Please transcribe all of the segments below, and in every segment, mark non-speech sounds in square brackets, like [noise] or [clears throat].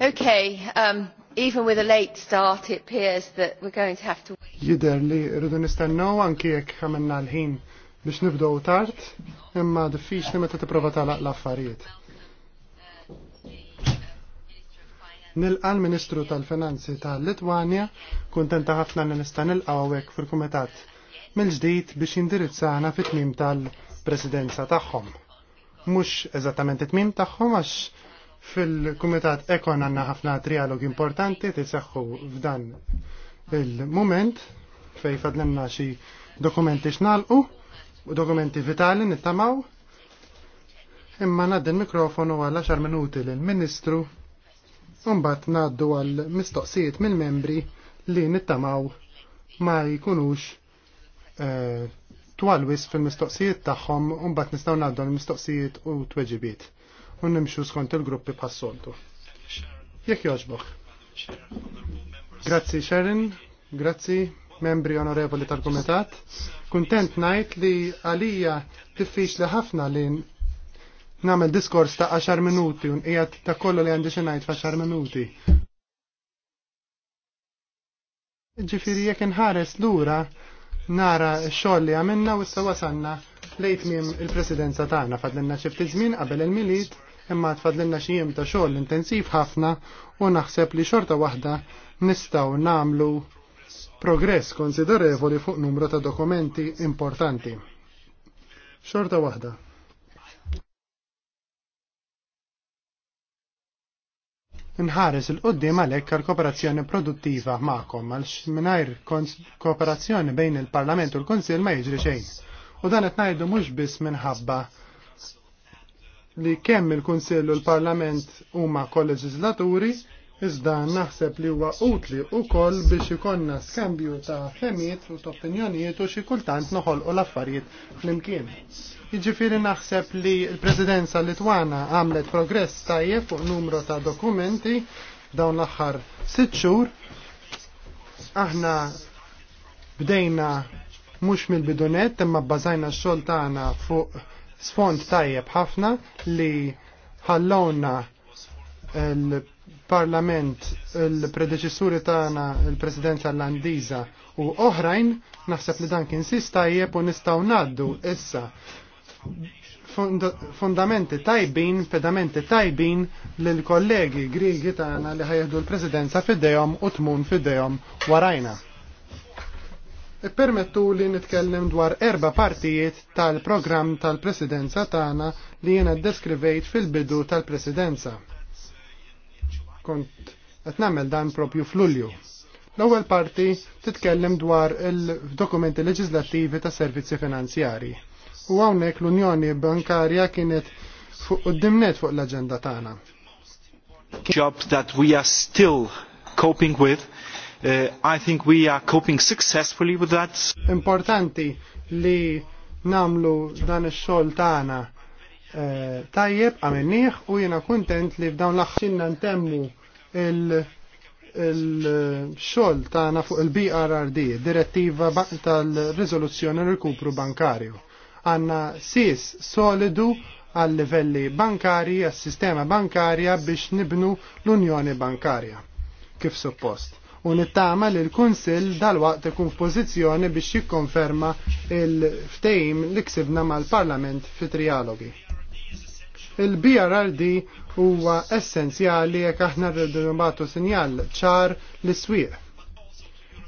Okay, um, even with a late start it appears that we're going to have to Jider li rridu nistennew anki jekk għamilna l-ħin biex nibdew tard, imma diffiċli meta tipprova talaq l-affarijiet. Nilqa l-Ministru tal-Finanzi tal-Litwanja, kuntenta ħafna li nista' nilqgħu hawnhekk fil-Kumitat mill-ġdid biex jindirizzana fit-tmim tal-Presidenza tagħhom. Mhux eżattament it-tmim tagħhom għax Fil-Kumitat Ekon għanna ħafna trialog importanti tisaxħu f'dan il-moment fej fadlemna xi dokumenti xnalqu u dokumenti vitali nittamaw. Imma nadd l-mikrofonu għal 10 minuti l-Ministru Umbat naddu għal mistoqsijiet mill-membri li nittamaw ma jkunux eh, twalwis fil-mistoqsijiet tagħhom umbat nistgħu naddu għal mistoqsijiet u tweġibiet u nimxu skont il-gruppi bħal soltu Jekk joġbok. Grazzi Sharon, grazzi membri onorevoli tal-Kumitat. Kuntent najt li għalija diffiċli ħafna li namel diskors ta' 10 minuti un qiegħed ta' kollu li għandi ngħid fa' 10 minuti. Ġifiri jekk inħares lura nara x-xogħol li għamilna u issa wasanna lejt mim il-presidenza tagħna fadlinna xi ftit żmien qabel il-milit imma tfadlilna xi jiem ta' xogħol intensiv ħafna u naħseb li xorta waħda nistgħu nagħmlu progress konsiderevoli fuq numru ta' dokumenti importanti. Xorta waħda. nħares il-qoddim għalek għal kooperazzjoni produttiva ma'kom għal mingħajr kooperazzjoni bejn il-Parlament u l-Konsil ma jiġri xejn. U dan qed ngħidu mhux biss minħabba li kemm il-Kunsill u l-Parlament huma kolleġislaturi, iżda naħseb li huwa utli wkoll biex ikonna skambju ta' ħemiet u ta' opinjonijiet u xi kultant noħolqu l-affarijiet flimkien. Jiġifieri naħseb li l-Presidenza Litwana għamlet progress tajjeb fuq numru ta' dokumenti dawn l-aħħar sitt xhur. Aħna bdejna mhux mill-bidunet imma bbażajna x-xogħol tagħna fuq sfond tajjeb ħafna li ħallowna il-parlament, il-predeċessuri tagħna il-presidenza l-Andiza u oħrajn, naħseb li dan kien sis tajjeb u nistgħu ngħaddu issa fondamenti tajbin, pedamenti tajbin lill kollegi Grigi tagħna li ħajjeħdu l-presidenza fidejhom u tmun fidejhom warajna. Permettu li nitkellem dwar erba partijiet tal-programm tal-presidenza tagħna li jiena deskrivejt fil-bidu tal-presidenza. Kont qed nagħmel dan propju f'Lulju. L-ewwel parti titkellem dwar il-dokumenti leġislattivi ta' servizzi finanzjari. U hawnhekk l-Unjoni Bankarja kienet fuq qudimnet fuq l-aġenda tagħna. Jobs that we are still coping with Uh, I think we are coping successfully with that. Importanti li namlu dan ix-xogħol tagħna eh, tajjeb għamenniħ u jiena kuntent li f'dawn l-aħħar ntemmu il- xol tagħna fuq il-BRRD, direttiva tal-rizoluzzjoni rikupru bankarju. Għanna sis solidu għal livelli bankari, għal sistema bankarja biex nibnu l-Unjoni Bankarja. Kif suppost? u nittama li l-Kunsill dal-waqt ikun f'pożizzjoni biex jikkonferma il-ftejm li ksibna mal-Parlament fi trialogi. Il-BRRD huwa essenzjali jekk aħna rridu nbagħtu sinjal ċar l swieq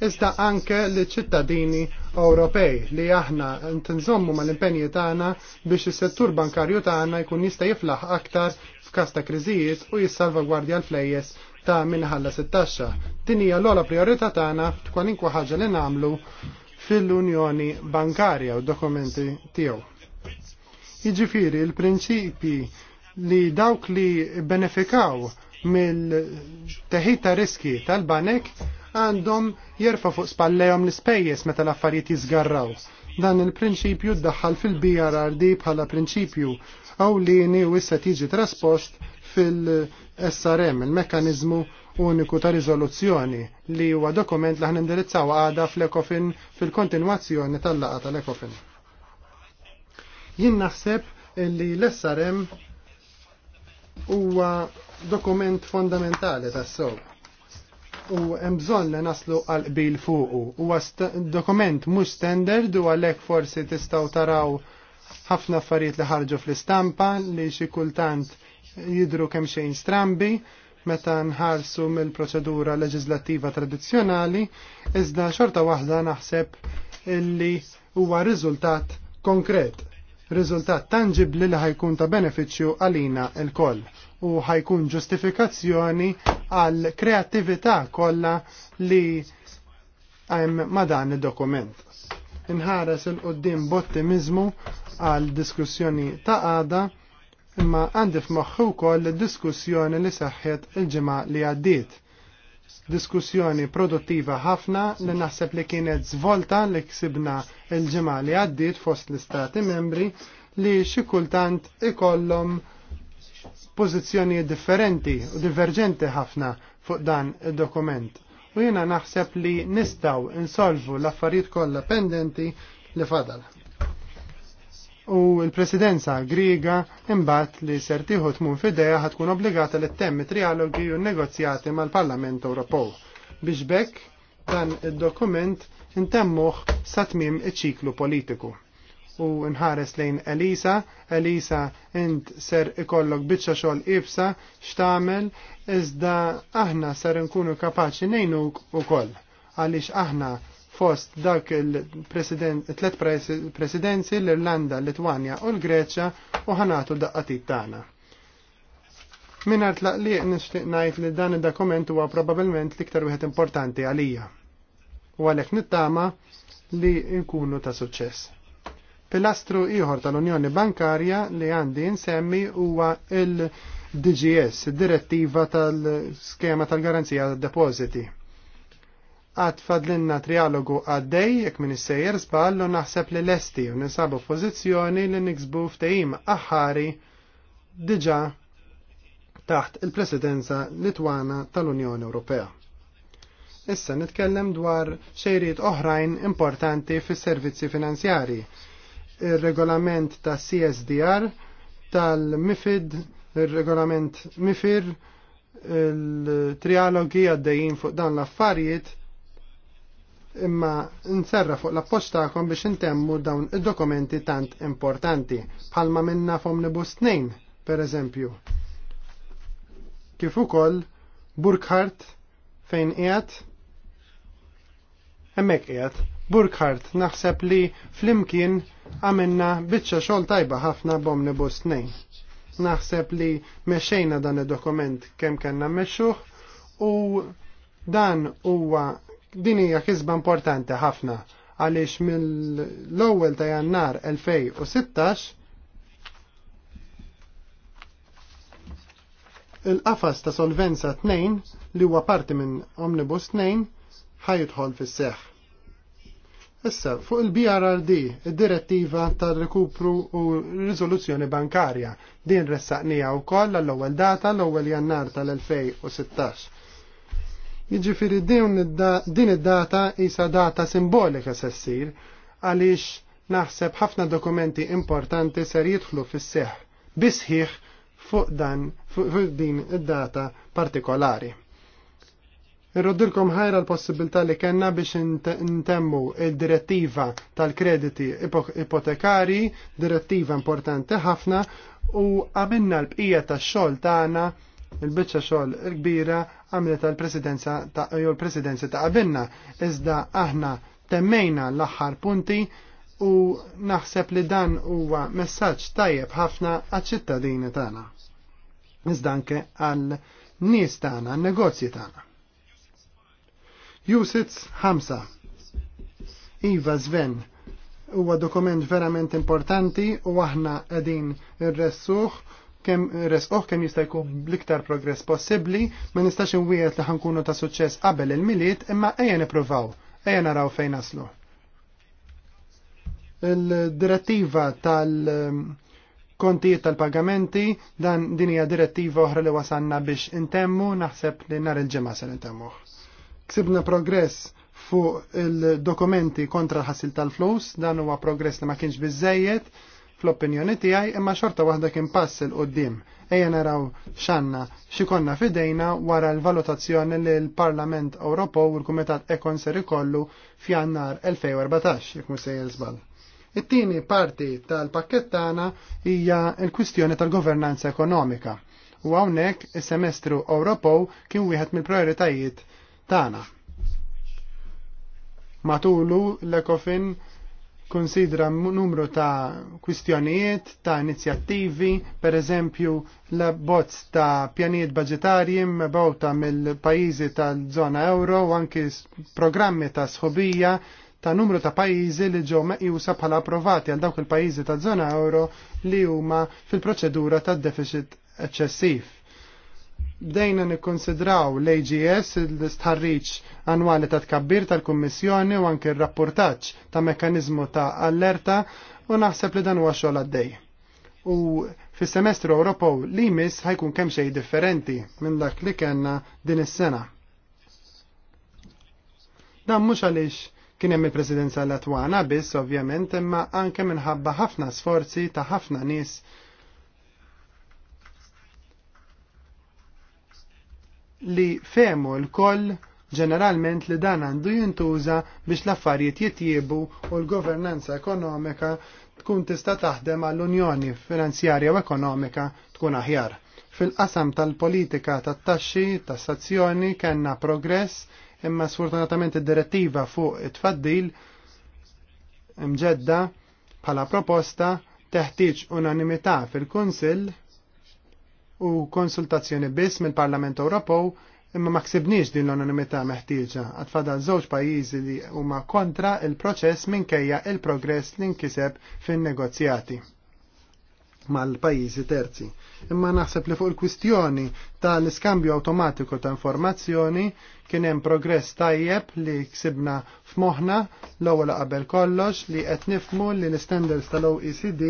iżda anke li ċittadini Ewropej li aħna ntinżommu mal-impenji tagħna biex is-settur bankarju tagħna jkun jista' jiflaħ aktar f'każ ta' kriżijiet u jissalvagwardja l-flejjes ta' minħalla 16. Din hija l-ola priorità tagħna f'kwalinkwa ħaġa li namlu fil-Unjoni Bankarja u dokumenti tiegħu. Jiġifieri l-prinċipi li dawk li benefikaw mill-teħid ta' riski tal-banek għandhom jerfa' fuq spallejhom l-ispejjeż meta l-affarijiet jiżgarraw. Dan il-prinċipju ddaħħal fil-BRRD bħala prinċipju għawlini u issa tiġi traspost fil-SRM, il-Mekkanizmu Uniku ta' Rizoluzzjoni, li huwa dokument li indirizzaw għada fl-Ekofin fil-kontinwazzjoni tal-laqa tal-Ekofin. Jien naħseb li l-SRM huwa dokument fondamentali tas-sew u bżonn li naslu għal-qbil fuqu. U dokument mux standard u għalhekk forsi tistaw taraw ħafna affarijiet li ħarġu fl-istampa li xi kultant jidru kemm xejn strambi meta nħarsu mill-proċedura leġislattiva tradizzjonali, iżda xorta waħda naħseb illi huwa riżultat konkret, riżultat tangibli li ħajkun ta' beneficju għalina il-koll u ħajkun ġustifikazzjoni għal kreattività kollha li hemm ma dan id dokument Inħares il-qoddim bottimizmu għal diskussjoni ta' għada imma għandi f'moħħu wkoll diskussjoni li saħħet il-ġimgħa li għaddiet. Diskussjoni produttiva ħafna li naħseb li kienet zvolta li ksibna il-ġimgħa li għaddiet fost l-istati membri li xi kultant ikollhom differenti u diverġenti ħafna fuq dan id-dokument. U jiena naħseb li nistaw insolvu l-affarijiet kollha pendenti li fadal u l-presidenza griega imbat li sertiħu tmun fideja ħatkun obbligata li temmi trialogi u negozjati mal-Parlament Ewropew. Biex bekk dan id-dokument intemmuħ satmim iċ-ċiklu politiku. U nħares lejn Elisa, Elisa int ser ikollok bitxa xol ibsa, xtamel, iżda aħna ser nkunu kapaċi nejnuk u koll. Għalix aħna fost dak il-tlet presidenzi l-Irlanda, Litwanja u l-Greċja u ħanatu daqqatit tagħna. Minar tlaqliq nixtieq ngħid li dan id-dokument huwa probabbilment l-iktar wieħed importanti għalija. U għalhekk nittama li nkunu ta' suċċess. Pilastru ieħor tal-Unjoni Bankarja li għandi nsemmi huwa il-DGS, Direttiva tal-Skema tal-Garanzija tad-Depositi għad fadlinna trialogu għaddej jekk minn sejjer zballu naħseb li lesti u ninsabu pożizzjoni li niksbu ftehim aħħari diġa taħt il-presidenza Litwana tal-Unjoni Ewropea. Issa nitkellem dwar xejriet oħrajn importanti fis servizzi finanzjari, il-regolament ta' CSDR, tal-MIFID, il-regolament MIFIR, il-trialogi għaddejjin fuq dan l-affarijiet, imma nserra fuq l-appoċ tagħkom biex intemmu dawn id-dokumenti tant importanti bħalma minna f'Omnibus 2, per eżempju. Kif ukoll Burkhardt fejn qiegħed? Hemmhekk qiegħed. Burkhardt naħseb li flimkien għamilna biċċa xogħol tajba ħafna b'Omnibus 2. Naħseb li mexxejna dan id-dokument kemm kellna mexxuh u dan huwa Din hija kisba importanti ħafna għaliex mill-ewwel ta' Jannar 2016 il-qafas ta' solvenza 2 li huwa parti minn Omnibus 2 ħajidħol fis seħħ Issa, fuq il-BRRD, id-direttiva tal-rekupru u rizoluzzjoni bankarja, din ressaqnija u koll l-ewwel data l-ewwel jannar tal-2016. Jiġifieri din id-data isa data simbolika se ssir għaliex naħseb ħafna dokumenti importanti ser jidħlu fis-seħħ bisħiħ fuq dan fuq din id-data partikolari. Irrodilkom ħajra l-possibilità li kellna biex intemmu il-direttiva tal-krediti ipotekari, direttiva importanti ħafna, u għamilna l-bqija tax-xogħol tagħna il-bicċa xogħol il-kbira għamlet għal presidenza ta' jew l-presidenza ta' qabilna, iżda aħna temmejna l-aħħar punti u naħseb li dan huwa messaġġ tajjeb ħafna għal ċittadini tagħna. Iżda anke għal nies tagħna, negozji tagħna. Usits 5. Iva Sven huwa dokument verament importanti u aħna qegħdin irressuh kem resqoħ kem jista' jkun bliktar progress possibbli, ma nistax inwiet li ħankunu ta' suċċess qabel il-miliet imma ejja nippruvaw, ejja naraw fejn naslu. Il-direttiva tal- kontijiet tal-pagamenti, dan din hija direttiva oħra li wasanna biex intemmu, naħseb li nar il-ġemma se intemmu. Ksibna progress fuq il-dokumenti kontra l-ħassil tal-flus, dan huwa progress li ma kienx biżejjed, fl-opinjoni tiegħi imma xorta waħda kien pass il qoddim Ejja naraw xanna xikonna fidejna wara l-valutazzjoni li l-Parlament Ewropew u l-Kumitat Ekon ser ikollu f'Jannar 2014 jekk mhux sejjer żball. It-tieni parti tal pakkettana tagħna hija l-kwistjoni tal-governanza ekonomika. U hawnhekk is-semestru Ewropew kien wieħed mill-prioritajiet tagħna. Matulu l-Ekofin konsidra numru ta' kwistjonijiet, ta' inizjattivi, per eżempju l bozz ta' pjanijiet budgetarji mebawta mill-pajizi tal-zona euro u anki programmi ta' sħobija ta' numru ta' pajizi li ġew meqjusa bħala approvati għal dawk il-pajizi tal-zona euro li huma fil-proċedura tad deficit eċċessiv bdejna nikkonsidraw l-AGS l-istħarriċ annwali ta' tkabbir tal-Kummissjoni u anke r-rapportaċ ta' mekanizmu ta' allerta u naħseb li dan huwa xogħol għaddej. U fis-semestru Ewropew li jmiss ħajkun kemm xejn differenti minn dak li kellna din is-sena. Dan mhux għaliex kien hemm il-Presidenza Latwana biss ovvjament imma anke minħabba ħafna sforzi ta' ħafna nies li femu l-koll ġeneralment li dan għandu jintuża biex l-affarijiet jitjiebu u l-governanza ekonomika tkun tista taħdem għall-Unjoni Finanzjarja u Ekonomika tkun aħjar. Fil-qasam tal-politika tat-taxxi, tassazzjoni kellna progress imma sfortunatament id-direttiva fuq it-tfaddil imġedda bħala proposta teħtieġ unanimità fil-Kunsill u konsultazzjoni biss mill-Parlament Ewropew imma ma ksibniex din l-anonimità meħtieġa għatfadal żewġ pajjiżi li huma kontra il-proċess minkejja il-progress li nkiseb fin-negozjati mal-pajjiżi terzi. Imma naħseb li fuq il-kwistjoni tal-iskambju awtomatiku ta' informazzjoni kien hemm progress tajjeb li ksibna f'moħħna l-ewwel qabel kollox li qed nifmu li l-standards tal-OECD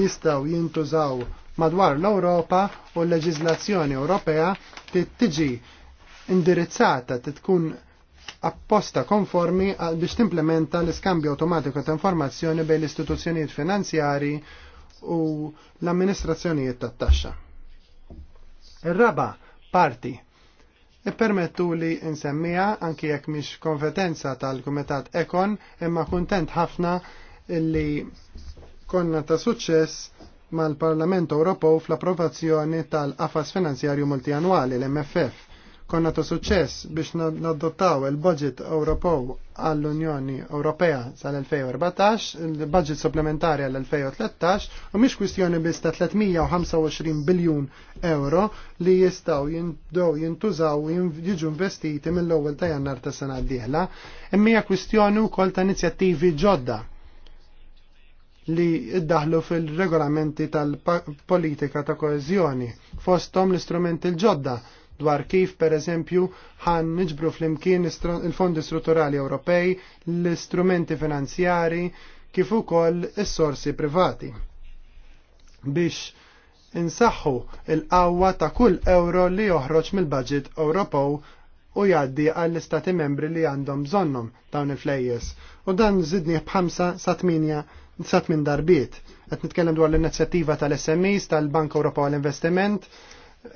jistgħu jintużaw madwar l-Ewropa u l-leġizlazzjoni Ewropea tiġi indirizzata tkun apposta konformi biex timplementa l-iskambju automatiku ta' informazzjoni bejn l-istituzzjonijiet finanzjari u l-amministrazzjonijiet tat-taxxa. Ir-raba parti Ippermettu li nsemmija anki jekk mhix kompetenza tal-Kumitat Ekon imma kuntent ħafna li konna ta' suċċess mal-Parlament Ewropew fl-approvazzjoni tal-qafas finanzjarju multianwali l-MFF. Konna ta' suċċess biex nadottaw il-budget Ewropew għall-Unjoni Ewropea sal-2014, il-budget supplementari għall-2013, u mhix kwistjoni biss ta' 325 biljun euro li jistaw jindow jintużaw jiġu investiti mill-ewwel ta' jannar ta' sena d-dieħla, imma kwistjoni wkoll ta' inizjattivi ġodda li iddaħlu fil-regolamenti tal-politika ta' koezjoni, fostom l-istrumenti l-ġodda dwar kif per eżempju ħan niġbru fl-imkien il-fondi strutturali Ewropej, l-istrumenti finanzjari, kif ukoll is-sorsi privati. Biex insaħħu il-qawwa ta' kull euro li joħroġ mill-budget Ewropew u jaddi għall-istati membri li għandhom bżonnhom dawn il-flejjes. U dan żidni b'5 sa 8 sat minn darbiet. Qed nitkellem dwar l-inizjattiva tal-SMEs tal-Bank Europa għal investiment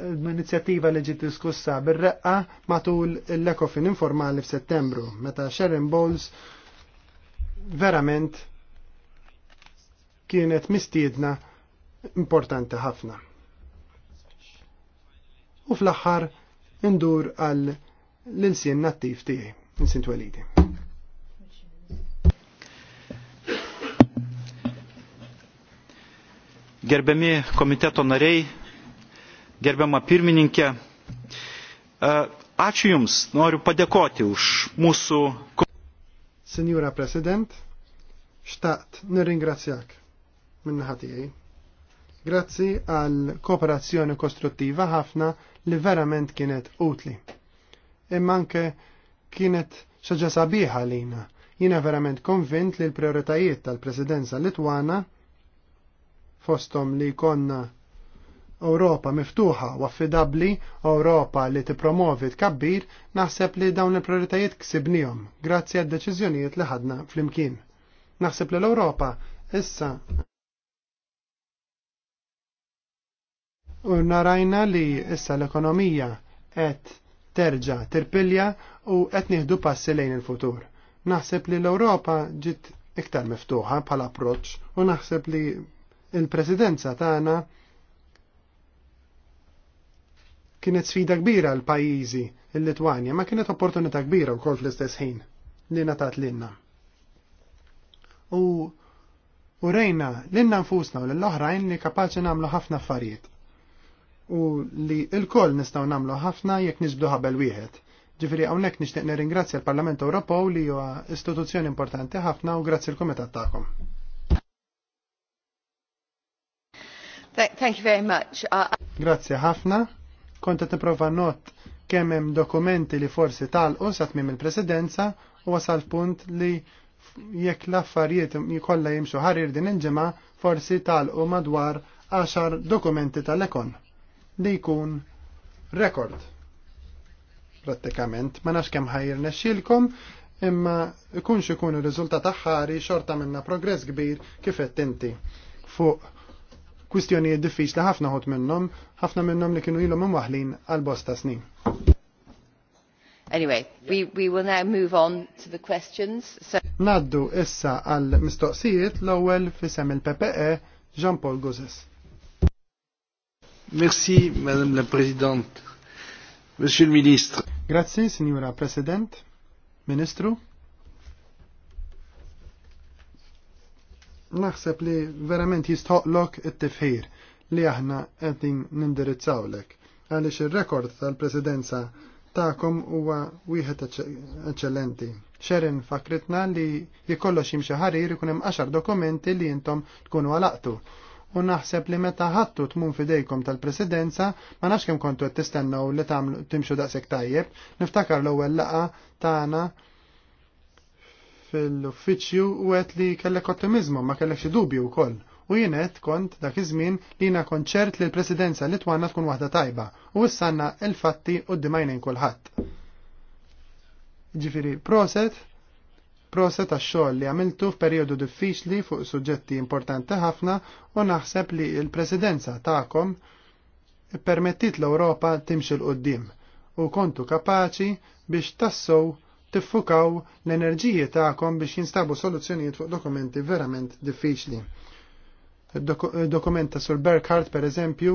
l-inizjattiva li ġiet diskussa bir-reqqa matul l-Ekofin informali f'Settembru, meta Sharon Bowles verament kienet mistiedna importanti ħafna. U fl-aħħar indur għal l-insien nattiv tiegħi, insien twelidi. gerbiami komiteto nariai, gerbiama pirmininkė, e, ačiū Jums, noriu padėkoti už mūsų. Senjora President, xtaqt nirringrazzjak minnaħatijaj. Grazzi għal kooperazzjoni kostruttiva ħafna li verament kienet utli. Imma kienet xaġa sabiħa lina. Jina verament konvint li l-prioritajiet tal-presidenza Litwana fostom li konna Europa miftuħa u affidabli, Ewropa li tipromovi tkabbir, naħseb li dawn il-prioritajiet ksibnijom grazzi għad deċiżjonijiet li ħadna flimkien. Naħseb li l-Ewropa issa U narajna li issa l-ekonomija qed terġa' tirpilja u qed nieħdu passi lejn il-futur. Naħseb li l-Ewropa ġiet iktar miftuħa bħala approċċ u naħseb li il-presidenza tagħna kienet sfida kbira l pajjiżi il-Litwanja, ma kienet opportunità kbira wkoll fl-istess ħin li natat lilna. U u rejna lilna nfusna u lill-oħrajn li kapaċi nagħmlu ħafna affarijiet. U li l kol nistgħu nagħmlu ħafna jekk nisbdu ħabel wieħed. Ġifiri hawnhekk nixtieq nirringrazzja l-Parlament Ewropew li huwa istituzzjoni importanti ħafna u grazzi l-Kumitat tagħkom. Thank you very much. Uh, uh, Grazie ħafna. Konta tipprova not kemm hemm dokumenti li forsi talqu sa tmiem il-presidenza u wasal punt li jekk l-affarijiet jkollha jimxu ħarir din il-ġimgħa forsi talqu madwar 10 dokumenti tal-ekon. Li jkun rekord. Prattikament, ma nafx kemm ħajr nexxilkom, imma ikunx ikun ir-riżultat aħħari xorta minna progress kbir kif qed inti fuq kwistjonijiet diffiċli ħafna ħod minnhom, ħafna minnhom li kienu ilhom imwaħlin għal bosta snin. Anyway, we, we will now move on to the questions. So... Naddu issa għal mistoqsijiet l-ewwel fisem il-PPE Jean-Paul Gozes. Merci, Madame la Présidente. Monsieur le Ministre. Grazie, Signora President. Ministru. naħseb li verament jistħoqlok it-tifħir li aħna qegħdin nindirizzawlek għaliex ir-rekord tal-presidenza ta'kom huwa wieħed eċċellenti. Xerin fakritna li jikollox jimxi ħarir ikun hemm għaxar dokumenti li intom tkunu għalaqtu. U naħseb li meta ħattu tmun fidejkom tal-presidenza, ma nafx kemm kontu qed tistennew li tagħmlu timxu daqshekk tajjeb, niftakar l-ewwel laqa tagħna ta fil-uffiċju u għet li kellek ottimizmu, ma kellek xi dubju wkoll. U jien kont dak iż-żmien li jiena konċert li l-Presidenza li Litwana tkun waħda tajba u issa sanna l-fatti quddiem dimajnin kulħadd. Ġifiri, proset proset għax-xogħol li għamiltu f'perjodu diffiċli fuq suġġetti importanti ħafna u naħseb li l-Presidenza tagħkom permettit l-Ewropa timxil qudiem u kontu kapaċi biex tassow tiffukaw l-enerġiji tagħkom biex jinstabu soluzzjonijiet fuq dokumenti verament diffiċli. Il-dokument Sur Burkhardt per eżempju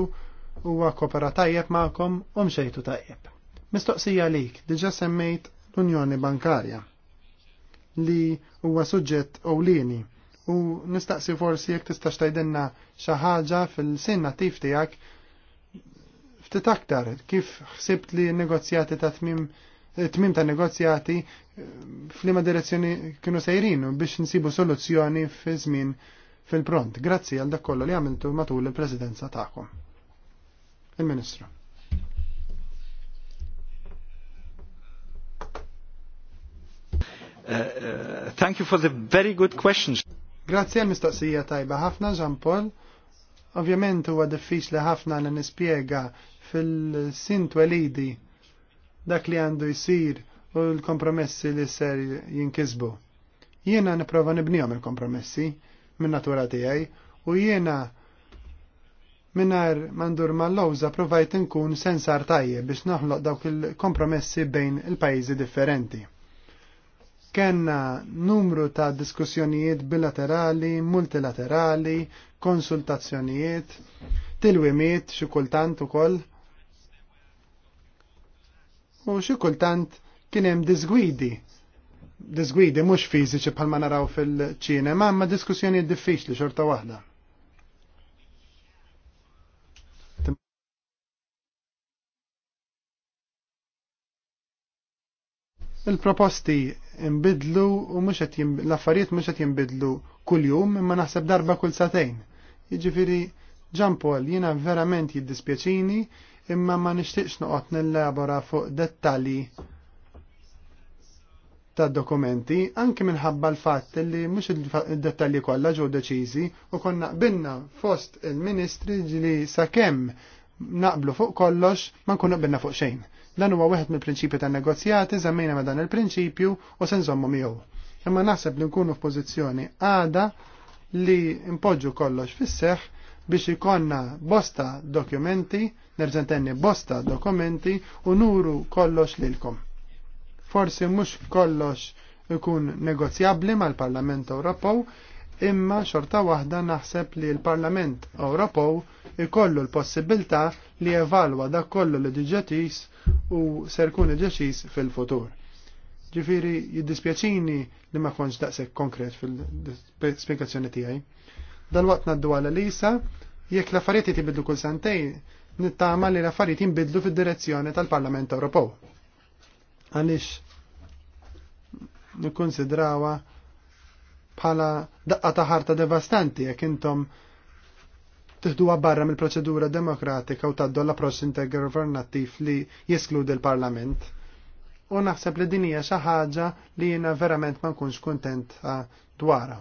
huwa kopera tajjeb ma'kom u mxejtu tajjeb. Mistoqsija lik, diġa semmejt l-Unjoni Bankarja li huwa suġġett ewlieni u nistaqsi forsi jekk tista' xtajdenna xi ħaġa fil-sin nattiv tiegħek ftit aktar kif ħsibt li negozjati ta' tmim tmim ta' negozjati eh, f'liema direzzjoni kienu sejrin biex nsibu soluzzjoni fi żmien fil-pront. Grazzi għal dak kollu li għamiltu matul il-presidenza ta'kom. Il-Ministru. Uh, thank you for the very good questions. Grazzi għal mistoqsija tajba ħafna, Jean Paul. Ovvjament huwa diffiċli ħafna li nispjega fil sintwelidi dak li għandu jisir u l-kompromessi li ser jinkisbu. Jiena niprofa nibnijom il-kompromessi minn natura tiegħi u jiena minnar mandur mal lawza provajt nkun sensar tajje biex noħloq dawk il-kompromessi bejn il-pajjiżi differenti. Kenna numru ta' diskussjonijiet bilaterali, multilaterali, konsultazzjonijiet, tilwimiet xi kultant ukoll u xi kultant kien hemm disgwidi. Disgwidi mhux fiżiċi bħalma naraw fil-ċinema, imma diskussjoni diffiċli xorta waħda. Il-proposti imbidlu u mhux qed l-affarijiet mhux qed jinbidlu kuljum imma naħseb darba kull satejn. Jiġifieri Ġampol jiena verament jiddispjaċini imma ma nixtieqx noqgħod nillabora fuq dettalji ta' dokumenti anke minħabba l-fatt li mhux id-dettalji kollha ġew deċiżi u konna qbilna fost il-ministri li sakemm naqblu fuq kollox ma nkunu qbilna fuq xejn. Dan huwa wieħed mill-prinċipju tan-negozjati żammejna ma dan il-prinċipju u se nżommu miegħu. Imma naħseb li nkunu f'pożizzjoni għada li impoġġu kollox fis-seħħ biex ikonna bosta dokumenti nerġa' bosta dokumenti u nuru kollox lilkom. Forsi mhux kollox ikun negozjabbli mal-Parlament Ewropew, imma xorta waħda naħseb li l-Parlament Ewropew ikollu l-possibilità li evalwa dak kollu li diġetis u serkun ġeċis fil-futur. Ġifiri, jiddispjaċini li ma konċ daqsek konkret fil-spiegazzjoni tijaj. Dal-waqt naddu għal Elisa, jekk l-affarieti tibidlu kull santej, nittama li l-affarijiet jinbidlu fid-direzzjoni tal-Parlament Ewropew. Għaliex nikkonsidrawha bħala daqqa ta' ħarta devastanti jekk intom tiħduha barra mill-proċedura demokratika u taddu l-approċċ intergovernattiv li jeskludi l-Parlament. U naħseb li din hija xi ħaġa li jiena verament ma nkunx kuntent dwarha.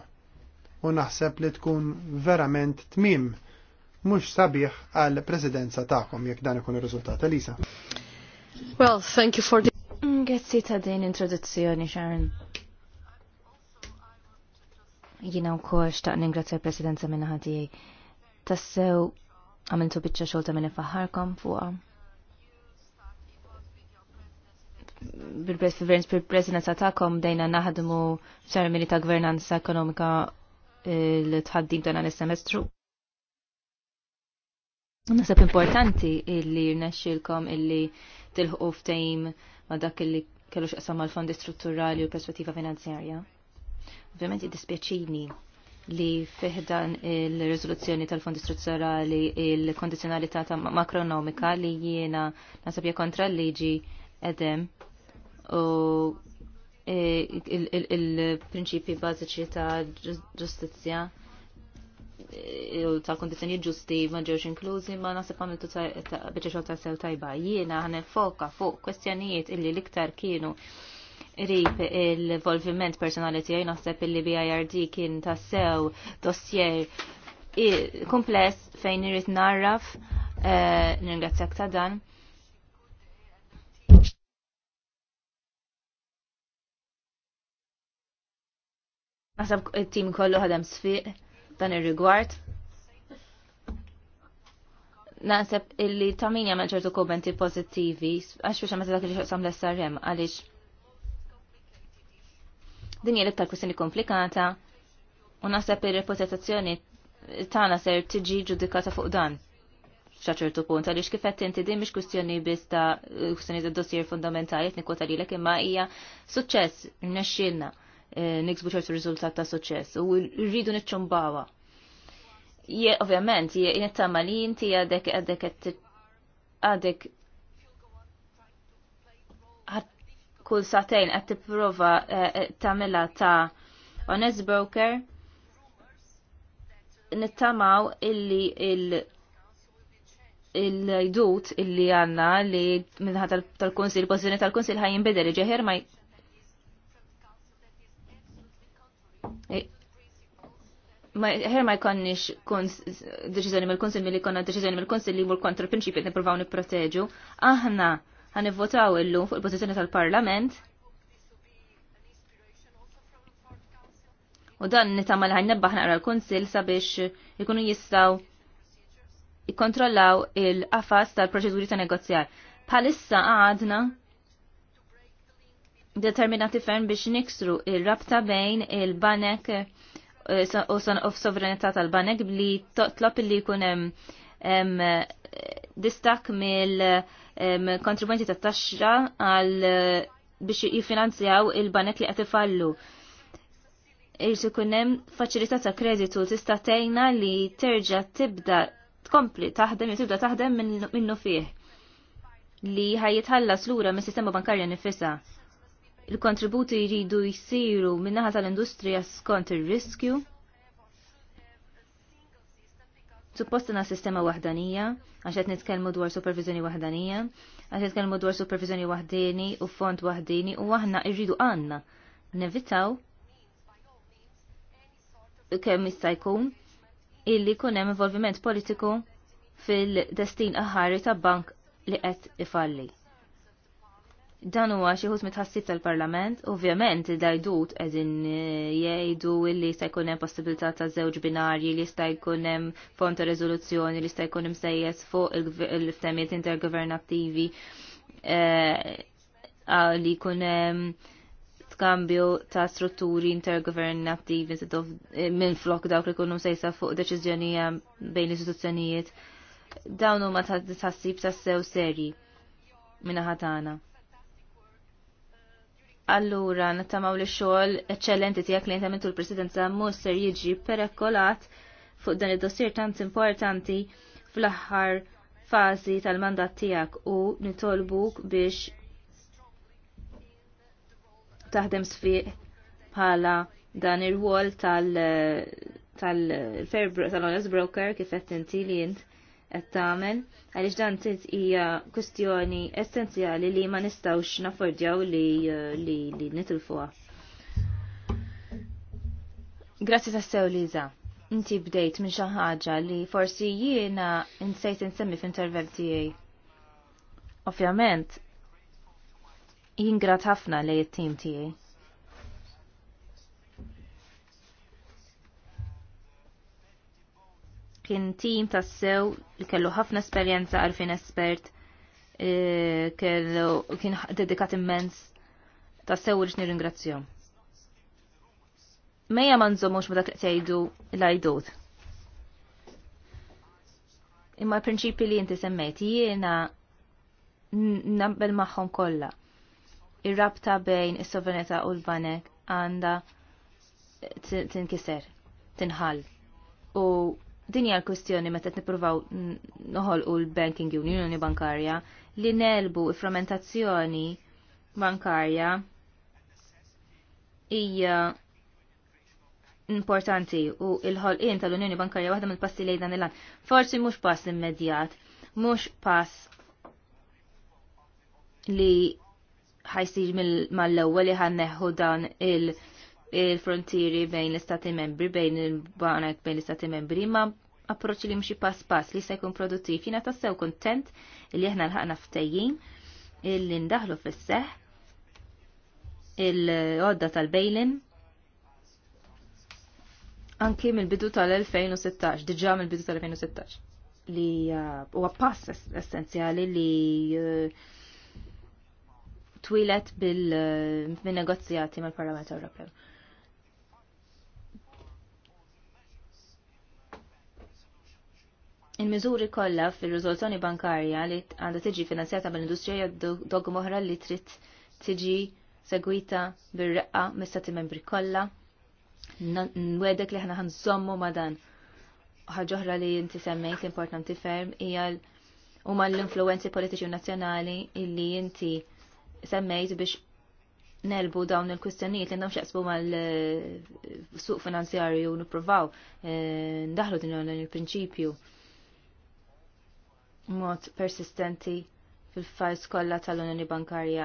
U naħseb li tkun verament tmim mhux sabiħ għal presidenza tagħkom jekk dan ikun ir-riżultat Elisa. Well, thank you for the mm, Grazie ta' din introduzzjoni, Sharon. Jina u kol xtaq ningrazzja l-presidenza minna ħatijaj. Tassew għamiltu bieċa xolta minna faħarkom fuqa. Bil-presidenza ta'kom dejna naħdmu ċermini ta' gvernanza ekonomika eh, l-tħaddim dan għal-semestru. Nasab importanti illi rnexxilkom illi tilħu ftejm ma dak illi kellux qasam mal fondi strutturali u perspettiva finanzjarja. Ovvjament jiddispjaċini li fiħdan il riżoluzzjoni tal-fondi strutturali il-kondizjonalità ta' makronomika li jiena nasab kontra l-liġi edem u il-prinċipi bażiċi ta' ġustizzja tal-kondizjoni ġusti ma ġewx inklużi ma nasib għamiltu bieċa xogħol ta' sew tajba. Jiena ħan foka fuq kwestjonijiet illi liktar kienu rip il-volviment personali tiegħi naħseb illi BIRD kien ta' sew dossier kompless fejn irid narraf eh, ningrazzjak ta' dan. Nasab it-tim kollu ħadem sfiq dan ir-rigward. Naħseb illi ta' min jagħmel ċertu kommenti pożittivi għax biex għamel dak li xoqsam l-SRM għaliex din hija l-iktar kwistjoni komplikata u naħseb ir-reputazzjoni tagħna ser tiġi ġudikata fuq dan ċertu punt għaliex kif qed inti din biex kwistjoni biss ta' kustjoni ta' dossier fundamentali qed nikkwota lilek imma hija suċċess nexxielna. Eh, niksbu ċertu riżultat ta' suċess u rridu niċċumbawa. Je, ovvjament, je nittama li jinti għadek għadek għadek kull satajn għad tipprova eh, eh, tamela ta' honest broker nittamaw illi il- il-jdut illi għanna li minnħa tal-konsil, pozizjoni tal-konsil ħaj jinbidel ġeħer ma Her ma jkonniex deċiżjoni mill-Kunsill milli konna deċiżjoni mill-Kunsill li mur kontra l-prinċipji qed nippruvaw nipproteġu. Aħna ħanivvotaw illum fuq il-pożizzjoni tal-Parlament. U dan nitama li ħajn nebbaħ għara l-Kunsill sabiex ikunu jistgħu jikkontrollaw il-qafas tal-proċeduri ta' negozjar. Palissa għadna determinati ferm biex niksru il-rabta bejn il-banek eh, u son of sovranità tal-banek li tlop li jkun hemm eh, distak mill-kontribwenti tat taxxa għal eh, biex jifinanzjaw il-banek li qed ifallu. Irrid ikun hemm faċilità ta' kreditu tista' tgħinna li terġa' tibda tkompli taħdem jew tibda taħdem minnu fih li ħajjitħallas lura mis-sistema bankarja nifisha il-kontributi jridu jisiru minnaħa tal-industrija skont ir-riskju. Suppostana sistema wahdanija, għaxet qed nitkellmu dwar supervizjoni wahdanija, għaxet nitkelmu dwar supervizjoni wahdini u fond wahdini u aħna irridu għandna nevitaw kemm jista' jkun illi kunem hemm involviment politiku fil-destin aħari ta' bank li qed ifalli. Dan huwa xi ħut mitħassib tal-Parlament, ovvjament id-dajdut qegħdin eh, jgħidu li jista' jkun hemm possibilità ta' żewġ binarji li jista' jkun hemm fond ta' riżoluzzjoni li jista' jkun hemm sejjes fuq il-ftemijiet intergovernattivi eh, li jkun hemm skambju ta' strutturi intergovernattivi eh, minn flok dawk li jkunu sejsa fuq deċiżjonija bejn istituzzjonijiet dawn huma ta' tħassib ta' sew serji minna ħatana. Allura, nattamaw li xogħol eċċellenti tiegħek li jintamentu l-Presidenza mhux jiġi perekkolat fuq dan id-dossier tant importanti fl-aħħar fażi tal-mandat tiegħek u nitolbuk biex taħdem sfiq bħala dan ir wol tal fairbrook tal, tal, broker kif inti li jint qed tagħmel għaliex dan tit hija kwestjoni essenzjali li ma nistgħux naffordjaw li li li nitilfuha. Grazzi tassew Liza. Inti bdejt minn xi ħaġa li forsi jiena nsejt insemmi f'intervell tiegħi. Ovvjament, jingrat ħafna li t-tim tiegħi kien tim tassew li kellu ħafna esperjenza għarfin espert e, kellu kien dedikat immens tassew xnir nirringrazzjom. Mejja ma nżommux ma dak tajdu tgħidu l ajdud Imma l-prinċipi li jinti semmejt jiena naqbel magħhom kollha. Ir-rabta bejn is-sovranità u l-banek għandha tinkiser, tinħall. U din hija l-kwestjoni meta nippruvaw noħolqu l-banking union, unjoni bankarja, li nelbu frammentazzjoni bankarja hija importanti u l-ħolqien tal-Unjoni Bankarja waħda mill-passi li dan il-għan. Forsi mhux pass immedjat, mhux pass li ħajsir mal-ewwel li ħanneħħu dan il- il-frontieri bejn l-istati membri, bejn il-banek bejn l-istati membri, ma approċ li mxi pass pass li se jkun produttiv. Jina tassew kontent li aħna l-ħakna il illi ndaħlu fis il-għodda tal-bejlin anki mill-bidu tal-2016, diġa mill-bidu tal-2016 li uh, huwa pass essenzjali li uh, twilet bil-negozjati uh, mal-Parlament Ewropew. il-miżuri kollha fir rizoluzzjoni bankarja li għandha tiġi finanzjata mill-industrija dogma oħra li trid tiġi segwita bir-reqqa mis-stati membri kollha. Nwedek li aħna ħanżommu ma' dan. Ħaġa oħra li inti semmejt importanti ferm hija huma l-influenzi politiċi u nazzjonali illi inti semmejt biex nelbu dawn il-kwistjonijiet li jaqsbu ma mal-suq eh, finanzjarju nippruvaw nipprovaw eh, ndaħlu din il-prinċipju mod persistenti fil-fajs kollha tal-Unjoni Bankarja,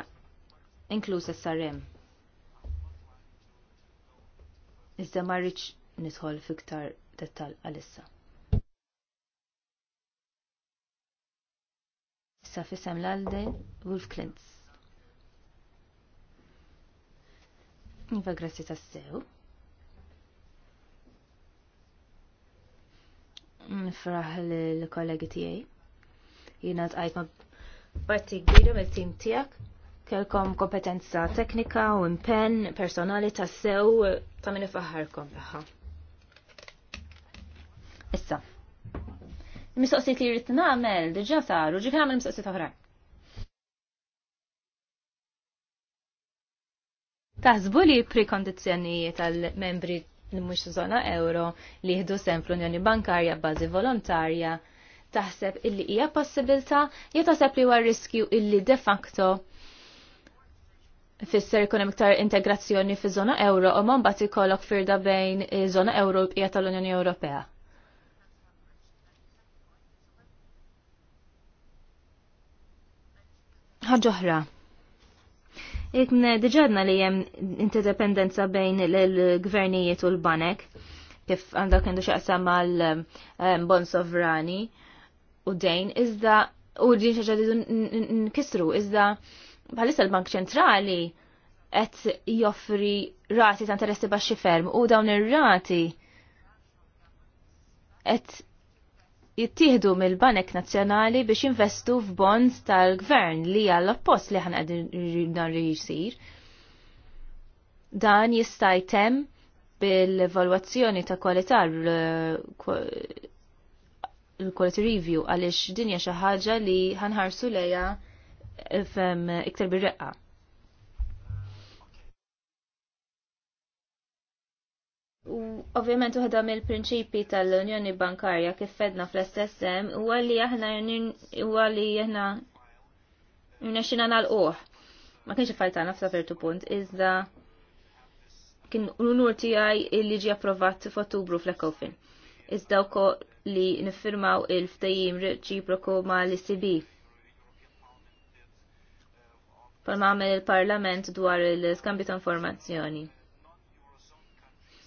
inkluż SRM. Iżda ma rridx nidħol fiktar dettal għalissa. Issa fisem l-alde Wolf Klintz. Iva grazzi tassew. Nifraħ l-kollegi tiegħi jina tqajt ma' parti kbira mill-tim tijak. Kelkom kompetenza teknika u impenn personali ta' sew ta' minn ifaħħarkom raħħa. Issa. Il-mistoqsijiet li jrid nagħmel diġà saru, għamel nagħmel mistoqsijiet oħra. Taħzbu li prekondizzjonijiet tal-membri mhux żona euro li jieħdu sem fl-Unjoni Bankarja b'bażi volontarja taħseb illi hija possibilità jew taħseb li huwa riskju illi de facto fisser ikun hemm iktar integrazzjoni fi żona euro u ma mbagħad ikollok firda bejn żona euro u bqija tal-Unjoni Ewropea. Ħaġa oħra. diġadna li jem interdependenza bejn l-gvernijiet u l-banek, kif għandak għandu xaqsa mal-bon ehm, sovrani, u dejn iżda u din xaġa li nkisru iżda bħalissa l-Bank Ċentrali qed joffri rati ta' interessi baxxi ferm u dawn ir-rati qed jittieħdu mill-Banek Nazzjonali biex jinvestu f'bonds tal-gvern li għall oppost li ħana qegħdin jsir. Dan jista' jtemm bil-evalwazzjoni ta' kwalità il-quality review għaliex dinja xi ħaġa li ħanħarsu lejha fem iktar bir-reqqa. U ovvjament uħda mill-prinċipi tal-Unjoni Bankarja kif fedna fl-SSM huwa li aħna huwa li aħna nal nagħlquh. Ma kienx fajtana f'safertu punt, iżda kien l-unur tiegħi li ġie approvat f'Ottubru fl-Ekofin. Iżda wkoll li niffirmaw il-ftajim reċiproku ma l-ICB. Pal għamel il-Parlament dwar il-skambju ta' informazzjoni.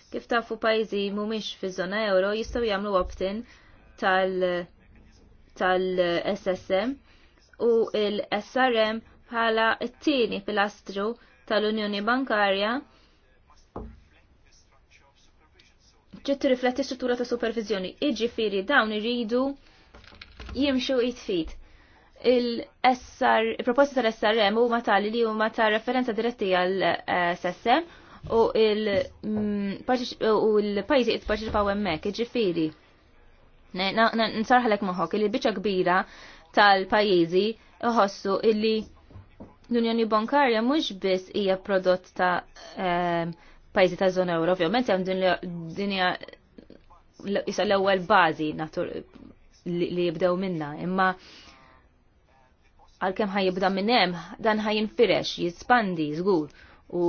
Kif fu pajzi mumiex fi zona euro jistaw jamlu opt-in tal-SSM tal u il-SRM bħala t-tini pilastru tal-Unjoni Bankarja ġiet rifletti struttura ta' supervizjoni. Iġifieri dawn iridu jimxu jitfit. Il-proposta tal-SRM huma tali li huma ta' referenza diretti għal SSM u mm, l-pajzi jitparċipaw hemmhekk, iġifieri. Nsarħalek moħok li biċċa kbira tal-pajjiżi il li l-Unjoni Bankarja mhux biss hija prodott ta' ehm, pajzi ta' zona euro, ovvjament hemm din dinja isa l-ewwel bażi li jibdew minna, imma għalkemm ħajibda minn hemm dan jinfirex jispandi żgur u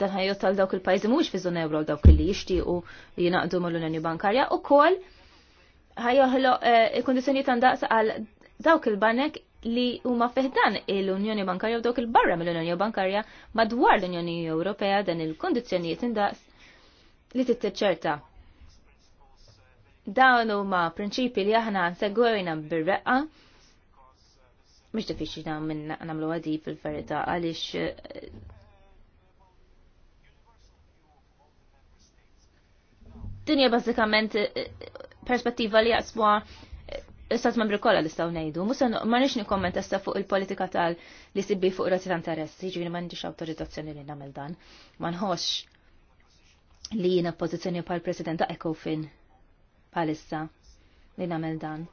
dan ħajjot tal dawk il-pajzi mhux fi żona euro dawk li jixtiequ li jingħaqdu mal-Unjoni Bankarja ukoll ħajjoħloq il tan għandaqs għal dawk il-banek li huma feħdan l-Unjoni Bankarja u dawk il-barra mill-Unjoni Bankarja madwar l-Unjoni Ewropea dan il-kondizzjonijiet indaqs li titċerta. Dawn huma prinċipi li aħna segwejna bir-reqqa mhux diffiċli minn nagħmlu għadi fil-verità għaliex eh, dinja bażikament eh, eh, perspettiva li jaqsmuha istat membri kolla l-istaw nejdu, musa ma nix nikommenta sta fuq il-politika tal li sibbi fuq rati ta' interessi, jiġifieri ġivini ma nix autorizzazzjoni li namel dan, ma nħox li jina pozizjoni pal president ta' Ecofin palissa li namel dan.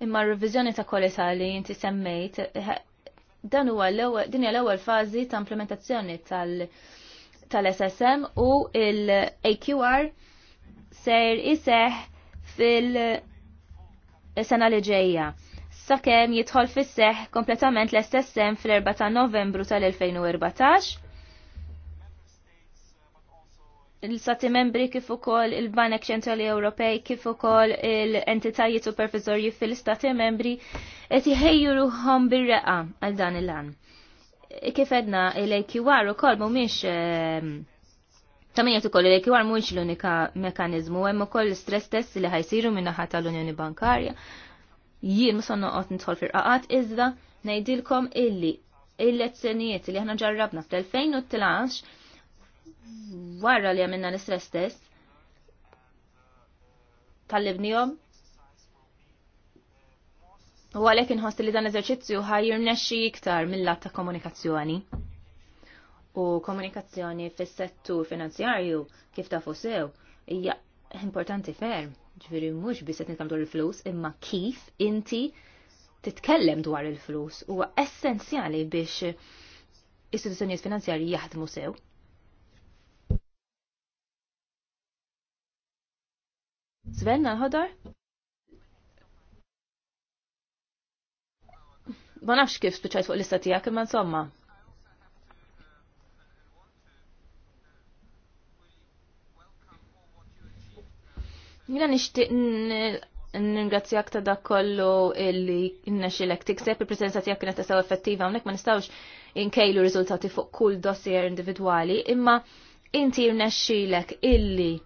Imma r-revizjoni ta' kolita li jinti semmejt, dan huwa l-ewwel din l-ewwel fażi ta' implementazzjoni tal tal-SSM u l aqr ser iseħ fil-sena li ġejja sakemm jidħol fis-seħ kompletament l-istess sem fl-4 ta' Novembru tal-2014. il sati membri kif ukoll il-Banek Ċentrali Ewropej kif ukoll l-entitajiet supervizorji fil-Stati membri qed iħejju ruħhom bir-reqa għal dan il-lan. Kif edna l-AQR ukoll mhumiex ehm, Tamija tukoll li kiwar mux l-unika mekanizmu, hemm ukoll stress test li ħajsiru minna ħata l-Unjoni Bankarja. Jien musa noqgħod nidħol qaqat iżda ngħidilkom illi il-lezzjonijiet li aħna ġarrabna fl-2013 wara li għamilna l-stress test tal-libnijom u għalek inħost li dan eżerċizzju ħajir nesċi iktar mill-lat ta' komunikazzjoni u komunikazzjoni fis-settur finanzjarju kif tafu sew hija importanti ferm. Ġifieri mhux biss qed nitkellem dwar il-flus, imma kif inti titkellem dwar il-flus huwa essenzjali biex istituzzjonijiet finanzjarji jaħdmu sew. Svenna l-ħodar? ma nafx kif speċajt fuq l-lista kemm imma insomma, Jina nishtiq n-ingrazzja ta' dak kollu illi nnaxilek tikseb il-presenza tiegħek kienet tasaw effettiva hawnhekk ma nistgħux inkejlu riżultati fuq kull dossier individwali, imma inti rnexxilek illi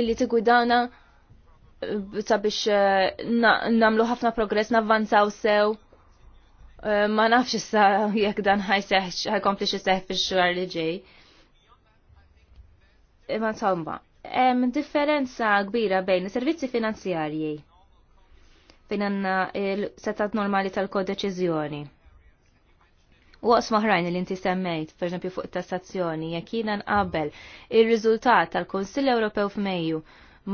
illi tigwidana eh, sabiex eh, namlu ħafna progress navvanzaw sew eh, ma nafx issa [laughs] jekk dan ħajseħ ħajkompli xi seħ fix-xahar li ġej. Imma tamba, hemm differenza kbira bejn is-servizzi finanzjarji fejn għandna l-setat normali tal-kodeċiżjoni. U għas maħrajn li inti semmejt, per esempio fuq tassazzjoni, jekk jiena nqabel ir-riżultat tal-Kunsill Ewropew f'Mejju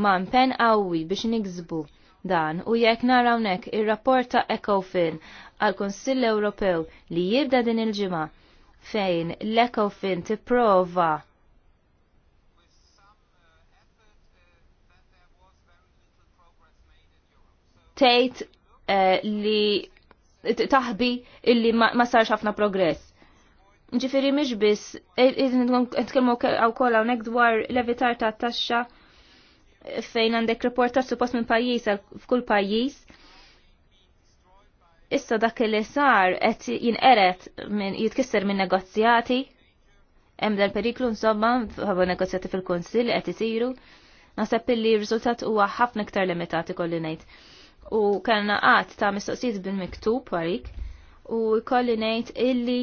ma' pen għawi biex nigżbu dan u jekk narawnek ir-rapport ta' ECOFIN għal Kunsill Ewropew li jibda din il-ġimgħa fejn l-ECOFIN tipprova tgħid eh, li taħbi illi ma sarx ħafna progress. Ġifiri mhix biss eh, nitkellmu wkoll hawnhekk dwar levitar ta' taxxa eh, fejn għandek reportar suppost minn pajjiż f'kull pajjiż. Issa dak li sar qed jinqeret minn jitkisser minn negozjati hemm dan periklu insomma ħabu negozjati fil-Kunsill qed isiru. Naħseb li r-riżultat huwa ħafna iktar limitati kolli ngħid u kellna qatt ta' mistoqsijiet bil-miktub għalik u jkolli ngħid illi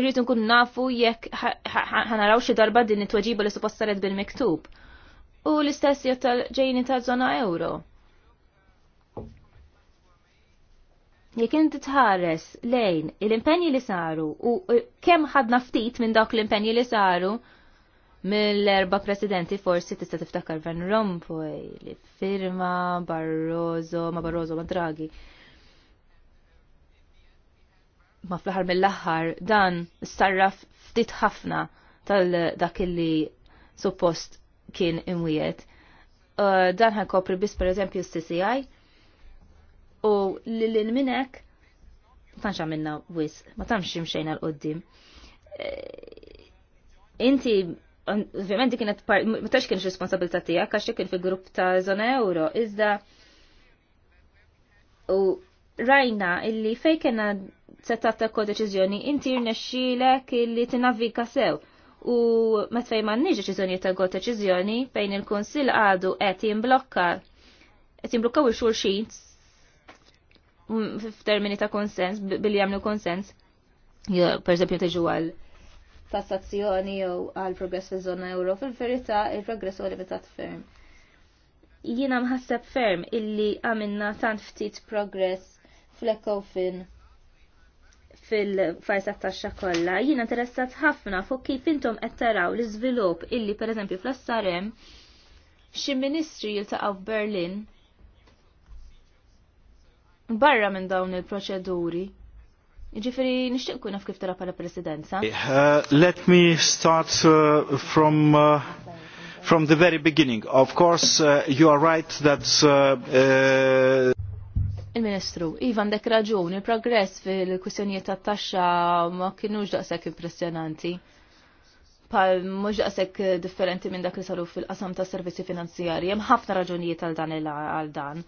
irrid nkun nafu jekk ħanaraw xi darba din it-tweġiba li suppost bil-miktub. U l-istess tal-ġejni ta' żona euro. Jekk inti tħares lejn l-impenji li saru u kemm ħadna ftit minn dawk l-impenji li saru, mill-erba presidenti forsi tista' tiftakar Van Rompuy, li firma Barroso, ma Barroso, ma Draghi. Ma fl-aħħar mill-aħħar dan sarraf ftit ħafna tal-dak li suppost kien imwiet. Uh, dan kopri bis per eżempju s-CCI u l-minnek ma tanx għamilna wis, ma tanx ximxejna l-qoddim. Eh, inti ovvjament dik kienet part, tax kienx responsabilità tiegħek għax kien fil-grupp ta' żona euro, iżda u rajna illi fejn kena setat ta' kodeċizjoni inti rnexxilek illi tinavika sew. U metfej ma' m'għandniex deċizjoni ta' deċiżjoni, fejn il kunsill għadu qed jimblokka qed jimblokkaw il-xulxin f'termini ta' konsens billi jagħmlu konsens. Per eżempju teġu għal tassazzjoni jew għal progress fi zona euro, fil-verità il-progress u limitat ferm. Jiena mħasseb ferm illi għamilna tant ftit progress fl-ekofin fil-fajsa taxxa kollha. Jiena interessat ħafna fuq kif intom qed taraw l-iżvilupp illi pereżempju fl-assarem xi ministri jiltaqgħu f'Berlin barra minn dawn il-proċeduri Ġifiri, nishtiq kun naf kif tara pala presidenza. Eh, uh, let me start uh, from uh, from the very beginning. Of course, uh, you are right that uh, uh Il-Ministru, Ivan dek raġun, il-progress fil-kwistjonijiet ta' taxxa ma kienux daqshekk impressjonanti. Pal mhux daqshekk differenti minn dak li saru fil-qasam ta' servizzi finanzjarji, hemm ħafna raġunijiet għal dan il-la għal dan.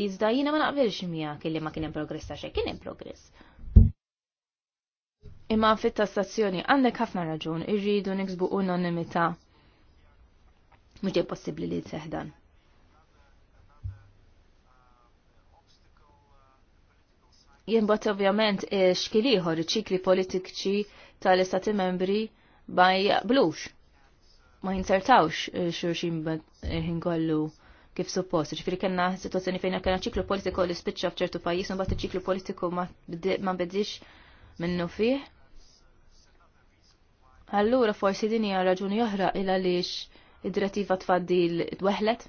Iżda jiena ma naqbilx miegħek li ma kien hemm progress ta' xejn, kien hemm progress Imma fit stazzjoni għandek ħafna raġun, irridu niksbu unanimità. Mhux possibbli li seħdan. Jimbot ovvjament xkiliħor ċikli politiċi tal-istati membri ma jaqblux. Ma jinsertawx eh, xulxin eh, ħin kollu kif suppost. Ġifiri kena situazzjoni fejna kena ċiklu politiku li spiċċa fċertu pajis, un bat ċiklu politiku ma bdiex minnu fih. Allura forsi din hija raġuni oħra il għaliex id-direttiva tfaddil tweħlet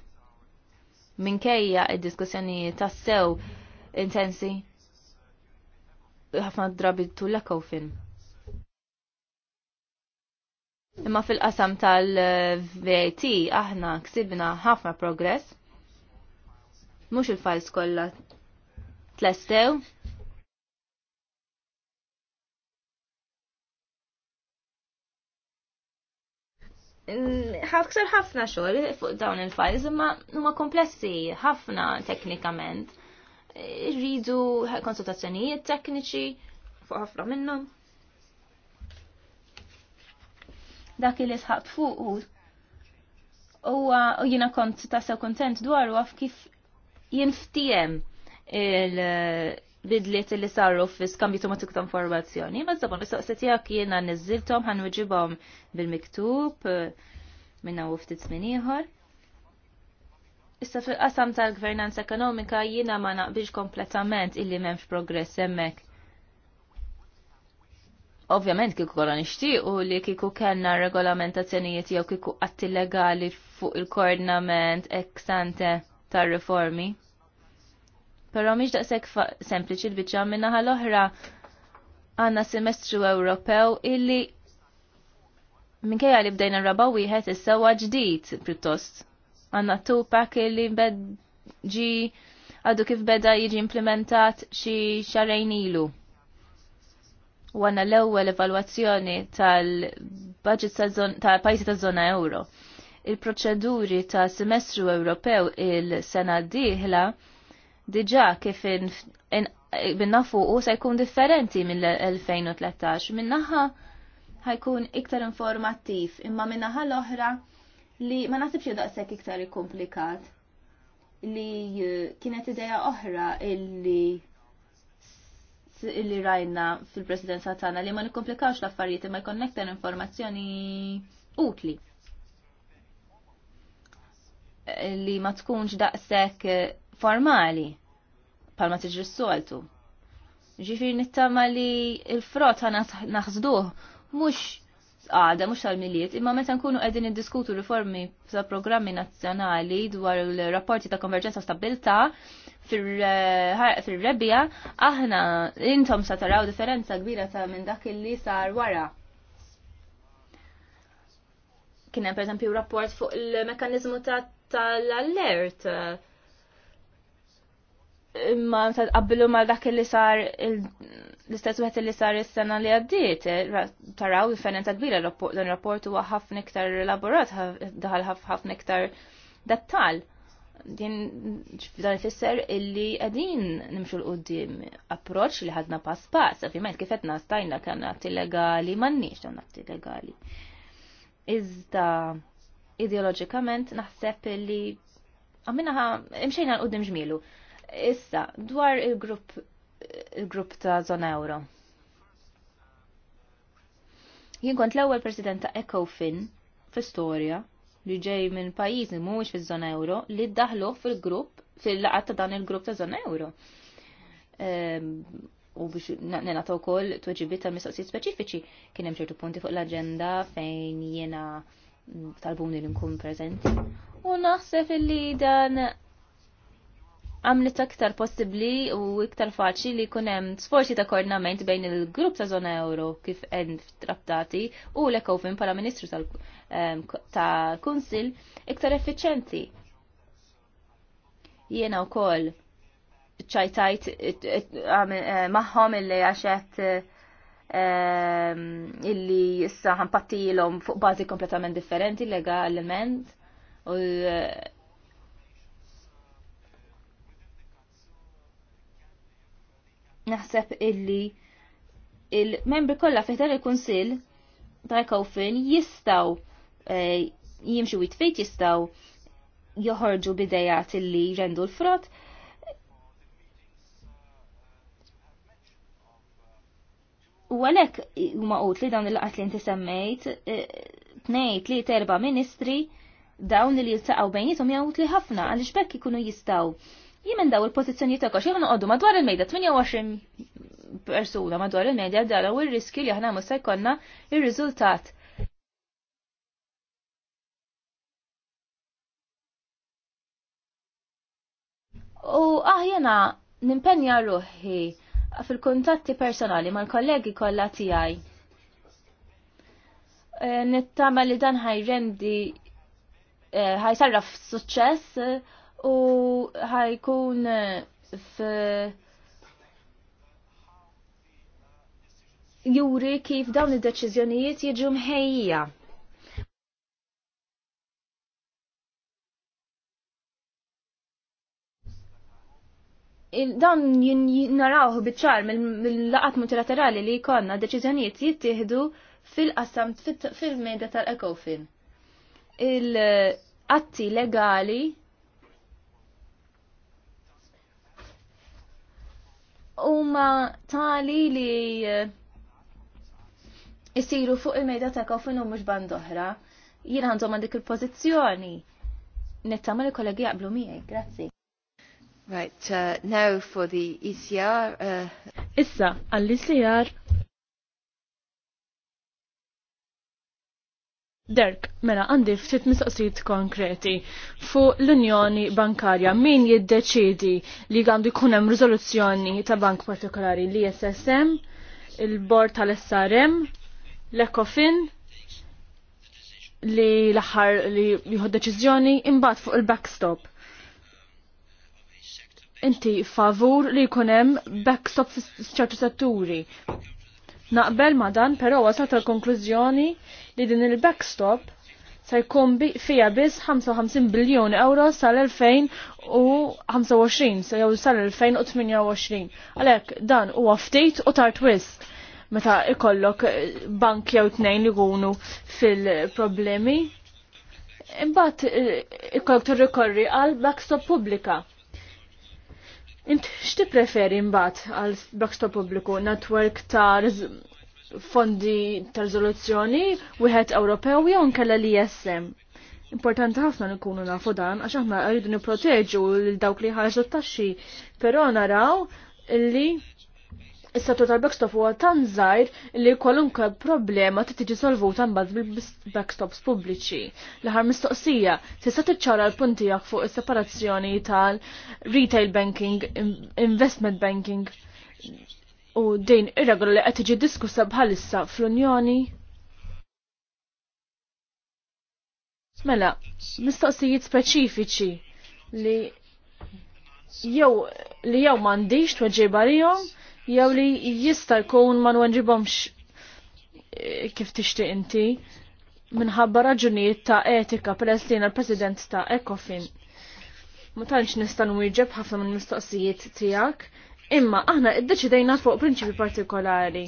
minkejja id diskussjoni tassew intensi ħafna drabi tullakaw fin. Imma fil-qasam tal-VAT aħna ksibna ħafna progress. Mux il-files kollha tlestew, ħafksar ħafna xogħol fuq dawn il-files imma huma komplessi ħafna teknikament. Rridu konsultazzjonijiet tekniċi fuq ħafna minnhom. Dak li sħab fuq huwa u jiena kont tassew kontent dwar għaf kif jinftijem bidliet li sarru fi skambju automatiku ta' informazzjoni, ma' zabon mistoqsitijak jiena nizziltom għan uġibom bil-miktub eh, minna u ftit ieħor. Issa fil-qasam tal-gvernanza ekonomika jiena ma naqbilx kompletament illi m'hemmx progress hemmhekk. Ovvjament kieku kolla nixtiequ li kieku kellna regolamentazzjonijiet jew kieku atti legali fuq il-koordinament ex ante tar-riformi Però mhix daqshekk sempliċi l-biċċa minna l-oħra għandna semestru Ewropew illi minkejja li bdejna rabaw wieħed is-sewa ġdid pjuttost. Għandna tupak illi bedġi għadu kif beda jiġi implementat xi xarejn ilu. U għanna l-ewwel evalwazzjoni tal-budget tal-pajjiżi taż-żona euro. Il-proċeduri ta' semestru Ewropew il-sena d-dieħla diġa kif minna fuqu se jkun differenti mill-2013. Minnaħa ħajkun iktar informattiv, imma minnaħa l-oħra li ma naħsibx daqshekk iktar komplikat. Li eh, kienet ideja oħra illi illi rajna fil-presidenza tagħna li ma nikkomplikawx l-affarijiet imma jkun iktar informazzjoni utli eh, li ma tkunx daqshekk eh, formali palma tiġri s-soltu. Ġifir nittama li il-frott għana naħsduh mux għada, mux għal miliet imma meta nkunu għedin id-diskutu riformi sa programmi nazzjonali dwar il-rapporti ta' konverġenza stabilta fil-rebbija, aħna intom sa' taraw differenza kbira ta' minn dak li sar wara kien hemm esempio rapport fuq il-mekkaniżmu tal-allert ta imma ta' qabbilu mal dak li sar l-istess wieħed li sar is-sena li għaddiet, eh, taraw differenza kbira dan rapport huwa ħafna iktar elaborat, daħal ħafna iktar dettal. Din dan ifisser illi qegħdin nimxu l-qudiem approċċ li ħadna pass pass, ovvjament kif qed stajna kemm nafti legali m'għandniex dawn nafti legali. Iżda ideoloġikament naħseb illi ħa, imxejna l qoddim ġmielu Issa, dwar il-grupp il-grupp ta' zona euro. Jien kont l-ewwel president ta' Ecofin fl-istorja li ġej minn pajjiż li mhuwiex fiż-żona euro li ddaħlu fil-grupp fil-laqgħat ta' dan il-grupp ta' zona euro. Ehm, u biex nagħtu wkoll tweġibiet tal-mistoqsijiet speċifiċi kien hemm ċertu punti fuq l-aġenda fejn jiena talbuni li nkun preżenti. U naħseb illi dan għamlet aktar possibli u iktar faċli li kunem sforzi ta' koordinament bejn il-grupp ta' zona euro kif hemm trattati u l ekofin pala ministru tal-kunsil iktar effiċenti. Jiena u koll ċajtajt eh, maħħom illi għaxet illi jissa ħampattilhom fuq bazi kompletament differenti legalment u eh, naħseb illi il-membri kollha fetar il-Kunsill ta' Ekofin jistaw eh, jimxu jitfejt jistaw joħorġu bidejat illi rendu l-frott. U għalek huma qut li dawn il qatli li inti semmejt, eh, tnejn li terba ministri dawn li jiltaqgħu bejnietom jgħu li ħafna għaliex bekk ikunu jistaw Jimen daw il-pozizjoni ta' kox, jimen għoddu madwar il-mejda, 28 persuna madwar il-mejda, u il-riski li ħana musa jkonna il-rizultat. U aħjena ah, nimpenja ruħi fil-kontatti personali mal-kollegi kollha tiegħi. Eh, nittama li dan ħajrendi eh, ħajsarraf suċċess u ħajkun f' juri kif dawn id-deċiżjonijiet jiġu mħejja. Dan narawħu bitċar mill-laqat multilaterali li jkonna deċiżjonijiet jittieħdu fil-qassam fil-meda tal-ekofin. Il-qatti legali huma tali li jisiru eh, fuq il-mejda ta' kofinu mux band oħra. Jien għandhom għandik il-pozizjoni. Nittama li kollegi jaqblu miegħi, grazzi. Right, uh, now for the ECR. Uh... Issa, għall-ECR Derk, mela għandi ftit mistoqsijiet konkreti fuq l-Unjoni Bankarja min jiddeċidi li għandu jkun hemm riżoluzzjoni ta' bank partikolari li SSM, il-Bord tal-SRM, l-Ecofin li l-aħħar li jieħu deċiżjoni imbagħad fuq il-backstop. Inti favur li jkun hemm backstop fis-ċertu setturi, Naqbel ma dan, però wasat l-konklużjoni li din il-backstop se jkun fija biss 55 biljun euro sal-2025 se jew sal-2028. Għalhekk dan huwa ftit u tard meta ikollok bank jew tnejn li jkunu fil-problemi. Imbagħad eh, ikollok tirrikorri għal backstop pubblika Int xti preferi mbagħad għal backstop pubbliku network ta' fondi ta' rizoluzzjoni wieħed Ewropew jew nkella li jessem. Importanti ħafna nkunu nafu dan għax aħna rridu nipproteġu lil dawk li ħarġu t-taxxi, però naraw illi is satur tal-backstop huwa tan żgħir li kwalunkwe problema trid tiġi solvuta mbagħad bil-backstops pubbliċi. L-aħħar mistoqsija, tista' tiċċara l-punt tiegħek fuq is-separazzjoni tal-retail banking, investment banking u din ir-regola li qed tiġi diskussa bħalissa fl-Unjoni? Mela, mistoqsijiet speċifiċi li jew li jew m'għandix tweġiba lihom jew li jista' jkun ma nwenġibhomx eh, kif tixtieq inti minħabba raġunijiet ta' etika peress li l-President ta' Ecofin. Ma tantx nista' nwieġeb ħafna mill-mistoqsijiet tiegħek, imma aħna iddeċidejna fuq prinċipi partikolari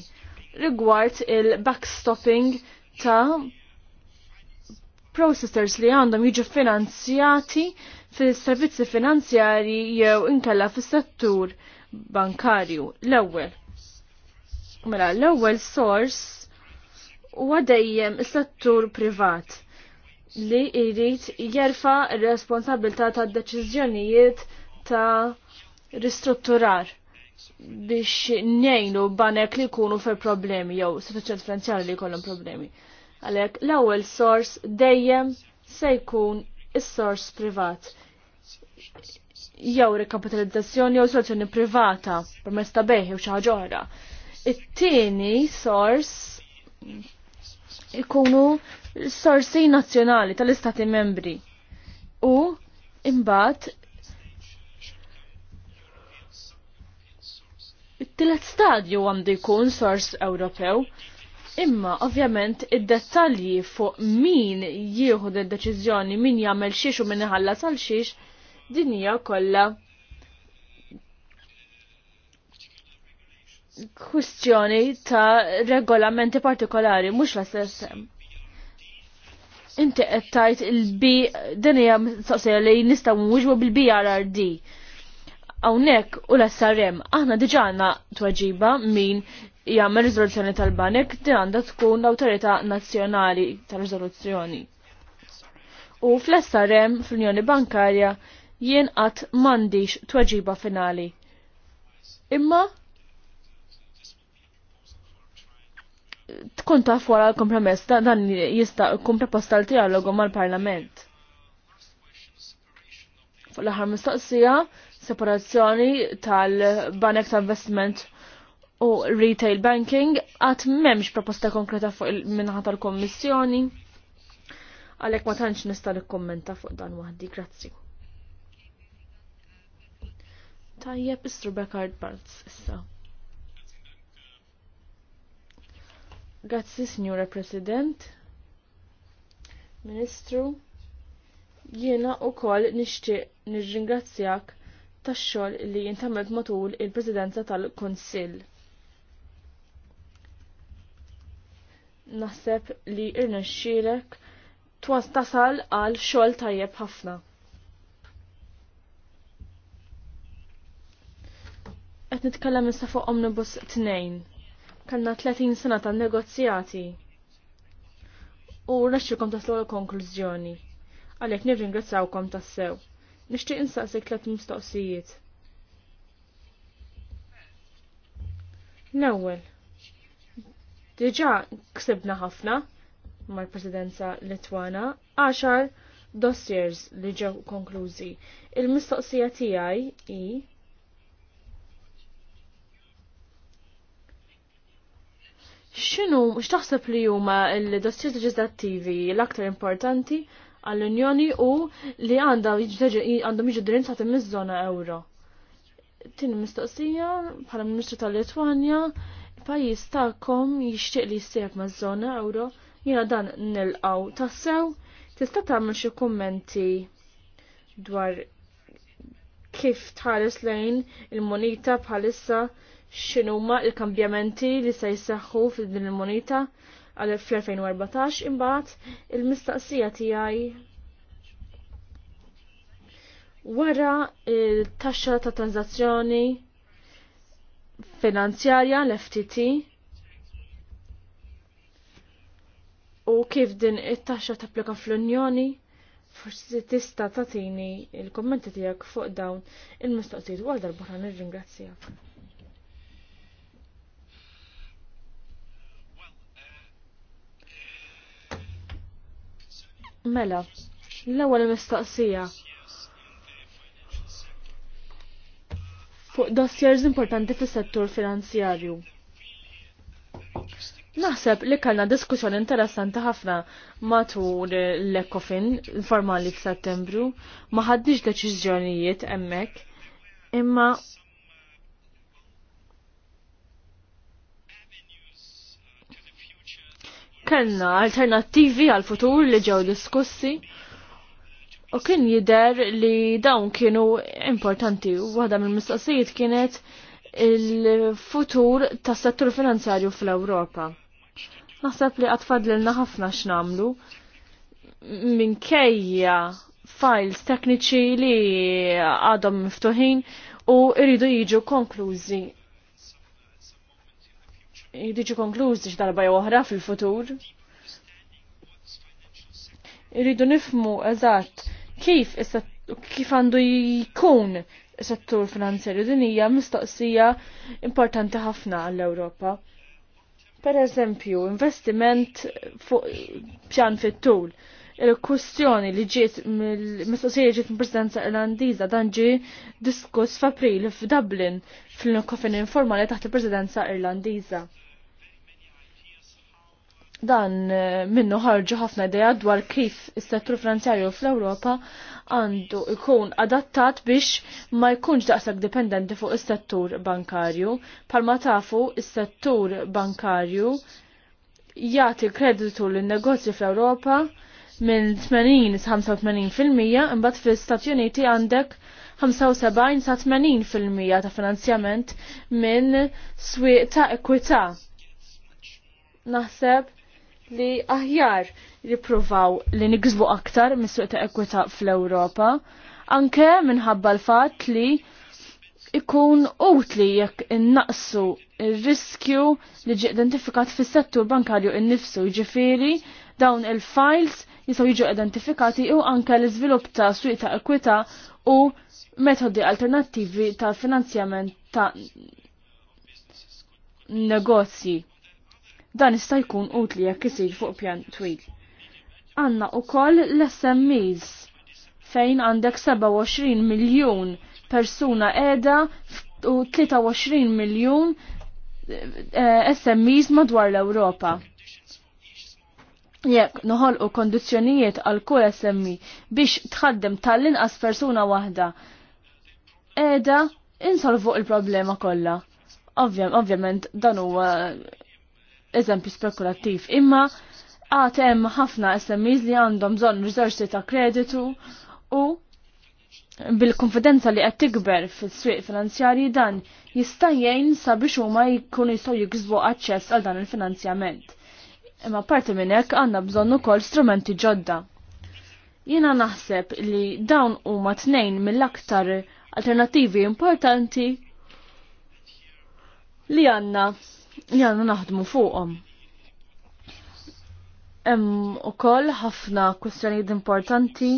rigward il-backstopping ta' processors li għandhom jiġu finanzjati fil-servizzi finanzjari jew inkella fis-settur bankarju. L-ewwel. Mela, l-ewwel source huwa dejjem is-settur privat li jrid jerfa r-responsabilità tad-deċiżjonijiet ta' ristrutturar biex nejnu banek li kunu fer problemi jew situazzjoni finanzjari li jkollhom problemi. Għalhekk l-ewwel source dejjem se jkun is-sors privat jew rikapitalizzazzjoni jew soluzzjoni privata permezz ta' beħi u xi ħaġa oħra. It-tieni sors ikunu sorsi nazzjonali tal-istati membri u imbagħad it-tielet stadju għandu jkun sors Ewropew Imma ovvjament id-dettalji fuq min jieħu d-deċiżjoni, min jagħmel xiex u min iħallas għal xiex, dinja kollha kwistjoni ta' regolamenti partikolari, mhux l sessem. Inti qed il-B din hija mistoqsija li nistgħu nwieġbu bil-BRRD. Hawnhekk u l-SRM aħna diġà għandna tweġiba min jagħmel riżoluzzjoni tal-banek di għandha tkun l-awtorità nazzjonali tal-riżoluzzjoni. U fl-SRM fl-Unjoni Bankarja jien qatt m'għandix tweġiba finali. Imma tkun taf wara l-kompromess dan jista' jkun proposta l-trialogu mal-Parlament. Fuq l-aħħar mistoqsija, separazzjoni tal-banek ta' investment u retail banking għat memx proposta konkreta fuq il-minħa tal-kommissjoni għalek ma tantx nista' l-kommenta fuq dan waħdi, grazzi. Tajjeb istru kard balz issa. Grazzi, Signora President, Ministru, jiena u koll nishtiq nirringrazzjak tax-xogħol li jintamet matul il-Presidenza tal konsil Naħseb li irnexxielek tasal għal xogħol tajjeb ħafna. Qed nitkellem issa fuq Omnibus tnejn. Kellna 30 sena ta' negozjati. U rexxilkom taslu l-konklużjoni. Għalhekk nirringrazzawkom tassew. Nixtieq insaqsik tliet mistoqsijiet. L-ewwel. Diġà ksibna ħafna mal-Presidenza Litwana għaxar dossiers li ġew konklużi. Il-mistoqsija tiegħi hi X'inhu x'taħseb li huma l dossier leġislattivi l-aktar importanti għall-Unjoni u li għandha għandhom jiġu drinzati miż-żona euro. Tieni mistoqsija bħala Ministru tal-Litwanja, pajis pajjiż tagħkom jixtieq li jsejb maż-żona euro, jiena dan nilqgħu tassew. Tista' tagħmel xi kummenti dwar kif tħares lejn il-monita bħalissa x'inhuma l-kambjamenti li se jisseħħu fil-din il-moneta għal fl-2014 imbagħad il-mistaqsija tiegħi wara il-taxxa ta' tranzazzjoni finanzjarja l-FTT u kif din it-taxxa tapplika fl-Unjoni forsi tista' tagħtini il-kommenti tiegħek fuq dawn il-mistoqsijiet wara darba nirringrazzjak. Mela, l-ewwel mistoqsija. Fuq dossiers importanti fis-settur finanzjarju. Naħseb li kellna diskussjoni interessanti ħafna matul l-Ekofin informali f'Settembru ma ħaddix deċiżjonijiet hemmhekk imma kellna alternattivi għal futur li ġew diskussi u kien jider li dawn kienu importanti u waħda mill-mistoqsijiet kienet il-futur tas settur finanzjarju fl-Ewropa. Naħseb li fadlilna ħafna x'namlu minkejja files tekniċi li għadhom miftuħin u irridu jiġu konklużi jridu konkluż darba jew oħra fil-futur. Irridu nifmu eżatt kif kif għandu jkun settur finanzjarju din hija mistoqsija importanti ħafna għall-Ewropa. Per eżempju, investiment fuq pjan fit-tul. Il-kustjoni li ġiet mill-mistoqsija ġiet mill-Presidenza Irlandiża dan ġie diskuss f'April f'Dublin fil-kofin informali taħt il-Presidenza Irlandiża. Dan eh, minnu ħarġu ħafna ideja dwar kif is-settur finanzjarju fl-Ewropa għandu ikun adattat biex ma jkunx daqsak dipendenti fuq is-settur bankarju. Palma tafu is-settur bankarju jagħti kreditu lin-negozji fl-Ewropa minn 80 sa 85% imbagħad fl-Istati Uniti għandek 75 sa 80% ta' finanzjament minn swieq ta' ekwità. Naħseb li aħjar jipruvaw li nikzbu aktar mis-suq ta' ekwita fl-Ewropa, anke minħabba l-fatt li ikun utli jekk innaqsu il-riskju li ġi identifikat fis settur bankarju innifsu ġifiri dawn il-files jisaw jiġu identifikati u anke l iżvilupp ta' suq ta' ekwita u metodi alternattivi ta' finanzjament ta' negozji Dan jista' jkun utli jekk isir fuq pjan twil. Għanna u koll l-SMEs fejn għandek 27 miljon persuna edha u 23 miljon SMEs madwar l-Ewropa. Jekk noħolqu kondizjonijiet għal kull SMI e biex tħaddem tal-inqas persuna waħda. Eda insolvu il-problema kollha. Ovvjament dan huwa eżempju spekulattiv, imma għatem hemm ħafna SMEs li għandhom bżonn rizorsi ta' kreditu u bil-konfidenza li qed tikber fis-swieq finanzjarji dan jista' jgħin sabiex huma jkunu jistgħu jiksbu aċċess għal dan il-finanzjament. Imma parti minn hekk għandna bżonn ukoll strumenti ġodda. Jiena naħseb li dawn huma tnejn mill-aktar alternativi importanti li għandna jannu għanna naħdmu fuqhom. Hemm ukoll ħafna kwistjonijiet importanti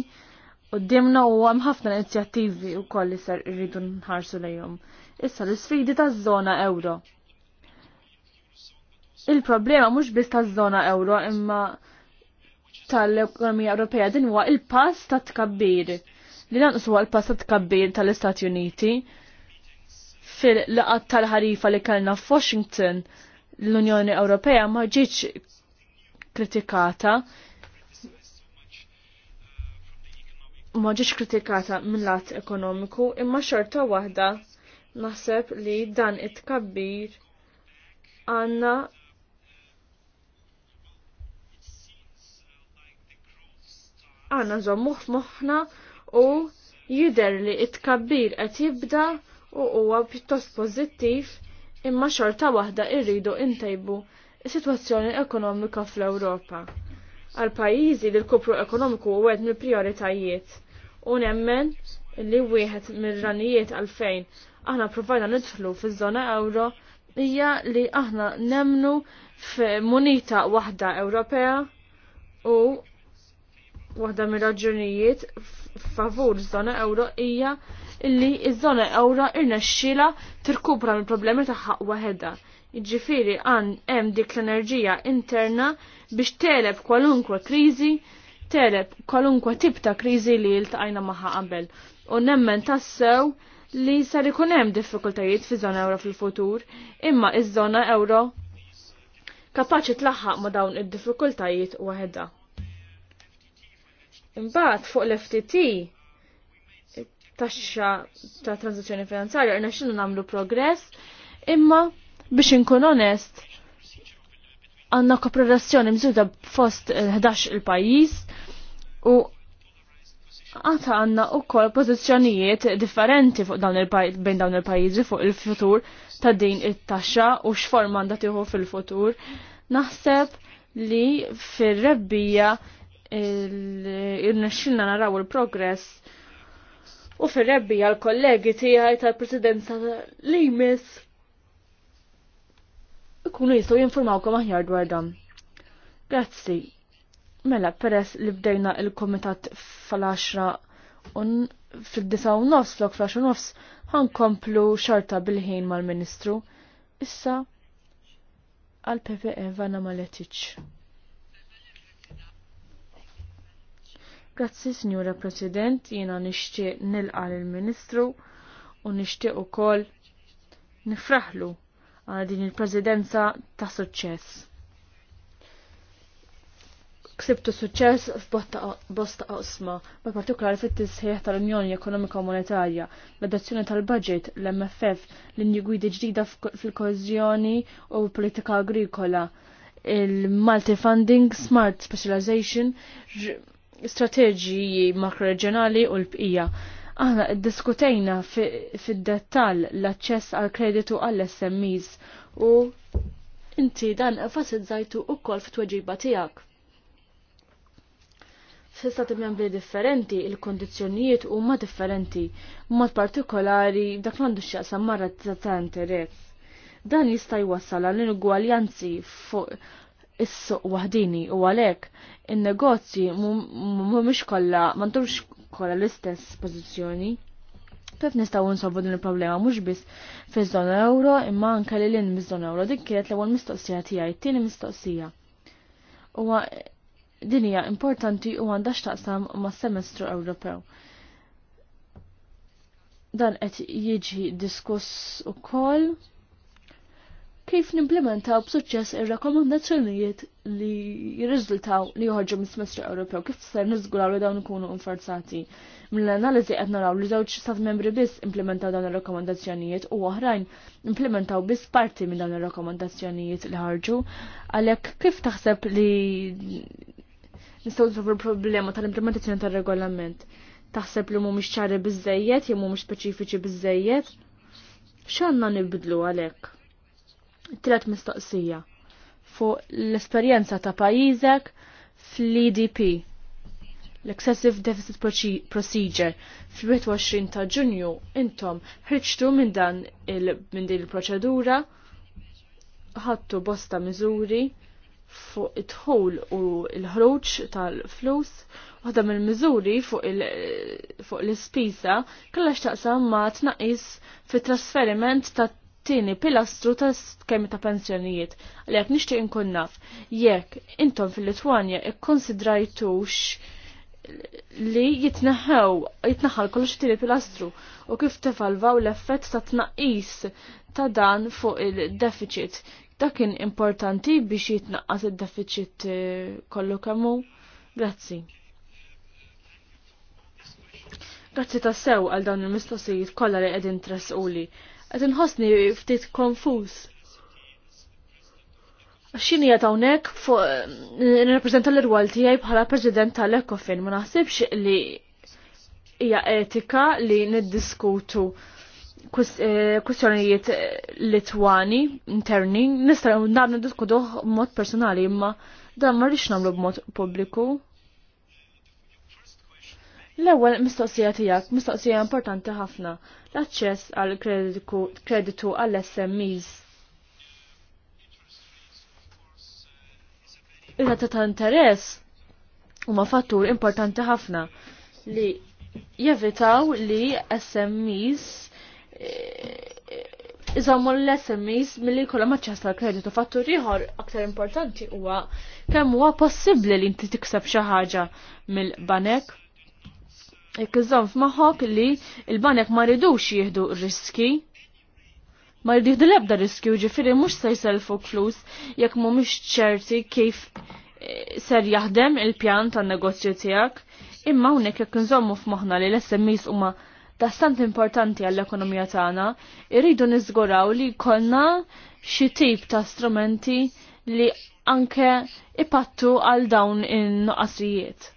dimna u għam ħafna inizjattivi u koll li ser irridu nħarsu lejhom. Issa l-sfidi taż-żona euro. Il-problema mhux biss taż-żona euro imma tal-ekonomija Ewropea din huwa il-pass ta' tkabbir. Li lanqas huwa l-pass ta' tkabbir tal-Istati Uniti fil-laqat tal-ħarifa li kellna f'Washington l-Unjoni Ewropea ma ġietx kritikata ma ġietx kritikata mill-lat ekonomiku imma xorta waħda naħseb li dan it-kabbir għanna għanna zommuħ moħna u jider li it-kabbir qed jibda u huwa pjuttost pożittiv imma xorta waħda irridu ntejbu is-sitwazzjoni ekonomika fl-Ewropa. Għal pajjiżi li l kopru ekonomiku u għed mill-prioritajiet u nemmen li wieħed mir ranijiet għalfejn aħna provajna nidħlu fiż-żona euro hija li aħna nemnu f'munita waħda Ewropea u waħda mir-raġunijiet favur żona euro hija illi iż-żona euro irnexxila tirkupra mill-problemi tagħha waħedha. Jiġifieri għan hemm dik l-enerġija interna biex teleb kwalunkwe kriżi, teleb kwalunkwe tip ta' kriżi li ltqajna magħha qabel. U nemmen tassew li sar ikun hemm diffikultajiet fi żona euro fil-futur, imma iż-żona euro kapaċi tlaħħaq ma' dawn id-diffikultajiet waħedha. Imbagħad fuq l-FTT taxxa ta' transazzjoni finanzjarja irna xinu nagħmlu progress, imma biex inkun onest għandna kooperazzjoni mżuda fost 11 il-pajjiż u għata għanna u kol pozizjonijiet differenti fuq dawn il bejn dawn il-pajizi fuq il-futur ta' din it-taxxa u x'forma għandha tieħu fil-futur. Naħseb li fir-rebbija il naxxinna naraw il-progress u fil rebbi għal-kollegi tiegħi tal-presidenza li jmiss ikunu jistgħu jinformawkom aħjar dwar dan. Grazzi. Mela, peress li bdejna il-komitat fl-10 un fil-9 u nofs, flok fl-10 nofs, ħankomplu xarta bil-ħin mal-ministru. Issa, għal Pepe Evana Maletic. Grazzi, Signora President, jina nixtieq nilqa l-Ministru u nixtieq ukoll nifraħlu għal din il-Presidenza ta' suċċess. Ksibtu suċċess f'bosta qosma, ma' partikolari fit-tisħiħ tal-Unjoni Ekonomika Monetarja, l-adozzjoni tal-budget, l-MFF, l-inni gwidi ġdida fil-kozjoni u politika agrikola, il-multifunding, smart specialization, strateġiji makroreġjonali u l-bqija. Aħna diskutejna fid-dettall l-aċċess għal kreditu għall smis u inti dan enfasizzajtu ukoll fit-tweġiba tiegħek. F'istati membri differenti il u huma differenti, mod partikolari dak mandu x'jaqsam marra ta' interess. Dan jista' jwassal l ingualjanzi fuq is-suq waħdini u għalhekk in-negozji mhumiex kollha m'għandhomx kollha l-istess pożizzjoni. Kif nistgħu nsolvu din il-problema mhux biss fiż-żona euro imma anke lil hinn miż-żona euro dik kienet l-ewwel mistoqsija tiegħi, t-tieni mistoqsija. Huwa din hija importanti u għandha x'taqsam mas-semestru Ewropew. Dan qed jiġi diskuss ukoll kif nimplementaw b'suċċess ir-rakkomandazzjonijiet li jirriżultaw li joħorġu mis-semestru Ewropew kif se niżguraw li dawn ikunu infarzati. Mill-analiżi qed naraw li żewġ stat membri biss implementaw dawn ir-rakkomandazzjonijiet u oħrajn implementaw biss parti minn dawn ir-rakkomandazzjonijiet li ħarġu. Għalhekk kif taħseb li nistgħu nsofru l-problema tal-implementazzjoni tar-regolament? Taħseb li mhumiex ċari biżejjed jew mhumiex speċifiċi biżejjed? X'għandna nibdlu għalhekk? Tret mistoqsija fuq l-esperjenza ta' pajizek fl-EDP, l-Excessive Deficit Procedure, fl-21 ta' ġunju intom ħriċtu minn dan il-din il-proċedura, ħattu bosta miżuri fuq id-dħul u l-ħruġ tal-flus, waħda mill-miżuri fuq l-ispisa kalla x'taqsam ma' tnaqis fit trasferiment ta' tini tieni pilastru ta' skemi ta' pensjonijiet. Għalhekk nixtieq inkun naf jekk intom fil-Litwanja ikkonsidrajtux li jitnaħaw jitnaħal kollox tini tieni pilastru u kif tefalvaw l-effett ta' tnaqis ta' dan fuq il-deficit. Dak kien importanti biex jitnaqqas id-deficit eh, kollu kamu Grazzi. Grazzi ta' sew għal dawn il-mistoqsijiet kollha li qegħdin tressquli. Qed inħossni ftit konfus. Xini għet hawnhekk n eh, nirrappreżenta l-irwol tiegħi bħala President tal-Ekofin ma naħsibx li hija etika li niddiskutu eh, kwestjonijiet eh, litwani interni nistgħu nagħmlu diskutu b'mod personali imma dan ma rridx nagħmlu b'mod pubbliku. L-ewwel mistoqsija tiegħek, mistoqsija importanti ħafna, l-aċċess għal kreditu għall smes Ir-rata ta' interess huma fattur importanti ħafna li jevitaw li SMEs eh, iżommu l-SMEs milli jkollhom kolla maċċas tal-kreditu fattur ieħor aktar importanti huwa kemm huwa possibbli li inti tikseb xi ħaġa mill-banek. Iżżomm f'moħħok li il-banek ma rridux jieħdu riski ma jridu l-ebda riskju ġifiri mux se jiselfu flus jekk mhumiex ċerti kif eh, ser jaħdem il-pjan tan negozju tiegħek, imma hawnhekk jekk nżommu f'moħħna li l-SMEs huma tastant importanti għall-ekonomija tagħna, irridu niżguraw li jkollna xi tip ta' strumenti li anke ipattu għal dawn in-noqasijiet.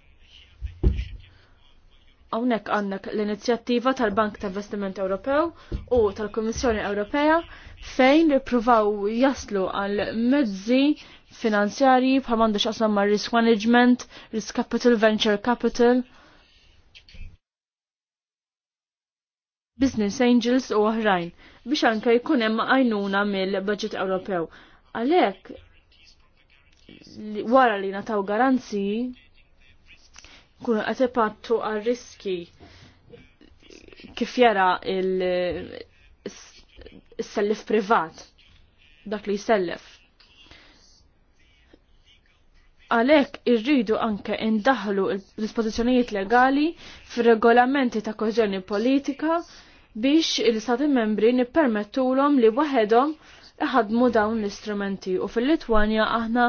Hawnhekk għandek l-inizjattiva tal-Bank ta' Investiment Ewropew u tal-Kummissjoni Ewropea fejn ippruvaw jaslu għal mezzi finanzjarji bħal m'għandux qasam ma' risk management, risk capital, venture capital, business angels u oħrajn biex anke jkun hemm għajnuna mill-Budget Ewropew. Għalhekk wara li nataw garanzi kunu qed ipattu għal riski kif jara il-sellif privat dak li jsellef. Għalek irridu anke indaħlu l dispozizjonijiet legali fir-regolamenti ta' kożjoni politika biex il-stati membri nippermettulhom li waħedhom iħadmu dawn l-istrumenti u fil-Litwanja aħna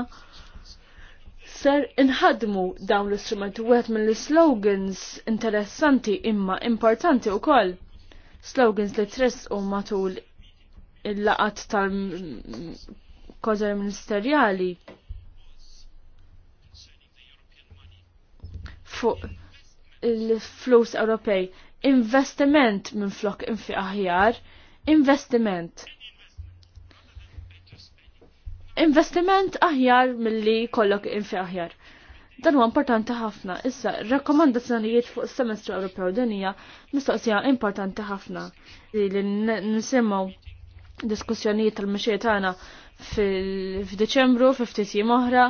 ser inħadmu dawn l-istrumenti wieħed l slogans interessanti imma importanti wkoll. Slogans li tress u matul il-laqat tal-kozer ministerjali fuq il-flus Ewropej. Investiment minn flok infi aħjar, investiment investiment aħjar milli kollok infi aħjar. Dan huwa importanti ħafna. Issa, rakkomandazzjonijiet fuq is-semestru Ewropew din hija mistoqsija importanti ħafna li nisimgħu diskussjonijiet tal mixej tagħna f'Diċembru fi ftit oħra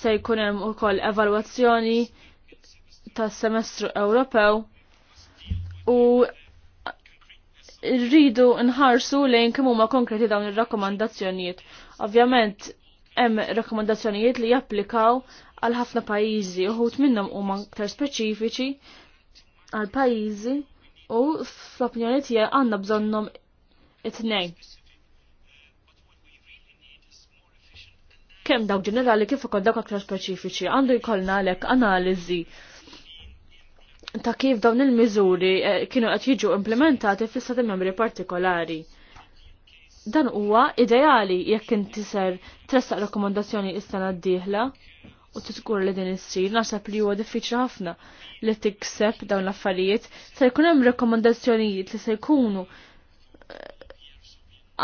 se jkun hemm ukoll evalwazzjoni tas-semestru Ewropew u rridu nħarsu lejn kemm huma konkreti dawn ir-rakkomandazzjonijiet Ovvjament hemm rakkomandazzjonijiet li japplikaw għal ħafna pajjiżi uħut minnhom huma aktar speċifiċi għal pajjiżi u fl-opinjoni tiegħi għandna bżonnhom it-tnejn. Kemm dawk ġenerali kif ukoll dawk aktar speċifiċi għandu jkollna għalhekk analiżi ta' kif dawn il-miżuri eh, kienu qed jiġu implementati fl-istati membri partikolari dan huwa ideali jekk inti ser tressaq rakkomandazzjoni is-sena d-dieħla u tiżgur li din issir naħseb li huwa diffiċli ħafna li tikseb dawn l-affarijiet se jkun hemm rakkomandazzjonijiet li se jkunu eh,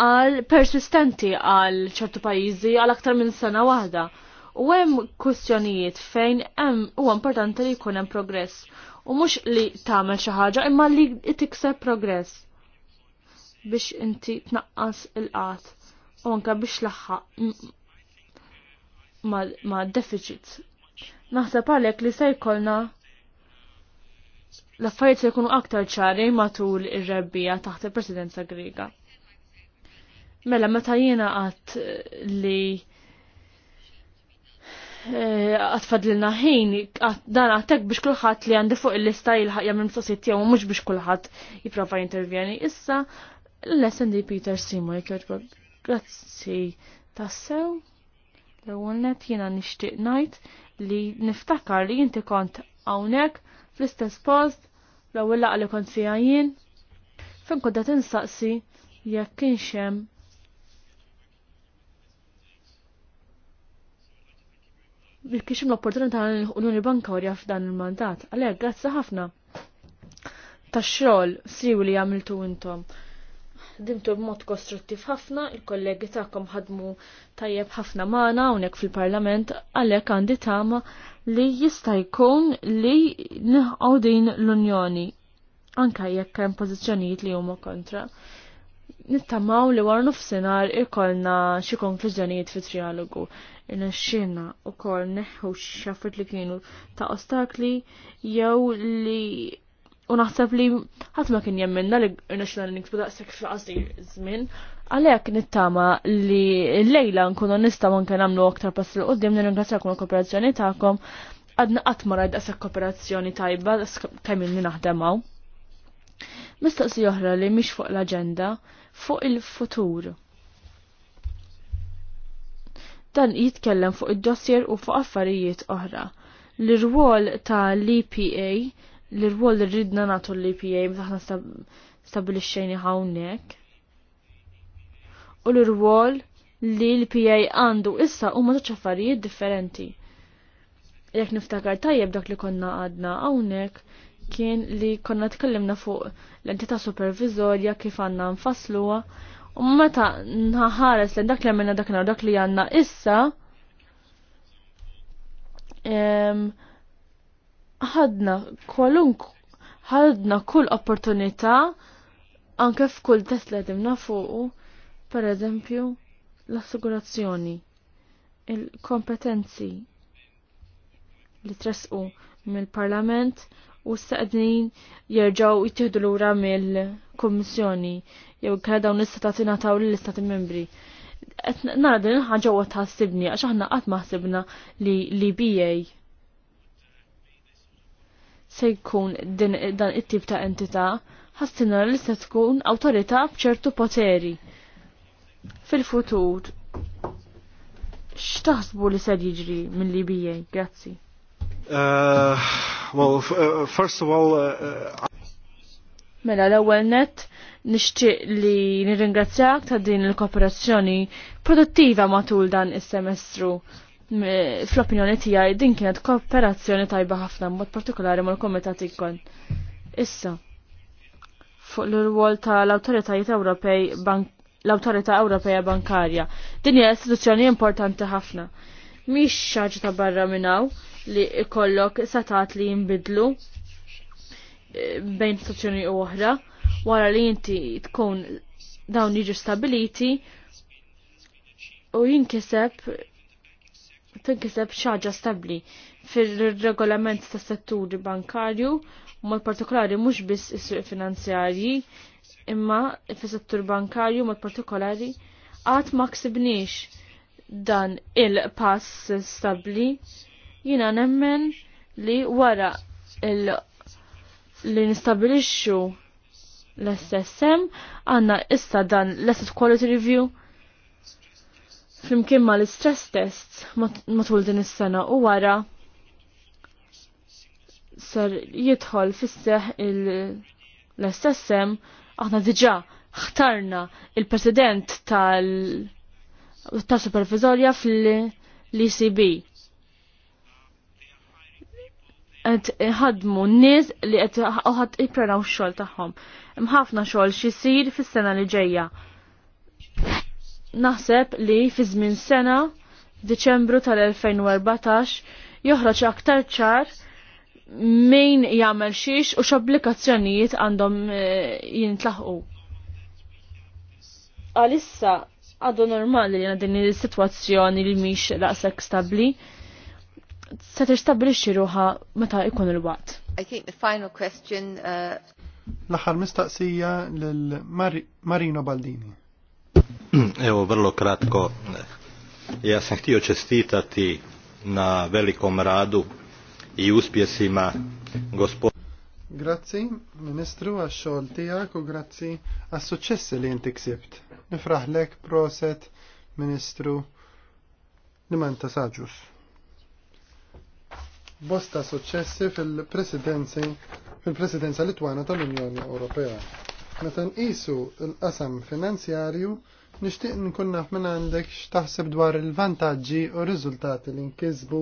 għal persistenti għal ċertu pajjiżi għal aktar minn sena waħda. U hemm kwistjonijiet fejn hemm huwa importanti li jkun hemm progress u mhux li tagħmel xi ħaġa imma li tikseb progress biex inti tnaqqas il-qat u anka biex laħħa ma' deficit. Naħseb għalhekk li se jkollna l-affarijiet se jkunu aktar ċari matul ir-rebbija taħt il-Presidenza Griega. Mela meta jiena għat eh, li eh, fadlina ħin, dan għatek biex kullħat li għandi fuq il-lista jilħaq jgħamil mistoqsijiet tiegħu mhux biex kullħat jipprova jintervjeni. Issa l-SND Peter Seymour jkjoġbog. Grazzi tassew. L-ewwel jena jiena nixtieq ngħid li niftakar li inti kont hawnhekk fl-istess post l-ewwel laqgħa li kont fiha jien. Fejn kont tinsaqsi insaqsi jekk kienx hemm l-opportunità l-Unjoni Bankarja f'dan il-mandat. Għalhekk grazzi ħafna tax-xogħol siw li għamiltu intom dimtu b'mod kostruttiv ħafna, il-kollegi tagħkom ħadmu tajjeb ħafna magħna hawnhekk fil-Parlament għalhekk għandi tama li jista' jkun li neħqgħu din l-Unjoni anka jekk hemm pożizzjonijiet li huma kontra. Nittamaw li war nofsinhar ikollna xi konklużjonijiet fit trialogu irnexxina wkoll neħħu x'affarijiet li kienu ta' ostakli jew li U naħseb li ħadd ma kien jemmenna li national niksbu daqshekk fi qasir żmien, għalhekk nittama li lejla nkunu nistgħu nkun nagħmlu aktar pass il qudiem nirringrazzjakom il-kooperazzjoni tagħkom għadna qatt ma rajt daqshekk kooperazzjoni tajba kemm inni naħdem hawn. Mistaqsi oħra li mhix fuq l-aġenda fuq il-futur dan jitkellem fuq id-dossier u fuq affarijiet oħra. L-rwol ta' l-EPA l-rwol li rridna nagħtu l-IPA b'taħna stabilixxejni hawnhekk. U l-rwol li l-PA għandu issa huma ta' affarijiet differenti. Jekk niftakar tajjeb dak li konna għadna hawnhekk kien li konna tkellimna fuq l-entità supervizorja kif għandna nfasluha u meta nħares li dak li għamilna dak dak li għandna issa ħadna kwalunk ħadna kull opportunità anke f'kull test li għedimna fuq, per eżempju, l-assigurazzjoni, il-kompetenzi li tresqu mill-parlament u s-saqdin jirġaw jittihdu l-ura mill-kommissjoni jew kħala dawn l-istati nataw l-istati membri. Nara din ħagġa u tħassibni, għax aħna qatt ħsibna li bijaj se jkun dan it-tip ta' entità ħastina li se tkun awtorità b'ċertu poteri. Fil-futur, x'taħsbu li se jiġri minn Libija? Grazzi. Uh, well, uh, first of all, uh, uh, Mela l-ewwel net nixtieq li nirringrazzjak ta' din il-kooperazzjoni produttiva matul dan is-semestru fl-opinjoni tiegħi din kienet kooperazzjoni tajba ħafna mod partikolari mal-Komitat ikon. Issa, fuq l-rwol tal-Awtoritajiet Ewropej l autorita Ewropea Bankarja. Din hija istituzzjoni importanti ħafna. Mhix xaġ ta' barra minnaw li ikollok satat li jinbidlu eh, bejn istituzzjoni u oħra wara li inti tkun dawn jiġu stabiliti u jinkiseb tinkiseb xaġa stabbli fil-regolament tas setturi bankarju mod mal partikolari mhux biss is-suq finanzjarji imma fis-settur bankarju mal partikolari għad ma ksibniex dan il-pass stabbli jina nemmen li wara il- li nistabilixxu l-SSM għanna issa dan l-Asset Quality Review flimkien ma l-stress tests matul din is-sena u wara ser jidħol fisseħ l-SSM aħna diġà ħtarna il-president tal ta' supervizorja fil-ECB. Għed ħadmu n-niz li għed uħad iprenaw xol taħħom. Mħafna xol xisir fis-sena li ġeja naħseb li fi żmien sena Deċembru tal-2014 joħroġ aktar ċar min jagħmel xiex u x'obbligazzjonijiet għandhom eh, jintlaħqu. Għalissa għadu normali li din is situazzjoni li mhix laqsek stabbli se tixtabbilixxi ruħha meta jkun il-waqt. I think the final question uh... L-aħħar mistaqsija lil Marino Baldini. [clears throat] Evo, vrlo kratko. Ja sam htio čestitati na velikom radu i uspjesima gospodina. Grazzi, Ministru, għax-xogħol tiegħek u grazzi għas-suċċessi li inti ksibt. Nifraħlek proset, Ministru, li ma intasaġux. Bosta suċċessi fil-presidenzi fil-presidenza lituana tal-Unjoni Ewropea. Meta nqisu l-qasam finanzjarju, nixtieq inkun naf minn għandek x'taħseb dwar il-vantaġġi u r-riżultati li nkisbu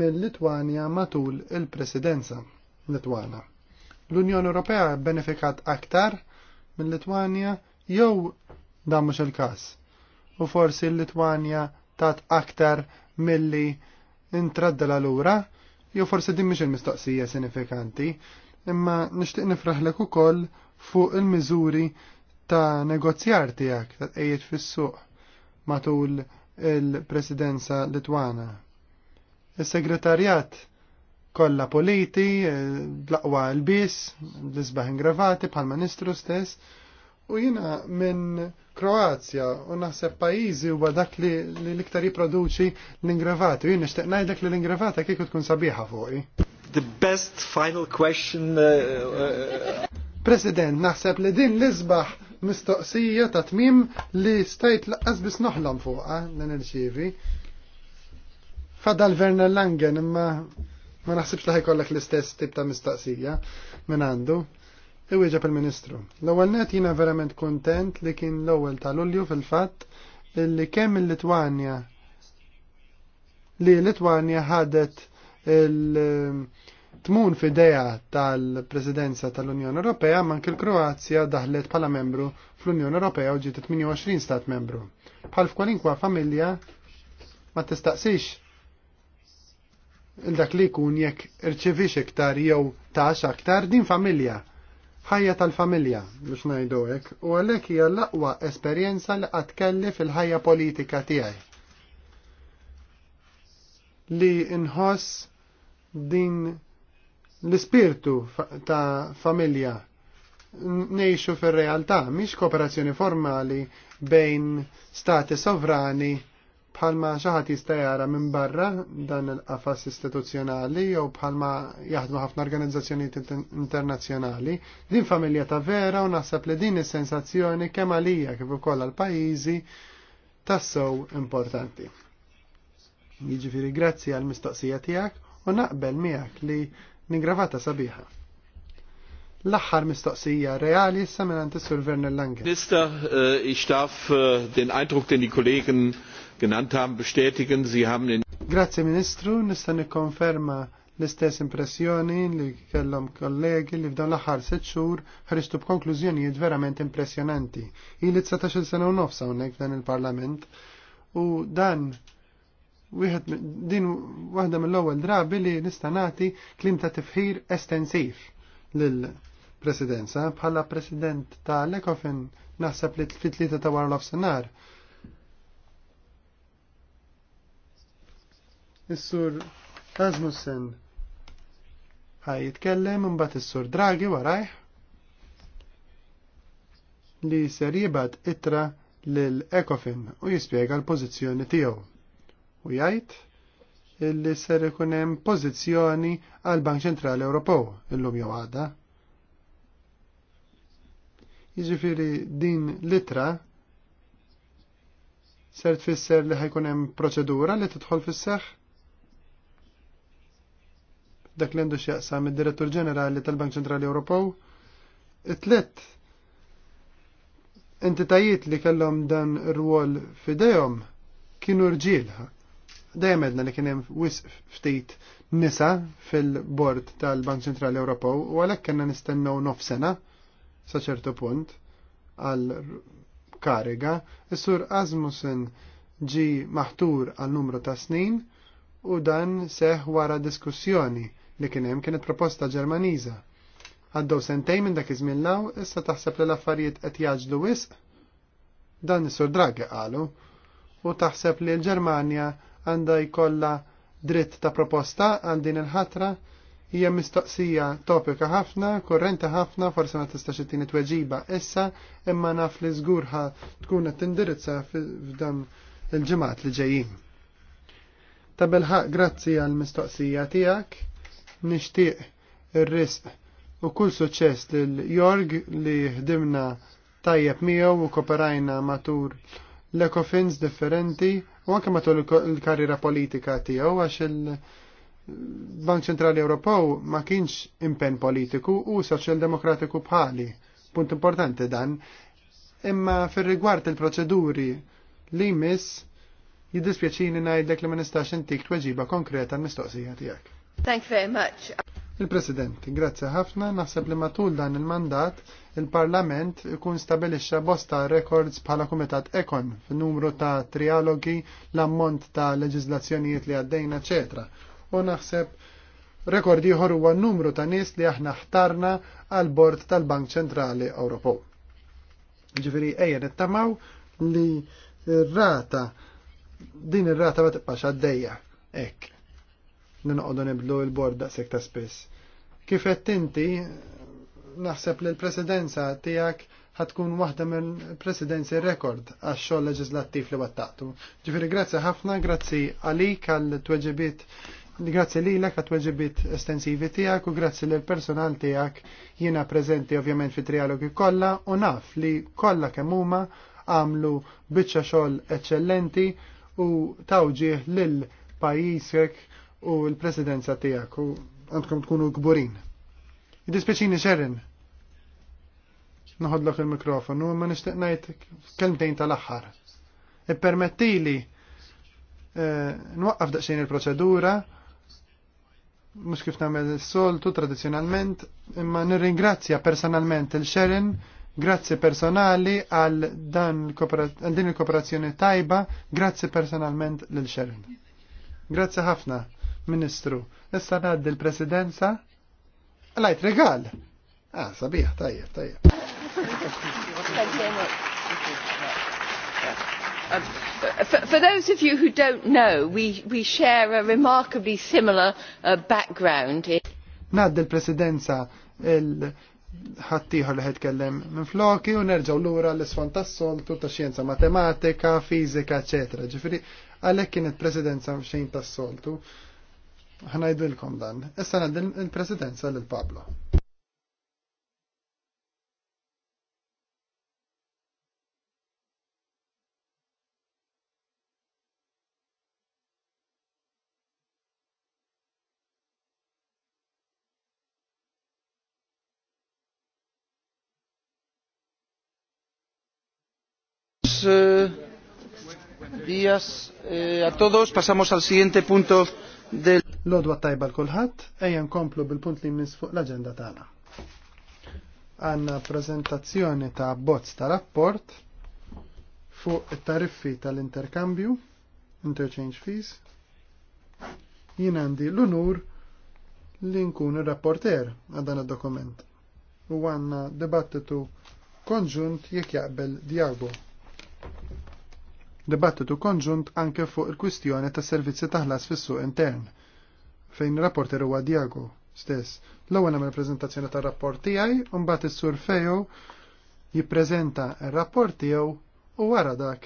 mill-Litwanja matul il-Presidenza Litwana. L-Unjoni Ewropea benefikat aktar mill-Litwanja jew dan mhux il-każ. U forsi l-Litwanja tat aktar milli intraddela lura, jew forsi din mhix il-mistoqsija sinifikanti, imma nixtieq nifraħlek ukoll fuq il-miżuri ta' negozjar tiegħek ta' tqejjed fis-suq matul il-Presidenza Litwana. Is-Segretarjat kollha politi, eh, blaqwa l-bis, l izbaħin ingravati bħal ministru stess, u jina minn Kroazja u naħseb pajizi u dak li l-iktar jipproduċi l-ingravati, u jien nixtieq ngħidlek li l-ingravata kieku tkun sabiħa fuqi. The best final question. Uh, uh, uh, President, naħseb li din l-isbaħ mistoqsija ta' tmim li stajt laqqas bis noħlam fuqa l-enerġivi. Fadal Werner Langen, imma ma naħsibx li ħajkollek l-istess tip ta' mistoqsija minn għandu. Iwieġa per ministru L-ewwel net jiena verament kontent li kien l-ewwel ta' Lulju fil-fatt li kemm il-Litwanja li Litwanja ħadet il- tmun fideja tal-Presidenza tal-Unjoni Ewropea manke il kroazja daħlet bħala membru fl-Unjoni Ewropea u ġiet 28 stat membru. Bħal f'kwalinkwa familja ma tistaqsix il-dak li jkun jekk irċivix iktar jew tax aktar din familja. Ħajja tal-familja biex ngħidu hekk u għalhekk hija l-aqwa esperjenza li qatt kelli fil-ħajja politika tiegħi. Li inħoss din l-ispirtu ta' familja neħxu fil-realtà, miex kooperazzjoni formali bejn stati sovrani bħalma xaħat jistajara minn barra dan il-qafas istituzzjonali jew bħalma jaħdmu ħafna organizzazzjonijiet internazzjonali. Din familja ta' vera u naħseb li din is-sensazzjoni kemm għalija kif ukoll għall-pajjiżi tassew importanti. Jiġifieri grazzi għall mistoqsija tiegħek u naqbel miegħek li minn gravata sabiħa. l axħar mistoqsija reali issa minn Sur Werner Lange. Minister, äh, ich darf äh, den Eindruck, den die Kollegen genannt haben, bestätigen. Sie haben in... Grazie Ministru, nista' nikkonferma l-istess impressjoni li kellom kollegi li f'dan l axħar sitt xhur ħristu b'konklużjonijiet verament impressjonanti. Ili 19 sena u nofsa unnek f'dan il-Parlament u dan wieħed din waħda mill-ewwel drabi li nista' nagħti klim ta' tifħir estensiv lill-Presidenza bħala President ta' Lekofin naħseb li fit-tlieta ta' l senar. Is-sur Rasmussen ħaj jitkellem imbagħad is-sur Draghi warajh li ser jibgħat ittra lil Ekofin u jispjega l-pożizzjoni tiegħu u jgħid illi ser ikun hemm pożizzjoni għal Bank Ċentrali Ewropew illum jew għada. Jiġifieri din litra ser tfisser li ħajkun hemm proċedura li tidħol fis-seħħ? Dak li għandu x'jaqsam id-Direttur Ġenerali tal-Bank Ċentrali Ewropew it-tlet entitajiet li kellhom dan ir-rwol f'idejhom kienu rġielħa dejjem edna li kien hemm wisq ftit nisa fil-bord tal-Bank Centrali Ewropew u għalhekk kellna nistennew nof sena sa ċertu punt għal kariga. Is-sur Asmussen ġi maħtur għal numru ta' snin u dan seħ wara diskussjoni li kien hemm kienet proposta Ġermaniża. Għaddew sentej minn dak iż-żmien law, issa taħseb li l-affarijiet qed jaġlu wisq? Dan is-sur Draghi qalu u taħseb li l-Ġermanja għandha jkollha dritt ta' proposta għal din il-ħatra hija mistoqsija topika ħafna, korrenti ħafna, forse ma tistax it tweġiba issa, imma naf li żgurħa tkun qed tindirizza f'dan il-ġimgħat li ġejjin. Ta' bilħaq grazzi għal mistoqsija tiegħek, nixtieq ir-risq u kull suċċess lil Jorg li ħdimna tajjeb miegħu u koperajna matur l-ekofins differenti u anke matul il-karriera politika tiegħu għax il-Bank Ċentrali Ewropew ma kienx impenn politiku u soċjal-demokratiku bħali. Punt importanti dan. Imma fir-rigward il-proċeduri li miss jiddispjaċini ngħidlek li ma nistax intik tweġiba konkreta mistoqsija tiegħek. Thank you very much. Il-President, grazzi ħafna, naħseb li matul dan il-mandat il-Parlament ikun stabilixxa bosta records bħala Kumitat Ekon f'numru ta' trialogi, l-ammont ta' leġiżlazzjonijiet li għaddejna, eċetera. U naħseb rekord ieħor huwa n-numru ta' nies li aħna ħtarna għal bord tal-Bank Ċentrali Ewropew. Ġifieri ejja nittamaw li r-rata din ir-rata ma tibqax għaddejja. Hekk ninaqodu noqogħdu nibdlu l-bord daqshekk ta' spiss. Kif qed inti naħseb li l-presidenza tiegħek ħatkun waħda minn presidenzi rekord għax xogħol leġislattiv li wattaqtu. Ġifieri grazzi ħafna, grazzi għalik għal tweġibiet Grazzi li l-ek għat estensivi tijak u grazzi li l-personal tijak jina prezenti ovvjament fi trialogi kolla u naf li kolla kemuma għamlu bicċa xol eccellenti u tawġiħ lil pajisek u l-presidenza tijak u għandkom tkunu gburin. Id-dispeċini xerrin. Nħodlok il-mikrofonu ma nishtiqnajt kelmtejn tal-axħar. Ippermettili eh, nwaqqaf daqsxejn il-proċedura mux kif namel soltu tradizjonalment, imma nirringrazzja personalment il-Xerin, grazzi personali għal din il-kooperazzjoni tajba, grazzi personalment l-Xerin. Grazzi ħafna. Ministru. Issa ngħaddi l-Presidenza Lajt regal. Ah, sabiħ, tajjeb, tajjeb. For those of you who don't know, we, we share a remarkably similar uh, background. Nad il-presidenza il ħattiħor li ħetkellem minn floki u nerġaw l-ura l-isfon tas-soltu ta' xienza matematika, fizika, eccetera. Ġifiri, għalek kienet presidenza xejn tas-soltu ħanajdilkom dan. Issa għandil il-presidenza l Pablo. días eh, a todos. Pasamos al siguiente punto L-odwa tajba l-kulħat, ejjem komplu bil-punt li jmiss fuq l-agenda tagħna. Għanna prezentazzjoni ta' bozz ta' rapport fuq it-tariffi tal-interkambju, interchange fees. Jien għandi l-unur li nkun il rapporter għal dan id-dokument. U għanna dibattitu konġunt jekk jaqbel dialogu dibattitu konġunt anke fuq il-kwistjoni ta' servizzi taħlas fis-suq intern fejn rapporter huwa Diago stess. L-ewwel nagħmel preżentazzjoni tar-rapport tiegħi u mbagħad is-sur Fejo jippreżenta r-rapport tiegħu u wara dak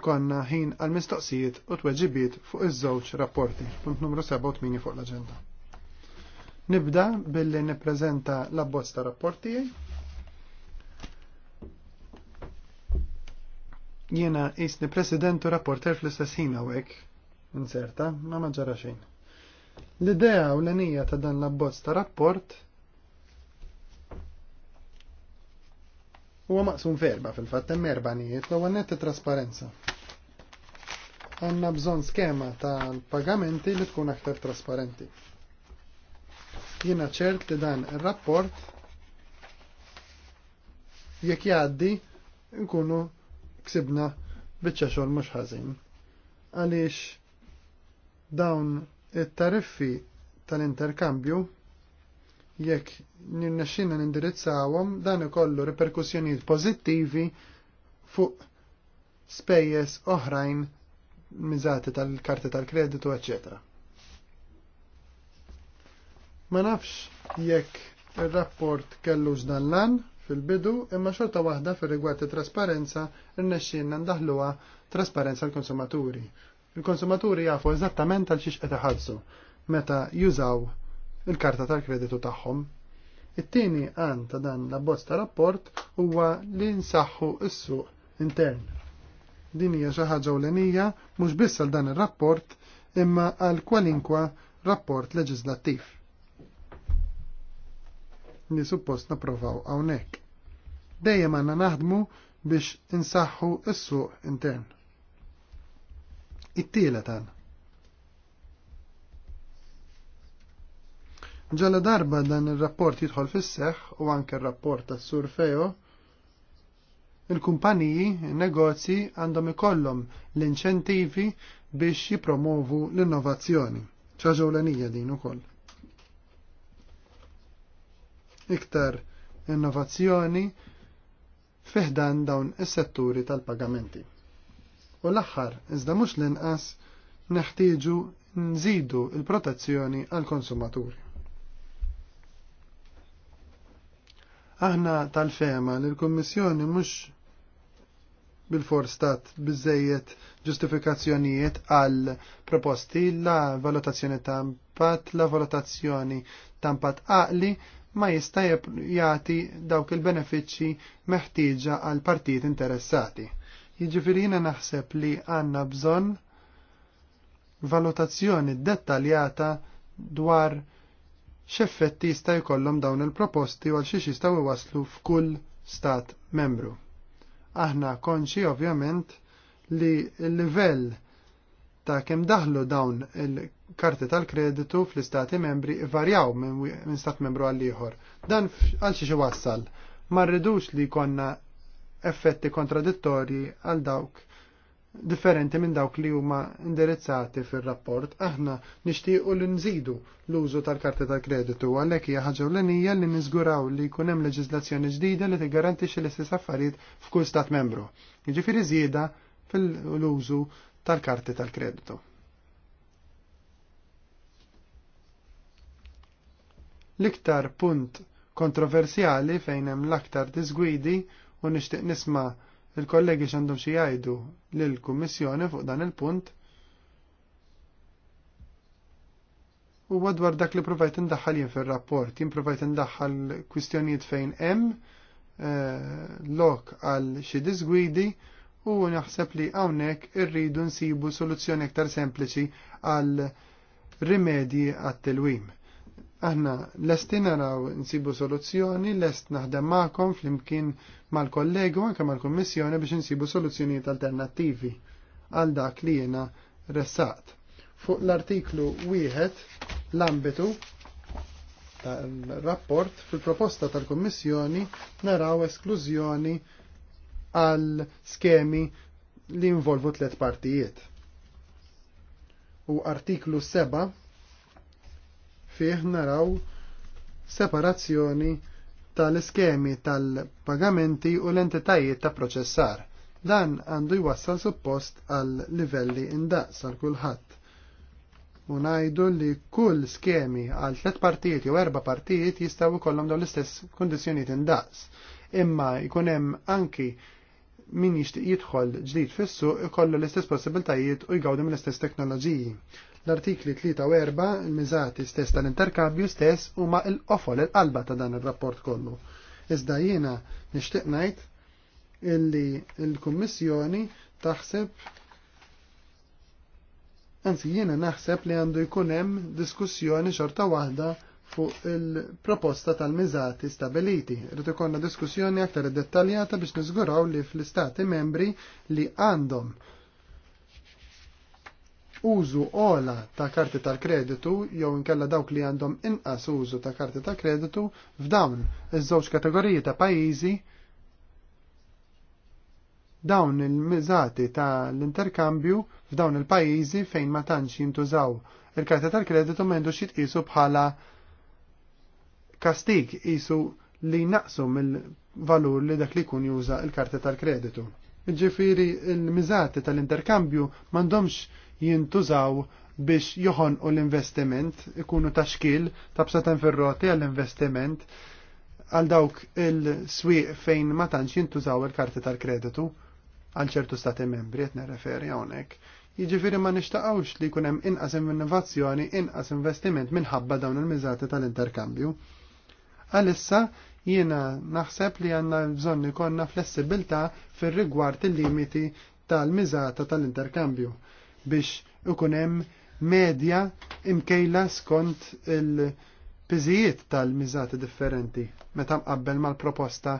ikonna ħin għal mistoqsijiet u tweġibiet fuq iż-żewġ rapporti, punt numru 87 fuq l-aġenda. Nibda billi nippreżenta l-abbozz ta' rapportijaj Jiena isni president u rapporter fl-istess ħin hawnhekk. Inserta, ma maġġara xejn. L-idea u l-enija ta' dan l-abbozz ta' rapport huwa maqsum ferba fil-fatt hemm erba' nijiet l-ewwel nett trasparenza. Għandna bżonn skema tal-pagamenti li tkun aktar trasparenti. Jiena ċert li dan ir-rapport jekk jgħaddi nkunu ksibna biċċa xogħol mhux ħażin. Għaliex dawn it-tariffi tal-interkambju jekk nirnexxina nindirizzawhom dan ikollu reperkussjonijiet pożittivi fuq spejjeż oħrajn miżati tal-karti tal-kreditu, ecc. Ma nafx jekk ir-rapport kellu dan lan fil-bidu imma xorta waħda fil-rigward trasparenza irnexxinna ndaħluha trasparenza l-konsumaturi. Il-konsumaturi jafu eżattament għal xiex qed iħallsu meta jużaw il-karta tal-kreditu tagħhom. It-tieni għan ta' dan l-abbozz ta' rapport huwa li nsaħħu s-suq intern. Din hija xi ħaġa ewlenija mhux biss għal dan ir-rapport imma għal kwalinkwa rapport leġislattiv li suppost naprovaw għawnek dejjem għandna naħdmu biex insaħħu s-suq intern. It-tielet għan. Ġala darba dan il-rapport jidħol fis-seħħ u anke r-rapport tas-sur Feo, il-kumpaniji, il-negozji għandhom ikollhom l-inċentivi biex jipromovu l-innovazzjoni. ċaġolanija din ukoll. Iktar innovazzjoni fiħdan dawn is-setturi tal-pagamenti. U l-aħħar, iżda mhux l-inqas, neħtieġu nżidu l protezzjoni għal-konsumaturi. Aħna tal-fema li l-Kummissjoni mhux bil forstat biżejjed ġustifikazzjonijiet għal proposti la valutazzjoni tampat, la valutazzjoni tampat għaqli ma jista' jagħti dawk il-benefiċċji meħtieġa għal partijiet interessati. Jiġifieri naħseb li għandna bżonn valutazzjoni dettaljata dwar x'effetti jista' jkollhom dawn il-proposti għal xiex jistgħu iwaslu f'kull stat membru. Aħna konċi ovvjament li l-livell ta' kemm daħlu dawn il-karti tal-kreditu fl-istati membri varjaw minn stat membru għal ieħor. Dan għal xi wassal. Ma rridux li konna effetti kontradittorji għal dawk differenti minn dawk li huma indirizzati fir-rapport, aħna nixtiequ li nżidu l-użu tal-karti tal-kreditu għalhekk hija ħaġa ewlenija li niżguraw li jkun hemm leġiżlazzjoni ġdida li tiggarantixxi l-istess affarijiet f'kull stat membru. Jiġifieri żieda fil-użu tal-karti tal-kreditu. L-iktar punt kontroversjali fejn hemm l-aktar disgwidi u nixtieq nisma' il-kollegi x'għandhom xi jgħidu lill-Kummissjoni fuq dan il-punt huwa dwar dak li provajt indaħħal jien fir-rapport, jien provajt indaħħal kwistjonijiet fejn hemm eh, lok għal xi disgwidi u naħseb li hawnhekk irridu nsibu soluzzjoni aktar sempliċi għal rimedji għat-tilwim. Aħna lest naraw nsibu soluzzjoni, lest naħdem magħkom flimkien mal-kollegu anke mal-Kummissjoni biex insibu soluzzjonijiet alternattivi għal dak li jiena ressaqt. Fuq l-artiklu wieħed l-ambitu tal rapport fil-proposta tal-Kommissjoni naraw esklużjoni għal skemi li involvu tliet partijiet. U artiklu 7 fih naraw separazzjoni tal-iskemi tal-pagamenti u l-entitajiet ta' proċessar. Dan għandu jwassal suppost għal livelli indaqs għal kulħadd. U ngħidu li kull skemi għal tliet partijiet jew erba' partijiet jistgħu jkollhom dawn l-istess kundizzjonijiet indaqs. Imma jkun hemm anki min jixtieq jidħol ġdid fissu ikollu l-istess possibiltajiet u jgawdu mill-istess teknoloġiji. L-artikli 3 u 4 il-miżati stess tal-interkambju stess huma l-qofol il-qalba ta' dan ir-rapport kollu. Iżda jiena nixtieq ngħid illi l-Kummissjoni taħseb anzi jiena naħseb li għandu jkun hemm diskussjoni xorta waħda fuq il-proposta tal-miżati stabiliti. Rrid ikollna diskussjoni aktar dettaljata biex niżguraw li fl-istati membri li għandhom użu ola ta' karti tal-kreditu jew inkella dawk li għandhom inqas użu ta' karti tal-kreditu f'dawn iż-żewġ kategoriji ta' pajjiżi dawn il-miżati ta' l-interkambju f'dawn il-pajjiżi fejn ma tantx jintużaw il karti tal-kreditu m'għandux jitqisu bħala kastik isu li naqsu mill-valur li dak li kun juża il-karta tal-kreditu. Ġifiri, il-mizati tal-interkambju mandomx jintużaw biex joħon u l-investiment, ikunu taxkil ta' bsatan ferroti għall-investiment għal dawk il-swieq fejn ma tantx jintużaw il-karti tal-kreditu għal ċertu stati membri qed nirreferi hawnhekk. Jiġifieri ma nixtaqgħux li jkun hemm inqas innovazzjoni, inqas investiment minħabba dawn il-miżati tal-interkambju. Għalissa jiena naħseb li għanna bżonn ikonna flessibilta fir-rigward il-limiti tal-miżata tal-interkambju biex ikun hemm medja imkejla skont il-piżijiet tal-miżati differenti meta mqabbel mal-proposta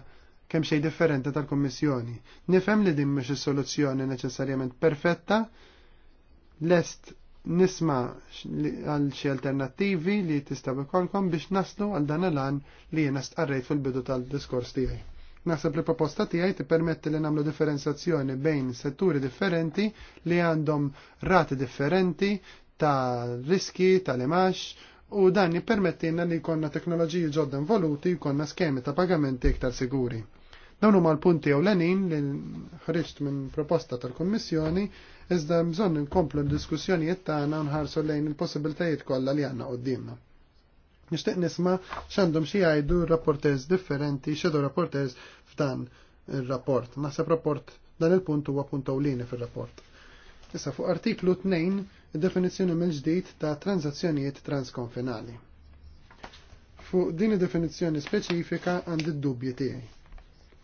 kemm xejn differenti tal-Kummissjoni. Nifhem li din mhux is-soluzzjoni neċessarjament perfetta, lest nisma għal xi alternattivi li tista' ikolkom biex naslu għal dan l-an li jena stqarrejt fil-bidu tal-diskors tiegħi. Naħseb li proposta tiegħi tippermetti li nagħmlu differenzjazzjoni bejn setturi differenti li għandhom rati differenti ta' riski, tal limax u dan jippermettilna li jkollna teknoloġiji ġodda involuti jkollna skemi ta' pagamenti iktar siguri. Dawn huma l-punti ewlenin li ħriġt minn proposta tal-Kummissjoni iżda bżonn inkomplu d-diskussjonijiet tagħna nħarsu lejn il-possibiltajiet kollha li għandna qudiemna. Nixtieq nisma' x'għandhom xi jgħidu rapporters differenti, xedu rapporters f'dan ir-rapport. Naħseb rapport dan il-punt huwa punt ewlieni fir-rapport. Issa fuq artiklu 2 id-definizzjoni mill-ġdid ta' tranzazzjonijiet transkonfinali. Fuq din id-definizzjoni speċifika għandi d-dubji tiegħi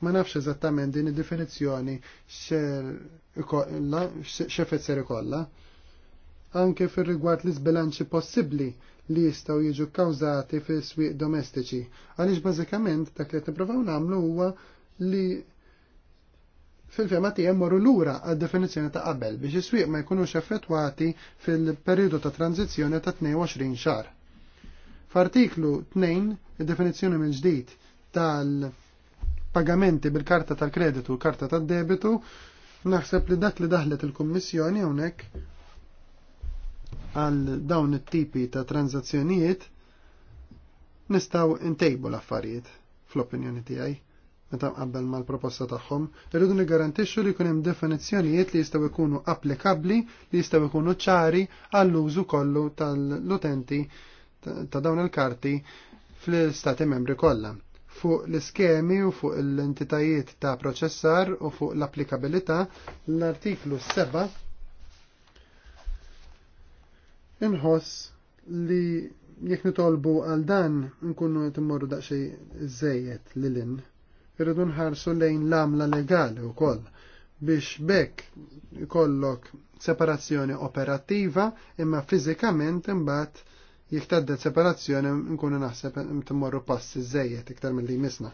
Ma nafx eżattament din id-definizzjoni x'effett ikollha. Anke fir-rigward l sbilanċi possibbli li jistgħu jiġu kawzati fis-swieq domestiċi. Għaliex bażikament dak li nippruvaw nagħmlu huwa li fil-fema tiegħem morru lura għad definizzjoni ta' qabel biex is-swieq ma jkunux effettwati fil-perjodu ta' tranzizzjoni ta' 22 xahar. F'artiklu 2 id-definizzjoni mill-ġdid tal- pagamenti bil-karta tal-kreditu u karta tad-debitu, naħseb li dak li daħlet il-Kummissjoni hawnhekk għal dawn it-tipi ta' tranzazzjonijiet nistgħu ntejbu l-affarijiet fl-opinjoni tiegħi meta mqabbel mal-proposta tagħhom, irridu nigarantixxu li jkun hemm definizzjonijiet li jistgħu jkunu applikabbli, li jistgħu jkunu ċari għall-użu kollu tal-utenti ta' dawn il-karti fl istati membri kollha fuq l-iskemi u fuq l-entitajiet ta' proċessar u fuq l-applikabilità l-artiklu 7 inħoss li jekk nitolbu għal dan nkunu timmorru daqsxejn iżejjed lilin. Irridu nħarsu lejn l-amla legali wkoll biex bekk ikollok separazzjoni operattiva imma fiżikament imbagħad jiktaddet separazzjoni nkunu naħseb timmorru passi żejjed iktar mill-li jmisna.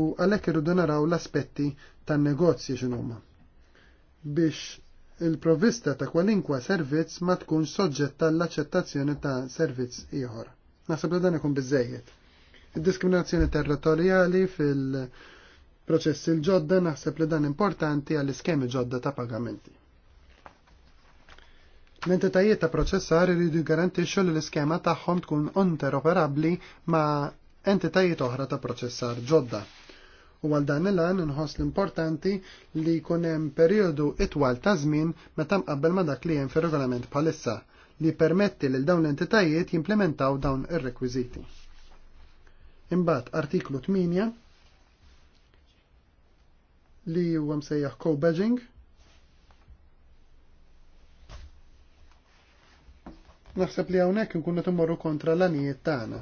U għalhekk irridu naraw l-aspetti tan-negozji x'inhuma. Biex il-provvista ta' kwalinkwa servizz ma tkun soġġetta l-aċċettazzjoni ta' servizz ieħor. Naħseb li dan ikun biżejjed. Id-diskriminazzjoni territorjali fil- proċessi l ġodda naħseb li dan importanti għall-iskemi ġodda ta' pagamenti. L-entitajiet ta' proċessar iridu jgarantixxu li l-iskema tagħhom tkun interoperabbli ma' entitajiet oħra ta' proċessar ġodda. U għal dan il-għan nħoss l-importanti li jkun hemm perjodu itwal ta' żmien meta mqabbel ma' dak li hemm fir-regolament bħalissa li permetti lil dawn l-entitajiet jimplementaw dawn ir-rekwiżiti. Imbagħad artiklu 8 li huwa msejjaħ co-badging Naħseb li hawnhekk nkunu timmorru kontra l-anijiet tagħna.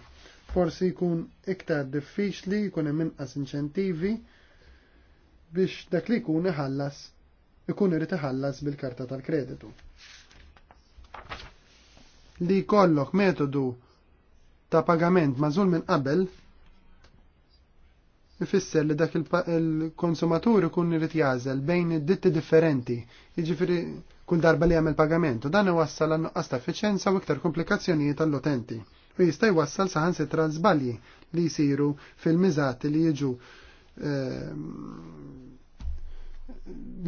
Forsi jkun iktar diffiċli, jkun hemm inqas inċentivi biex dak li jkun iħallas ikun irid iħallas bil-karta tal-kreditu. Li jkollok metodu ta' pagament mażul minn qabel ifisser li dak il-konsumatur ikun irid jażel bejn id-ditti differenti, jiġifieri kull darba li jagħmel pagament u dan iwassal għan nuqqas ta' effiċjenza u iktar komplikazzjonijiet għall-utenti. U jista' jwassal saħansitra żbalji li jsiru fil-miżati li jiġu ehm,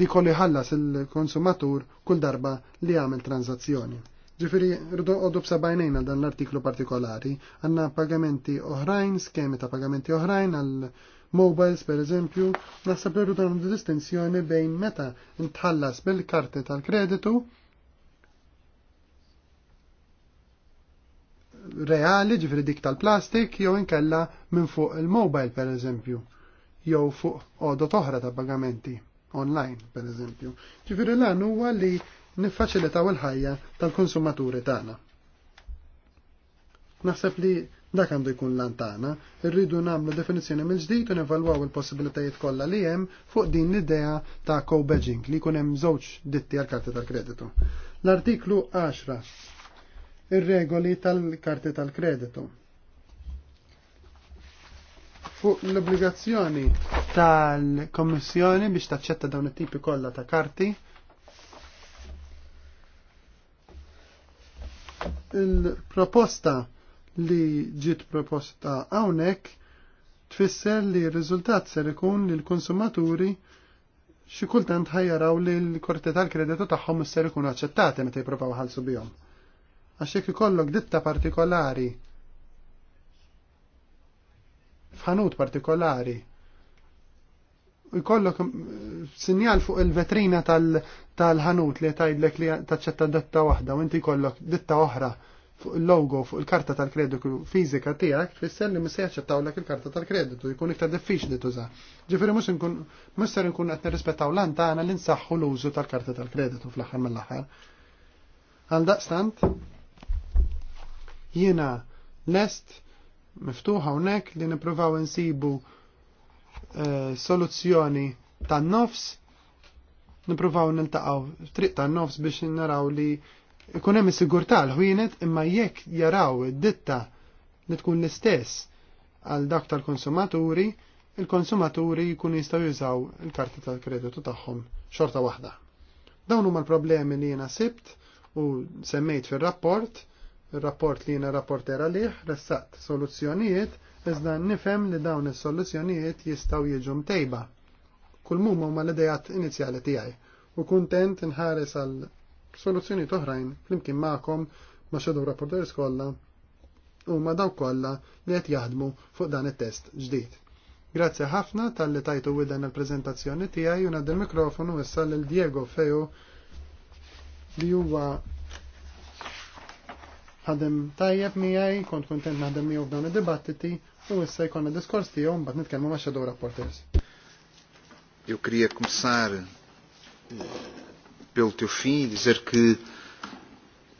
li kolli ħallas il-konsumatur kull darba li għamil tranzazzjoni. Ġifiri, rridu għoddu b'sabajnejn għal dan l-artiklu partikolari, għanna pagamenti oħrajn, skemi ta' pagamenti oħrajn għal mobiles per eżempju, naħseb li rridu distinzjoni bejn meta ntħallas bil-karti tal-kreditu reali ġifri dik tal-plastik jew inkella minn fuq il-mobile per eżempju jew fuq għodot oħra ta' pagamenti online per eżempju. Ġifri l-għan huwa li niffaċilitaw il-ħajja tal-konsumaturi tagħna. Naħseb li Dak għandu jkun lantana, irridu namlu definizjoni mill ġdid u nevalwaw il-possibilitajiet kollha li hemm fuq din l-idea ta' co-badging li jkun hemm żewġ ditti għal-karti tal-kreditu. L-artiklu 10. Ir-regoli tal-karti tal-kreditu. Fuq l-obbligazzjoni tal-Kommissjoni biex taċċetta dawn it-tipi kollha ta' karti il-proposta li ġiet proposta hawnhekk tfisser li r-riżultat ser ikun li l-konsumaturi xi kultant ħajjaraw li l-korti tal-kreditu tagħhom ser ikun aċċettati meta jippruvaw ħalsu bihom. Għax jekk ikollok ditta partikolari f'ħanut partikolari jkollok mm, sinjal fuq il-vetrina tal-ħanut li tajdlek li taċċetta ditta waħda u inti jkollok ditta oħra fuq il-logo fuq il-karta tal-kreditu fizika tiegħek tfisser li l jaċċettawlek il-karta tal-kreditu jkun iktar diffiċli tuża. Ġifieri mhux inkun mister inkun qed nirrispettaw lan tagħna li nsaħħu l-użu tal-karta tal-kreditu fl-aħħar mill-aħħar. Għaldaqstant jiena lest miftuħa hawnhekk li nippruvaw nsibu eh, soluzzjoni tan-nofs nipruvaw niltaqaw triq tan nofs biex naraw li ikun hemm is-sigurtà l-ħwienet imma jekk jaraw id-ditta li tkun l-istess għal dak tal-konsumaturi, il-konsumaturi jkun jistgħu jużaw il-karti tal-kreditu tagħhom xorta waħda. Dawn huma l-problemi li jiena sibt u semmejt fir-rapport, il-rapport li jiena rapporter għalih, ressaqt soluzzjonijiet, iżda nifhem li dawn is-soluzzjonijiet jistgħu jiġu mtejba. Kull mumma huma l-idejat inizjali tiegħi u kuntent inħares għal soluzzjoni toħrajn flimkien ma'kom ma' Shadow rapporter kollha u ma' dawk kollha li qed jaħdmu fuq dan it-test ġdid. Grazzi ħafna tal-li tajtu dan il-prezentazzjoni tiegħi u nagħdi l-mikrofonu issa lil Diego Feo li huwa ħadem tajjeb miegħi, kont kontent naħdem miegħu f'dawn id-dibattiti u issa jkollna diskors tiegħu mbagħad nitkellmu ma' Shadow rapporters. Eu queria eh, pelo teu fim dizer que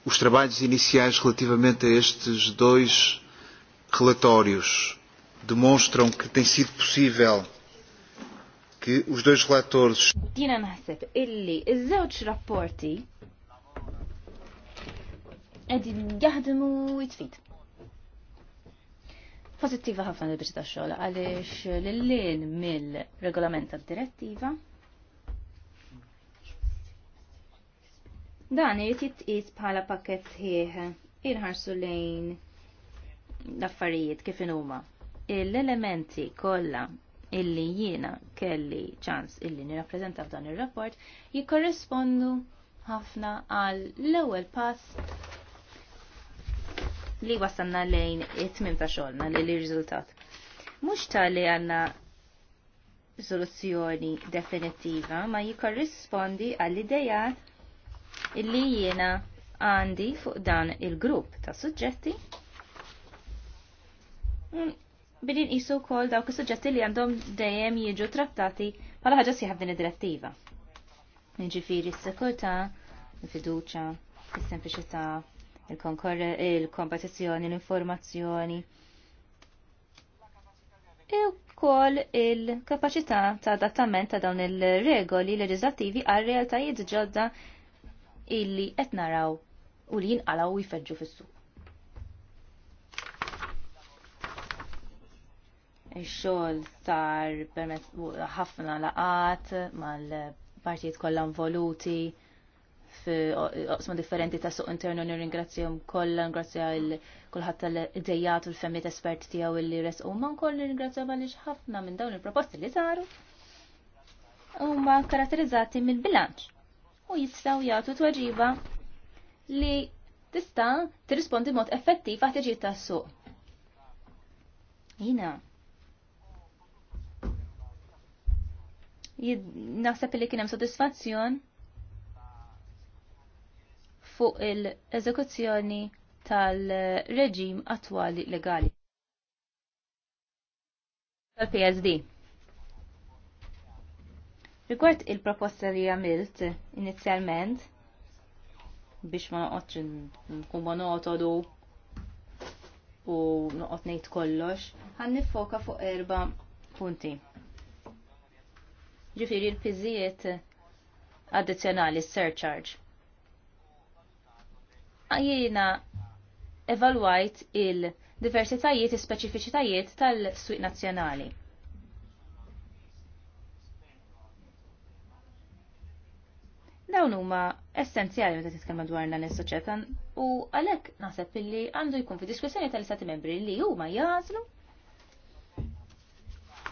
os trabalhos iniciais relativamente a estes dois relatórios demonstram que tem sido possível que os dois relatores. Dina naħseb illi iż-żewġ rapporti qegħdin jaħdmu jitfid. Pożittiva ħafna l-biċċa tax-xogħol l lil mill-regolament tad-direttiva Dan irid jitqis bħala pakkett ħieħ irħarsu lejn l-affarijiet kif huma. L-elementi kollha illi jiena kelli ċans illi nirrappreżenta f'dan ir-rapport jikkorrespondu ħafna għal l-ewwel pass li wasanna lejn it-tmim ta' xogħolna li l-riżultat. Mhux tali għandna soluzzjoni definitiva ma jikorrispondi għall idejat illi jiena għandi fuq dan il-grupp ta' suġġetti. Mm, Bidin nqisu wkoll dawk is-suġġetti li għandhom dejjem jiġu trattati pala ħaġa siħab din id-direttiva. Jiġifieri s-sekurtà, il-fiduċja, is-sempliċità, il-kompetizzjoni, l-informazzjoni. E kol il-kapaċità ta' adattament ta' dawn il-regoli leġislattivi għal realtajiet ġodda illi qed naraw u li jinqalaw u jfeġġu fis-suq. Ix-xogħol sar permezz ħafna laqat mal-partijiet kollha involuti f'oqsma differenti ta' suq internu nirringrazzjahom kollha, ngrazzja kulħadd tal-idejjat u l-femmiet espert tiegħu illi resqu ma nkoll nirringrazzja għaliex ħafna minn dawn il-proposti li saru huma karatterizzati mill-bilanċ u jistaw jagħtu tweġiba li tista' tirrispondi mod effettiv għat tas-suq. Jina. Naħseb li kien hemm sodisfazzjon fuq il-eżekuzzjoni tal-reġim attwali legali. Tal-PSD. Rigward il-proposta li għamilt inizjalment biex ma noqgħodx nkun monotodu u noqgħod ngħid kollox, ħan nifoka fuq erba' punti. Ġifieri l-piżijiet addizzjonali surcharge. Għajjina evalwajt il-diversitajiet, il-speċifiċitajiet tal-suq nazzjonali. Dawn huma essenzjali meta titkellem dwar dan is-soċjetà u għalhekk naħseb illi għandu jkun fi diskussjoni tal-istati membri li huma jażlu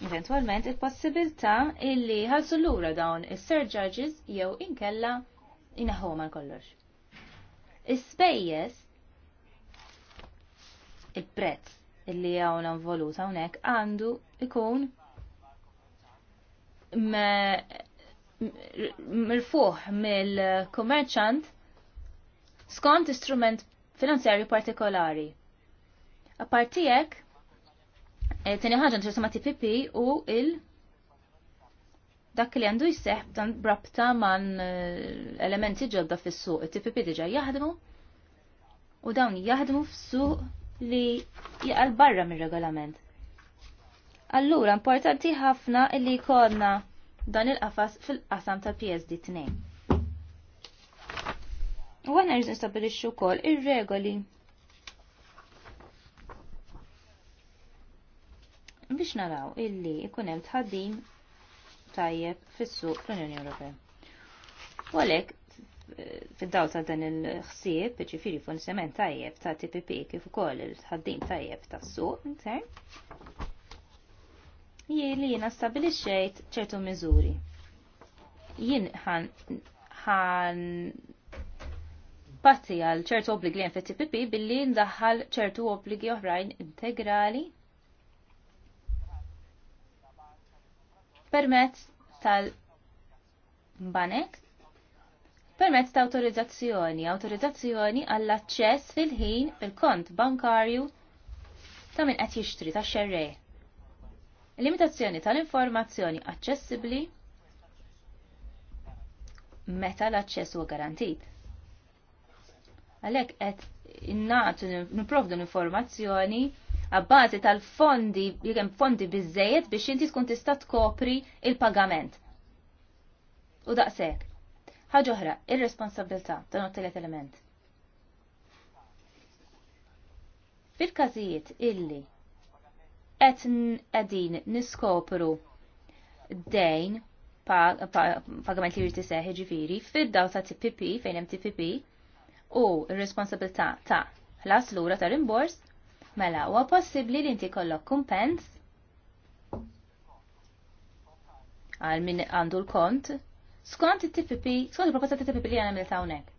eventwalment il-possibilità illi ħalsu lura dawn is-surcharges jew inkella inaħħu ma kollox. Is-spejjeż il-prezz illi għawna voluta hawnhekk għandu ikun mirfuħ mill-kummerċant skont istrument finanzjarju partikolari. t eh, tini ħagġan t ma' TPP u il- dak li għandu jisseħ dan brabta man eh, elementi ġodda fis-suq, it-TPP diġa jaħdmu u dawn jaħdmu f'suq li jgħal barra mir-regolament. Allura, importanti ħafna li kodna dan il-qafas qasam ta' tal-PSD2. U għanna rridu nistabilixxu wkoll ir-regoli biex naraw illi ikun hemm tħaddim tajjeb fis-suq fl-Unjoni Ewropea. U għalhekk fid-dawl ta' dan il-ħsieb, ġifieri fun semen tajjeb ta' TPP kif ukoll il-tħaddim tajjeb tas-suq intern, jie li jina stabilixxejt ċertu miżuri. Jien ħan ħan patti għal ċertu obbligi għan fit-TPP billi ndaħħal ċertu obbligi oħrajn integrali permezz tal-banek permezz ta' autorizzazzjoni, autorizzazzjoni għall-aċċess fil-ħin fil-kont bankarju ta' min qed jixtri ta' xerrej. Limitazzjoni tal-informazzjoni aċċessibbli meta l-aċċess huwa garantit. Għalhekk qed innatu nipprovdu informazzjoni għabbażi tal-fondi, jgħem fondi bizzejiet biex inti tkun tista tkopri il-pagament. U daqsek. ħagħuħra, il-responsabilta ta' not-telet element. Fil-kazijiet illi qed qegħdin niskopru dejn pagament li jrid seħi ġifiri fid-daw ta' TPP fejn hemm TPP u r-responsabilità ta' ħlas lura ta' rimbors mela huwa possibbli li inti kollok kumpens għal min għandu l-kont, skont it-TPP, skont il-proposta ta' tpp li għana milta unek.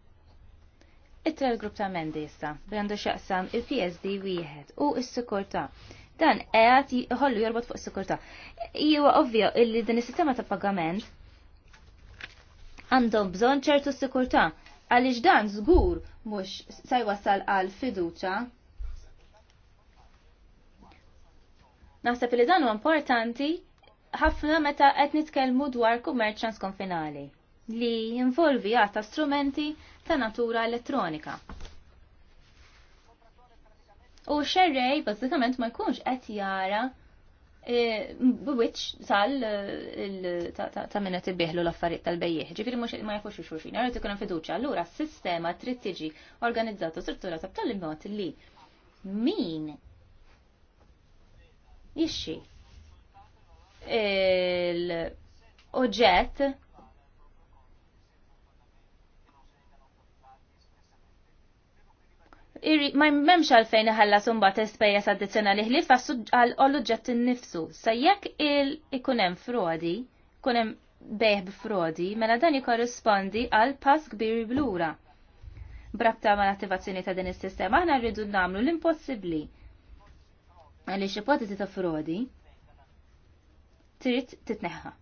Ittra l-grupp ta' mendi jista, għandu xaqsam il-PSD wieħed u s-sikurta dan qiegħed jħollu jorbot fuq is-sikurtà. Huwa ovvju li din is-sistema ta' pagament għandhom bżonn ċertu s sikurtà għaliex dan żgur mhux se jwassal għal fiduċa. Naħseb li dan huwa importanti ħafna meta qed nitkellmu dwar kummerċ konfinali li jinvolvi għata strumenti ta' natura elettronika. U xerrej, bazzikament, ma jkunx qed jara e, Bewitch sal e, ta' minna tibbiħlu l-affarijiet tal-bejjeħ. Ġifiri mux ma jafux xurxin, għarret ikun fiduċa. Allura s-sistema trid tiġi organizzata struttura ta' tal mod li min jixxi l-oġġett ma memx għalfejn iħallas sumba t-spejjes addizjonali ħlif għal oġġett nifsu. Sa jekk il-ikunem frodi, kunem beħ b'frodi, mela dan jikorrispondi għal pass kbiri blura. Brabta ma l-attivazzjoni ta' din is-sistema aħna rridu namlu l-impossibbli. Għaliex ipotezi ta' frodi trid titneħħa.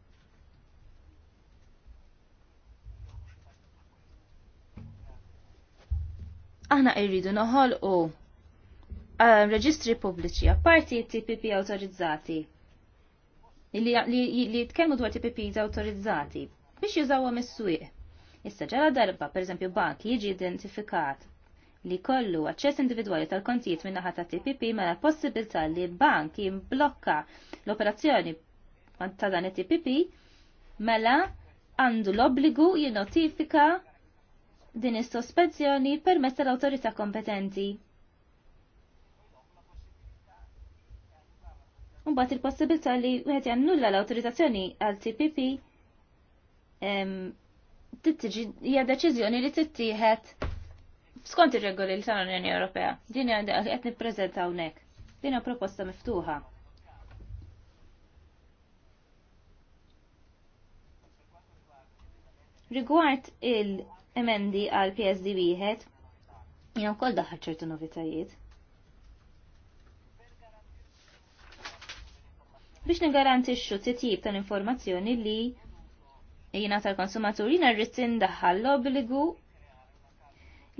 aħna irridu noħolqu ehm, reġistri pubbliċi, apparti TPP autorizzati, li jitkellmu dwar TPP autorizzati, biex jużawu mis-swieq. Issa ġala darba, per eżempju, bank jiġi identifikat li kollu aċċess individwali tal-kontijiet minna ħata TPP mela possibilità li bank jimblokka l-operazzjoni ta' dan it-TPP mela għandu l-obbligu jinnotifika din is-sospensjoni permezz tal-awtorità kompetenti. Mbagħad il-possibilità li wieħed jannulla l-awtorizzazzjoni għal TPP tittiġi hija deċiżjoni li tittieħed skont ir-regoli li tal-Unjoni Ewropea. Din hija qed nippreżenta hawnhekk. Din hija proposta miftuħa. Rigward il- emendi għal PSD wieħed jina wkoll daħħal ċertu novitajiet. Biex nigarantixxu titjib tal-informazzjoni li jina tal-konsumatur jiena rrid indaħħal l obbligu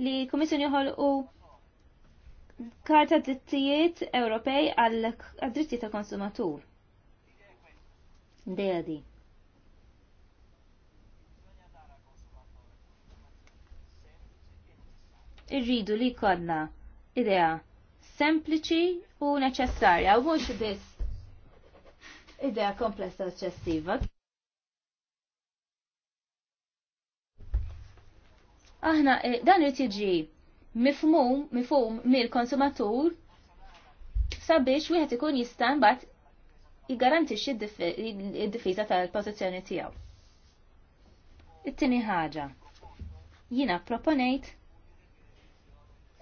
li kummissjoni joħolqu karta drittijiet Ewropej għal drittijiet tal-konsumatur. Dea di. irridu li kodna idea sempliċi u neċessarja u mhux biss idea komplessa eċċessiva. Aħna eh, dan irid jiġi mifhum mifhum mill-konsumatur sabiex wieħed ikun jista' mbagħad jiggarantixxi d-difiża tal-pożizzjoni tiegħu. It-tieni ħaġa. Jiena proponejt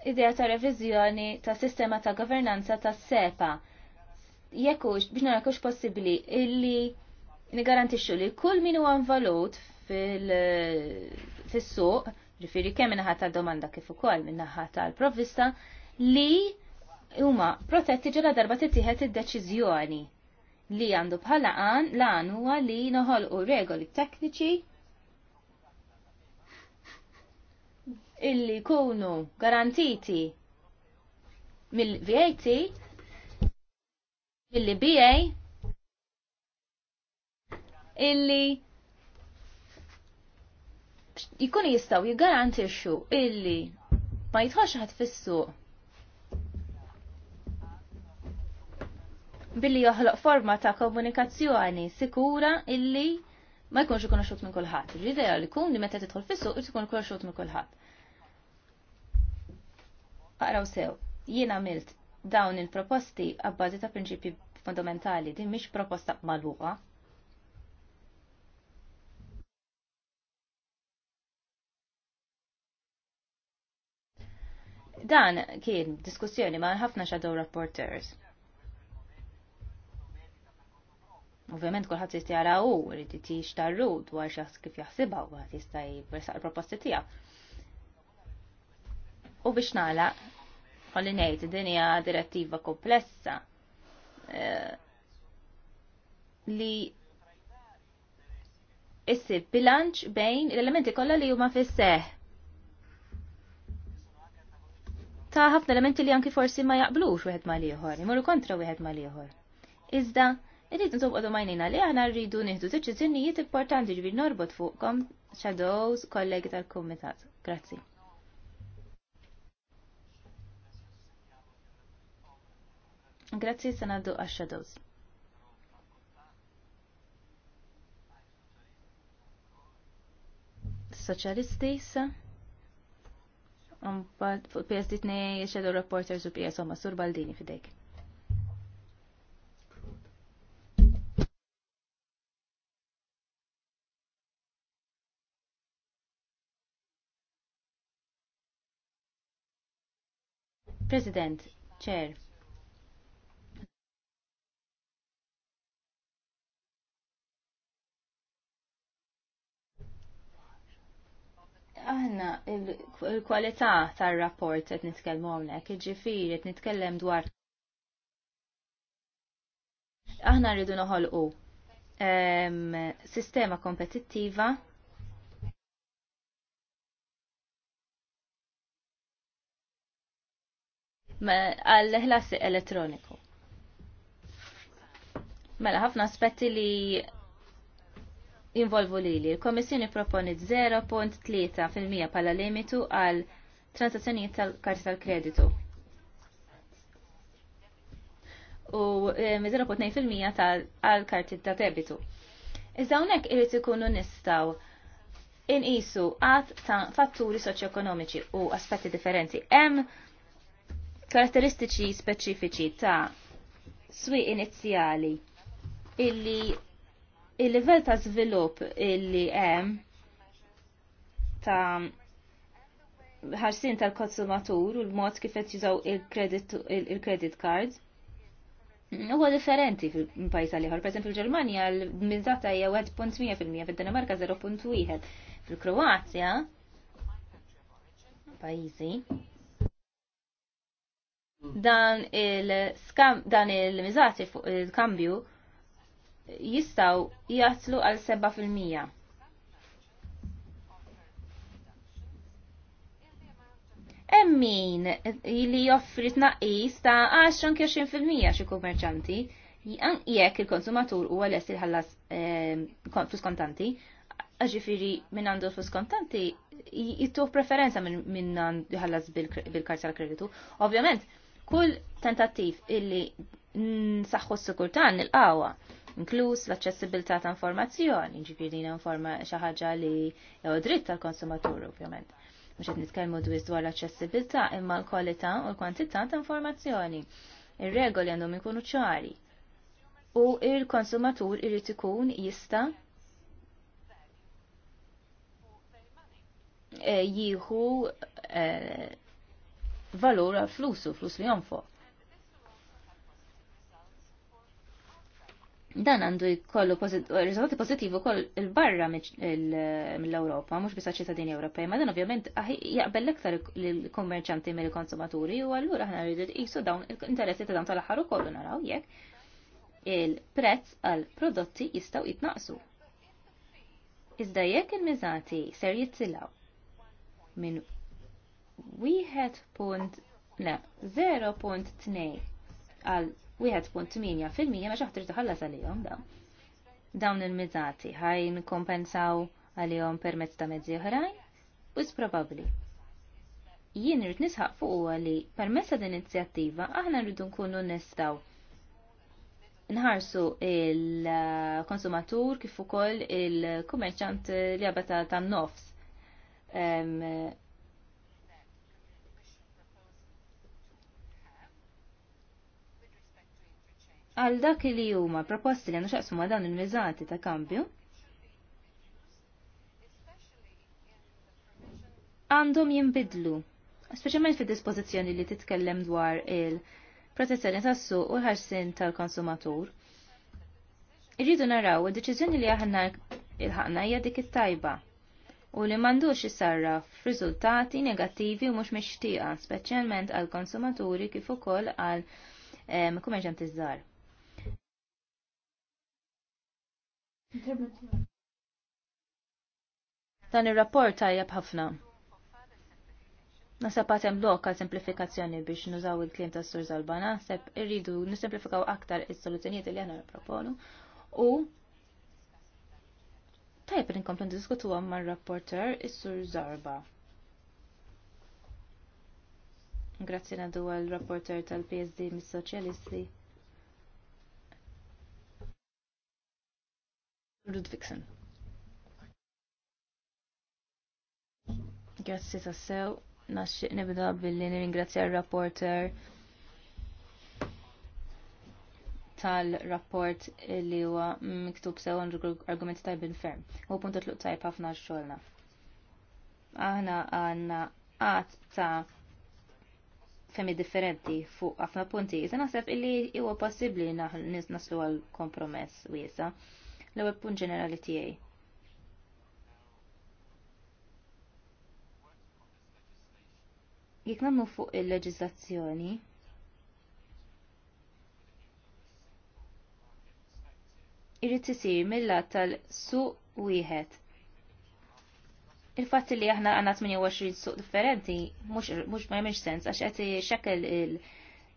idea ta' reviżjoni ta' sistema ta' governanza ta' SEPA. Jekux, biex narakux possibli, illi nigarantixxu li kull min huwa involut fil-suq, ġifiri kemm minnaħa tal-domanda kif ukoll minnaħa tal-provvista, li huma protetti ġela darba titieħed id-deċiżjoni li għandu bħala għan, l-għan huwa li noħolqu regoli tekniċi illi kunu garantiti mill-VAT, mill-BA, illi jikun jistaw jigarantixxu illi ma jitħax ħat fissu billi joħloq forma ta' komunikazzjoni sikura illi ma jkunx ikun xut minn kulħadd. L-idea li kun li meta tidħol fis-suq ikun xut minn kulħadd. Aqraw sew, jien għamilt dawn il-proposti għabbażi ta' prinċipji fondamentali, din mhix proposta magħluqa. Dan kien diskussjoni ma' ħafna shadow reporters. Ovvjament kulħadd jistjara u rrid tix dwar x'aħs kif jaħsibha u għad jista' jversaq il-proposti tiegħek. U biex nagħlaq, għalli ngħid din hija direttiva komplessa e, li issib bilanċ bejn l-elementi kollha li huma fis-seħ. Ta' ħafna elementi li anki forsi ma jaqblux wieħed mal ieħor, imorru kontra wieħed mal ieħor. Iżda, irrid nitobqu domajnina li aħna rridu nieħdu deċiżjonijiet importanti ġbir norbot fuqkom shadows kollegi tal-kumitat. Grazzi. Grazie, Sanado għax-shadows. Soċjalisti issa. Mbagħad PSD tnej shadow reporters u PS huma Sur Baldini fidejk. President, Chair, aħna il-kwalità tar-rapport qed nitkellmu hawnhekk, jiġifieri qed nitkellem dwar aħna rridu noħolqu ehm, sistema kompetittiva għall-ħlas elettroniku. Mela ħafna aspetti li involvu lili. Il-Komissjoni proponi 0.3% pala limitu għal transazzjonijiet tal-karti tal-kreditu. U 0.2% tal-karti tal-debitu. Iżda hawnhekk irid ikunu nistgħu inqisu għat ta' fatturi soċjoekonomiċi u aspetti differenti. Hemm karatteristiċi speċifiċi ta' swi inizjali illi il-livell ta' svilupp illi hemm ta' ħarsin tal-konsumatur u l-mod kif qed jużaw il-credit card huwa differenti fil-pajjiż tal ieħor. Pereżempju fil-Ġermanja l-miżata hija 1.1 fil-mija, fid-Danimarka 0.1, fil-Kroazja pajjiżi dan il-skam dan il-miżati fuq il-kambju il jistaw jaslu għal 7%. Emmin li joffri tnaqqis ta' 10-20% xi kummerċanti jekk il-konsumatur huwa lest il-ħallas ehm, flus kontanti, ġifiri minn għandu flus kontanti jittuħ preferenza minn għandu ħallas bil-karta tal-kreditu. Ovvjament, kull tentattiv illi nsaħħu s sukurtan il-qawa inkluż l-aċċessibilità ta' informazzjoni, ġifieri informa xi ħaġa li jew dritt tal-konsumatur ovvjament. Mhux qed nitkellmu dwar l-aċċessibilità imma l-kwalità u l-kwantità ta' informazzjoni. Ir-regoli għandhom ikunu ċari. U il-konsumatur irid ikun jista' eh, jieħu eh, valur għall-flus flusu, flus li jonfoq dan għandu jkollu eh, rizultati pozittivi wkoll il-barra mill-Ewropa, mhux biss ċittadini Ewropej, ma dan ovvjament jaqbel l-iktar lill-kummerċanti mill-konsumaturi u allura aħna rridu qisu dawn l-interessi ta' dawn tal-aħħar ukoll naraw jekk il-prezz għal prodotti jistgħu jitnaqsu. Iżda jekk il-miżati ser jitzilaw minn wieħed punt 0.2 għal 1.8 fil-mija ma xaħtri tħallas għalihom daw. Dawn il-mizzati ħajn kompensaw għalihom permezz ta' mezzi oħrajn u probabli. Jien rrit nisħaq fuq li permezz ta' din inizjattiva aħna rridu nkunu nistaw nħarsu il-konsumatur kif ukoll il-kummerċant li għabata tan-nofs għal dak li huma proposti li għandu xaqsmu ma' il-miżati ta' kambju, għandhom jimbidlu, speċjalment fid-dispożizzjoni li titkellem dwar il-protezzjoni tas-suq u l-ħarsin tal-konsumatur. Irridu naraw id-deċiżjoni li aħna il ħakna hija dik it-tajba u li m'għandux f riżultati negattivi u mhux mixtieqa, speċjalment għall konsumaturi kif ukoll għal kummerċanti żgħar. Dan ir-rapport tajjeb ħafna. Nasab għatem loka simplifikazzjoni biex nużaw il-klim ta' Sur Zalbana, sepp irridu nisimplifikaw aktar il-soluzjonijiet li għana proponu u tajb rinkomplu diskutu għam ma' rapporter il-Sur Zarba. Grazzi nadu għal-rapporter tal-PSD mis-Soċjalisti. Ludvigsen. Grazzi tassew. Naxxiq nibda billi nirringrazzja r-rapporter tal-rapport li huwa miktub sew argumenti tajbin ferm. U punt tluq tajb ħafna xogħolna. Aħna għandna qatt ta' femi differenti fuq ħafna punti. Se naħseb illi huwa possibbli naslu għal kompromess wiesa' l-ewwel punt ġenerali tiegħi. Jekk nagħmlu fuq il-leġiżlazzjoni, irrid isir mill-lat tal-suq wieħed. Il-fatt li aħna għandna 28 suq differenti mhux ma jemx sens għax qed ixekkel il-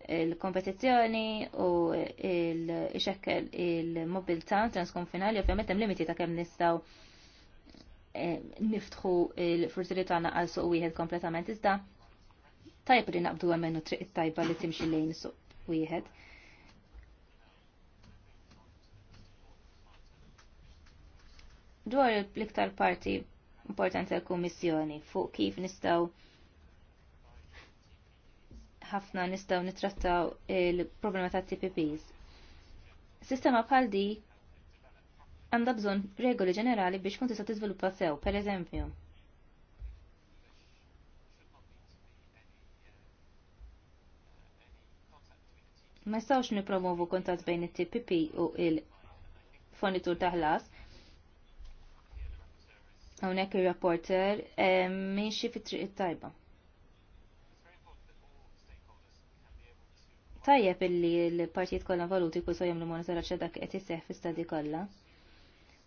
il-kompetizzjoni u il-xekkel il-mobilità transkonfinali, ovvjament hemm limiti ta' kemm nistgħu eh, niftħu il-furżiliet għandna għal suq wieħed kompletament iżda tajb li naqbdu għamennu u triq tajba li timxi lejn suq wieħed. Dwar l-iktar parti importanti tal-Kummissjoni fuq kif nistgħu ħafna nistgħu nittrattaw il-problema ta' tpps Sistema bħal di għandha bżonn regoli ġenerali biex kun tista' tiżviluppa sew, pereżempju. Ma jistgħux nipromovu kontatt bejn it-TPP u il-fonitur ta' ħlas. Hawnhekk ir-rapporter eh, miexi fit-triq it-tajba. tajjeb illi l-partijiet kollha valuti kull sojjem l-monitoraġġ dak qed iseħħ fi-stadi kollha.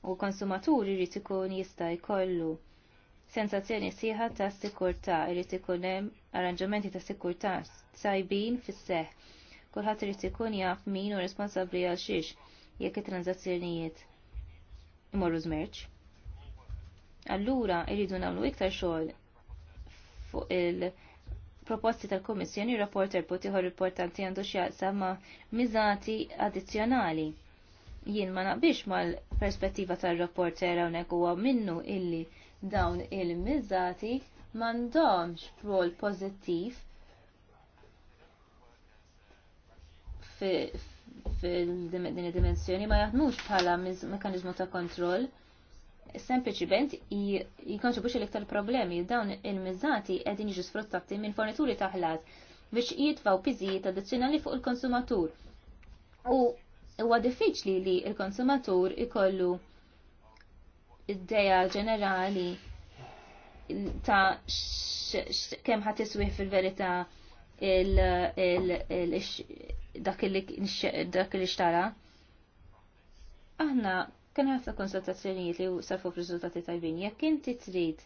U konsumaturi jrid ikun jista' jkollu sensazzjoni sieħa ta' sikurtà, jrid ikun hemm arranġamenti ta' sikurtà sajbin fis-seħħ. Kulħadd irid ikun jaf min hu responsabbli għal xiex jekk it-transazzjonijiet imorru żmerġ. Allura jridu nagħmlu iktar xogħol fuq il- proposti tal-Komissjoni rapporter potiħor importanti għandu xjaqsa ma' miżati addizzjonali. Jien ma naqbix mal-perspettiva tal-rapporter hawnhekk huwa minnu illi dawn il-miżati m'għandhomx rol pożittiv fil-din id-dimensjoni ma jaħdmux bħala mekanizmu ta' kontroll sempliciment biex l-iktar problemi dawn il-mizzati għedin jiġu sfruttati minn fornituri taħlas biex jitfaw piżijiet addizzjonali fuq il-konsumatur. U huwa diffiċli li il-konsumatur ikollu id-deja ġenerali ta' kemm ħadd iswih fil-verità dak li xtara. Aħna Kien ħafna konsultazzjonijiet li sarfu f'riżultati tajbin. Jekk inti trid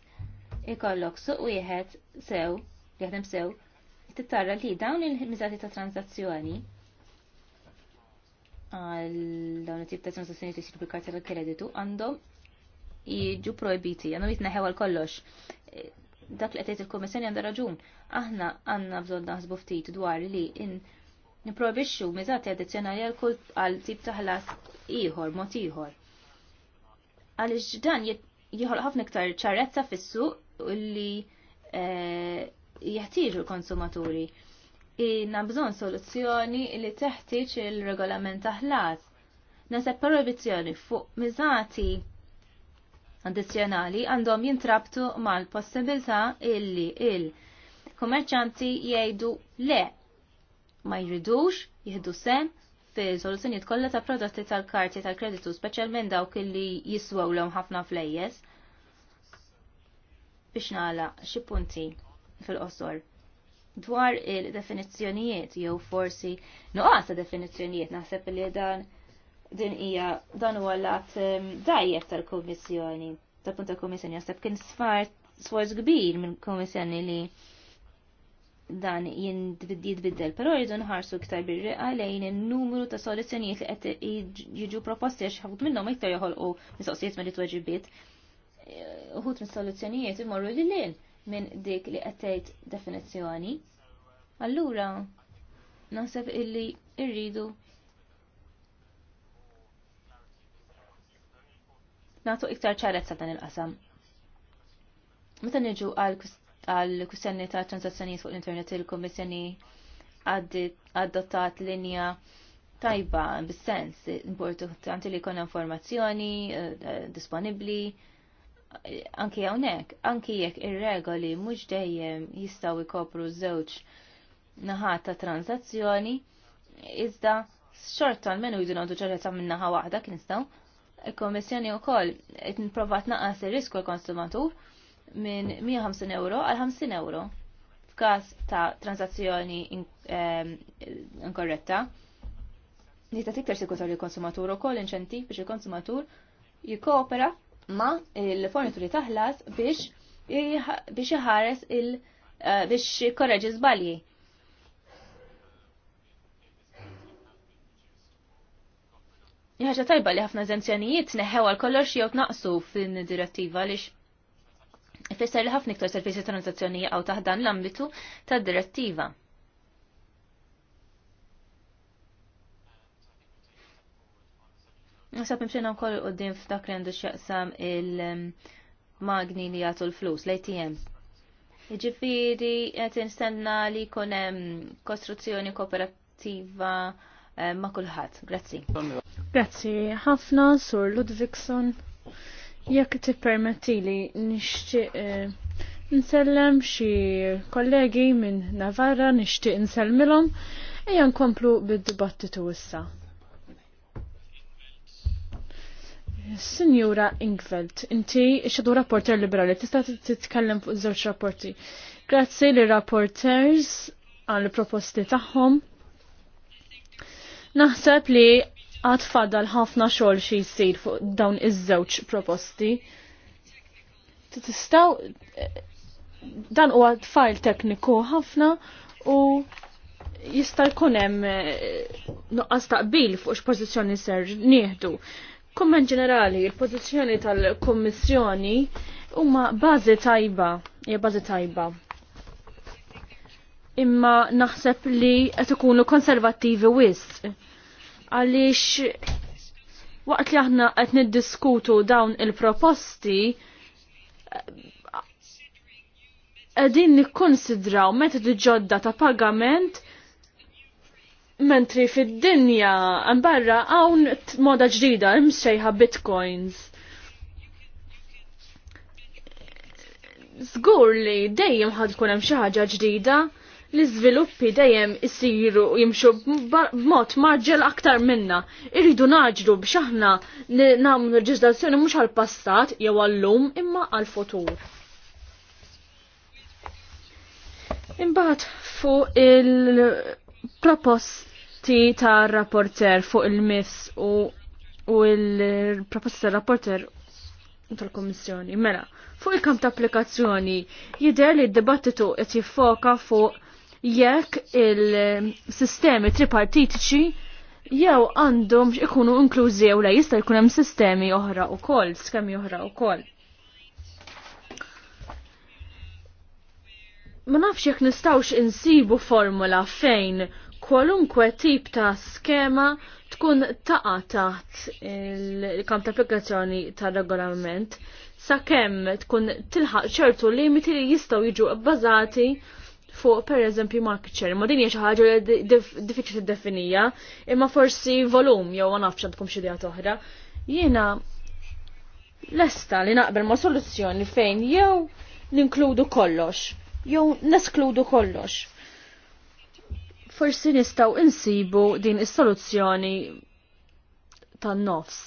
ikollok suq wieħed sew, jaħdem sew, tittara li dawn il-miżati ta' tranzazzjoni għal dawn it-tip ta' tranzazzjoni li jsiru bil-karta tal-kreditu għandhom jiġu projbiti, għandhom jitneħew għal kollox. Dak li qed il-Kummissjoni għandha raġun. Aħna għandna bżonn naħsbu ftit dwar li in niprobixxu miżati addizzjonali għal tip ta' ħlas ieħor, mod ieħor għaliex dan jieħol ħafna iktar ċarezza fissu u li eh, jeħtieġu l-konsumaturi. Inna bżon soluzzjoni li teħtieġ il-regolament ħlas. Naseb proibizzjoni fuq miżati addizzjonali għandhom jintrabtu mal-possibilità illi il-kommerċanti jgħidu le ma jridux jihdu sem fil-soluzzjonijiet kollha ta' prodotti tal-karti tal-kreditu, speċjalment dawk li jiswewlhom ħafna flejjes. Biex nagħlaq xi punti fil-qosor dwar il-definizzjonijiet jew forsi nuqqas ta' definizzjonijiet naħseb li dan din hija dan huwa lat ehm, dajjef tal-Kummissjoni. Tal-punt tal-Kummissjoni naħseb kien sfar sforz kbir mill-Kummissjoni li dan jitbiddel, pero rridu nħarsu iktar birri lejn il-numru ta' soluzzjonijiet li qed jiġu proposti għax ħafut minnhom iktar joħolqu mistoqsijiet mill tweġibiet. Eh, uħut mis soluzzjonijiet imorru li lil minn dik li qed tgħid definizzjoni. Allura naħseb illi rridu nagħtu iktar ċarezza dan il-qasam. Meta niġu għal għal kustenni ta' transazzjonijiet fuq l-internet il-Kommissjoni adottat linja tajba bis-sens importanti li jkun informazzjoni eh, eh, disponibbli anki hawnhekk, anki jekk ir-regoli mhux dejjem jistgħu jkopru żewġ naħat ta' transazzjoni, iżda xorta menu jidun għadu ċerreta minnaħa waħda kien staw. Il-Komissjoni u koll, it-nprovat naqas il-risku għal-konsumatur, minn 150 euro għal 50 euro f'każ ta' transazzjoni inkorretta. Nista tiktar sikutar li konsumatur u koll inċentiv biex il-konsumatur jikopera ma' il-fornituri taħlas biex biex iħares il- eh, biex korreġi zbalji. ħaġa tajba li ħafna eżenzjonijiet neħew għal kollox jew naqsu fin direttiva lix Ifisser li ħafna iktar servizzi ta' transazzjoni jaqgħu taħdan l-ambitu tad-direttiva. Nasab imxena wkoll qudiem f'dak li għandu x'jaqsam il-magni li jagħtu l-flus, l atm Jiġifieri qed nistenna li hemm kostruzzjoni kooperattiva eh, ma' kulħadd. Grazzi. Grazzi ħafna, Sur Ludvigson. Jekk tippermettili nixtieq eh, nsellem xi kollegi minn Navarra nixtieq nsellmilhom ejja nkomplu bid-dibattitu issa. Signora Ingveld, inti xedu rapporter liberali, tista titkellem fuq żewġ rapporti. Grazzi li rapporters għal proposti tagħhom. Naħseb li għad fadal ħafna xogħol xi jsir fuq dawn iż-żewġ proposti. Tistaw dan huwa fajl tekniku ħafna u jista' jkun hemm eh, nuqqas taqbil fuq x'pożizzjoni ser nieħdu. Kummen ġenerali, il-pożizzjoni tal-Kummissjoni huma bażi tajba, hija bazi tajba. Imma naħseb li qed ikunu konservattivi wisq għaliex waqt li aħna qed niddiskutu dawn il-proposti qegħdin nikkonsidraw metodi ġodda ta' pagament mentri fid-dinja barra hawn moda ġdida msejħa bitcoins. Zgur li dejjem ħad tkun hemm xi ħaġa ġdida l-iżviluppi dejjem isiru jimxu b'mod marġel aktar minna. Irridu naġru biex aħna nagħmlu leġiżlazzjoni mhux għall-passat jew għall-lum imma għall-futur. Imbagħad fuq il-proposti tar rapporter fuq il-miss u u il tar rapporter tal-Komissjoni. Mela, fuq il-kamp ta' applikazzjoni, jidher li d-dibattitu qed jiffoka fuq jekk il-sistemi tripartitiċi jew għandhom ikunu inklużi jew la jista' jkun hemm sistemi oħra wkoll, skemi oħra wkoll. Ma nafx jekk nistgħux insibu formula fejn kwalunkwe tip ta' skema tkun taqa taħt il-kamp ta' applikazzjoni ta' regolament sakemm tkun tilħaq ċertu limiti li jistgħu jiġu bbażati fuq per eżempju market share. Ma din hija xi ħaġa li diffiċli tiddefinija, imma forsi volum jew ma nafx għandkom xi idea oħra. Jiena lesta li naqbel ma' soluzzjoni fejn jew ninkludu kollox, jew neskludu kollox. Forsi nistgħu insibu din is-soluzzjoni tan-nofs.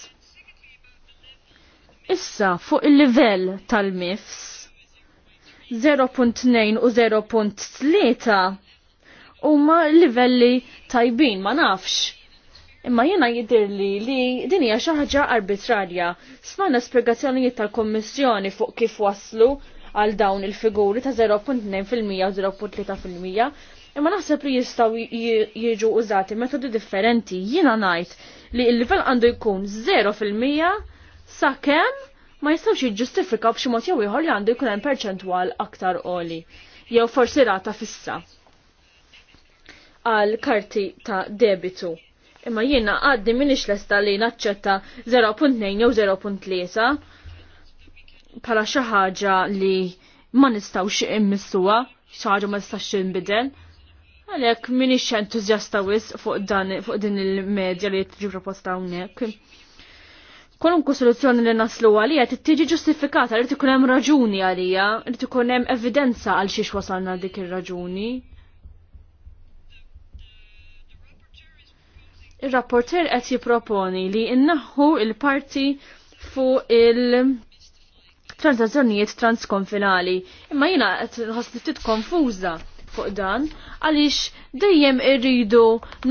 Issa fuq il-livell tal-mifs 0.2 u 0.3 huma livelli tajbin ma nafx. Imma jena jidirli li din hija xi ħaġa arbitrarja. Smajna spjegazzjonijiet tal-Kommissjoni fuq kif waslu għal dawn il-figuri ta' 0.2% u 0.3%. Imma naħseb li jistaw jiġu użati metodi differenti. Jina najt li il-livell għandu jkun 0% sa' sakemm ma jistgħux jiġġustifikaw b'xi mod jew ieħor li għandu jkun hemm perċentwal aktar qoli jew forsi rata fissa għal karti ta' debitu. Imma jiena għaddi minix lesta li naċċetta 0.2 jew 0.3 bħala xi ħaġa li ma nistgħux immissuha, xi ħaġa ma nistax inbidel. Għalhekk minix entużjasta wisq fuq dan fuq din il-medja li tiġi proposta hawnhekk. Kolunku soluzzjoni li naslu għalija tiġi ġustifikata, li ikun hemm raġuni għalija, li ikun hemm evidenza għal xiex wasalna dik ir-raġuni. Ir-rapporter qed jipproponi li innaħħu il-parti fuq il- transazzjonijiet transkonfinali. Imma jina qed ħassni konfuża fuq dan għaliex dejjem irridu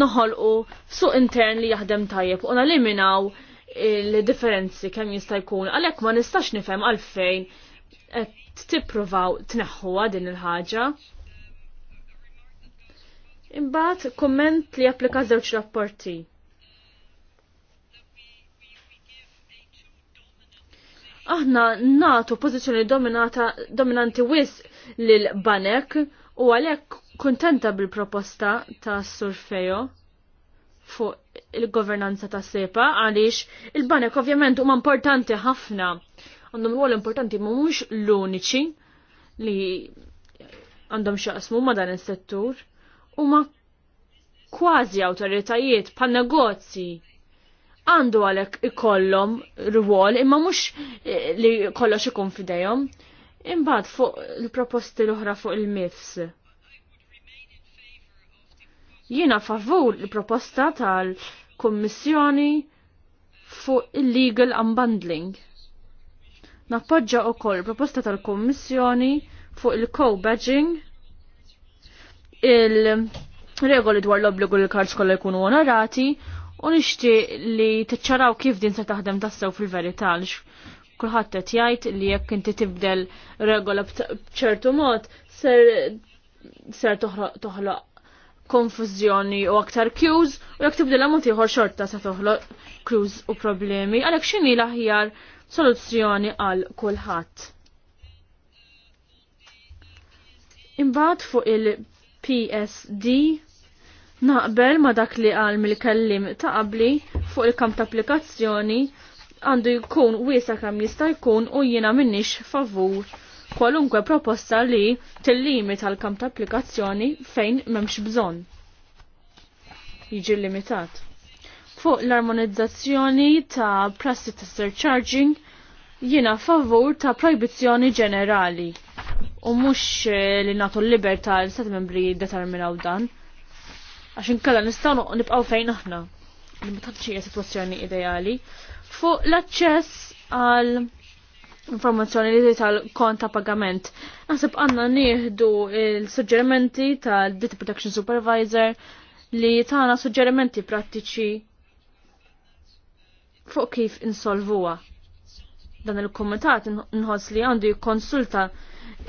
noħolqu suq intern li jaħdem tajjeb u naliminaw il-differenzi kemm jista' jkun għalhekk ma nistax nifhem għalfejn qed tippruvaw tneħħuha din il-ħaġa. Imbagħad kumment li japplika żewġ rapporti. aħna natu pozizjoni dominata, dominanti wis lil banek u għalek kontenta bil-proposta ta' surfejo fuq il-governanza ta' sepa għaliex il-banek ovvjament huma importanti ħafna. Għandhom ruol importanti ma mhux l-uniċi li għandhom xaqsmu ma dan is-settur huma kważi awtoritajiet pan negozji għandu għalek ikollhom rwol imma mhux eh, li kollox ikun fidejhom. Imbagħad fuq il-proposti l-oħra fuq il-MIFS. Jiena favur il-proposta tal-Kommissjoni fuq illegal unbundling. Nappoġġa koll proposta tal-Kommissjoni fuq il-co-badging, il-regoli dwar l-obbligu li l-karġ kollha jkunu onorati u nixtieq li tiċċaraw kif din se taħdem tassew fil-verità kulħadd qed jgħid li jekk inti tibdel regola b'ċertu mod ser ser toħloq konfużjoni u aktar kjuż u jekk tibdilha mod ieħor xorta sa toħloq kjuż u problemi għalek x'inhi l-aħjar soluzzjoni għal kulħadd. Imbagħad fuq il-PSD naqbel ma dak li għal mill-kellim ta' qabli fuq il-kamp ta' applikazzjoni għandu jkun wiesa kemm jista' jkun u jina minnix favur kwalunkwe proposta li tillimi tal-kamp ta' applikazzjoni fejn memx bżon. Jiġi limitat. Fuq l-armonizzazzjoni ta' prassi ta' surcharging jiena favur ta' proibizzjoni ġenerali u mux eh, li natu l-libertà l-stat membri determinaw dan. Għaxin kalla nistanu nibqaw fejn aħna. Limitaċċija situazzjoni ideali. Fuq l-access għal informazzjoni li tal-kont ta' pagament. Nasib għanna nieħdu il-suġġerimenti tal-Data Protection Supervisor li tana suġġerimenti prattiċi fuq kif insolvuha. Dan il-komitat nħoss li għandu jikkonsulta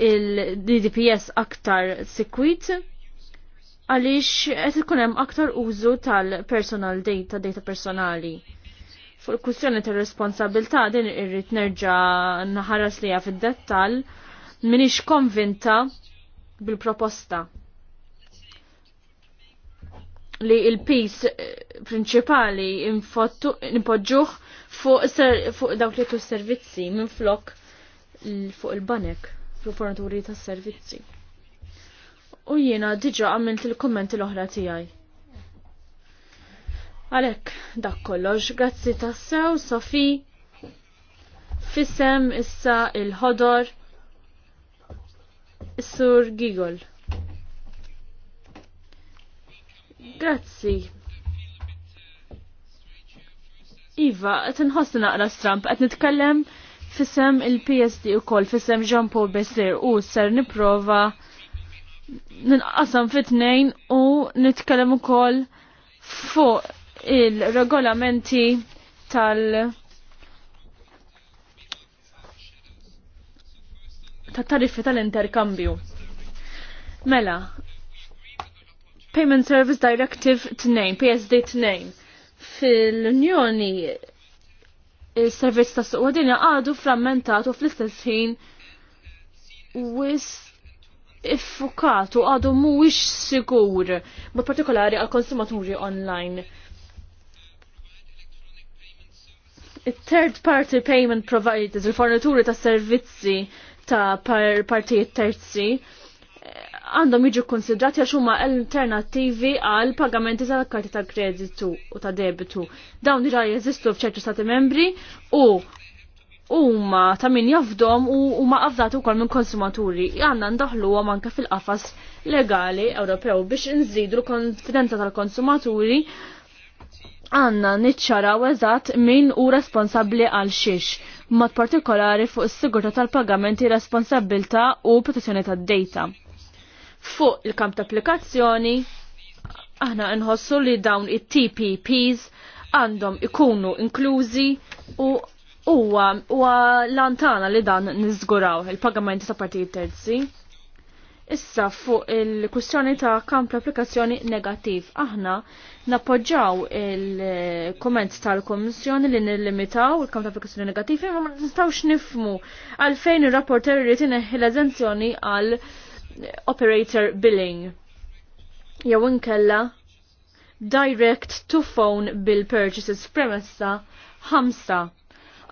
il-DDPS aktar sikwit għaliex qed ikun hemm aktar użu tal-personal data, data personali Fuq kwistjoni ta' responsabilta din irrid nerġa' naħaras liha fid-dettall minix konvinta bil-proposta li il-pis eh, prinċipali nipoġġuh fuq, fuq dawk li servizzi minn flok fuq il-banek fuq fornituri tas servizzi U jiena diġa għamilt il-kommenti l-oħra tijaj. Għalek, dak kollox, grazzi tassew, Sofi, fissem issa il-ħodor, Sur Gigol. Grazzi. Iva, tinħoss naqra stramp, qed nitkellem fissem il-PSD u koll, fissem Paul Besser u ser niprofa ninqasam fit tnejn u nitkellem u koll fuq il-regolamenti tal- tat-tariffi tal-interkambju. Mela, Payment Service Directive 2, PSD 2, fil-Unjoni il-servizz ta' suqwadinja għadu frammentatu fl-istess ħin wis iffukatu għadu mhuwiex sigur, mod partikolari għal konsumaturi online. Third party payment providers, il-fornituri ta' servizzi ta' par partijiet terzi, għandhom jiġu konsidrati għax huma alternattivi għal pagamenti tal karti ta' kreditu u ta' debitu. Dawn diġà jeżistu f'ċertu stati membri u huma ta' min jafdom u huma qafdati wkoll minn konsumaturi. Għandna ndaħluhom anke fil-qafas legali Ewropew biex inżidu l-konfidenza tal-konsumaturi għanna niċċaraw eżatt min u responsabli għal xiex, mod partikolari fuq is-sigurta tal-pagamenti responsabilta u protezzjoni tad-data. Fuq il-kamp ta' applikazzjoni, aħna nħossu li dawn it-TPPs għandhom ikunu inklużi u huwa huwa lantana li dan niżguraw il-pagamenti ta' partijiet terzi. Issa fuq il-kwistjoni ta' kamp l-applikazzjoni negattiv, aħna nappoġġaw il-komment tal-Komissjoni li nillimitaw il-kamp l-applikazzjoni negativ ma ma nistawx nifmu għalfejn il-rapporter irid tineħi l-eżenzjoni għal operator billing. Jew inkella direct to phone bill purchases premessa 5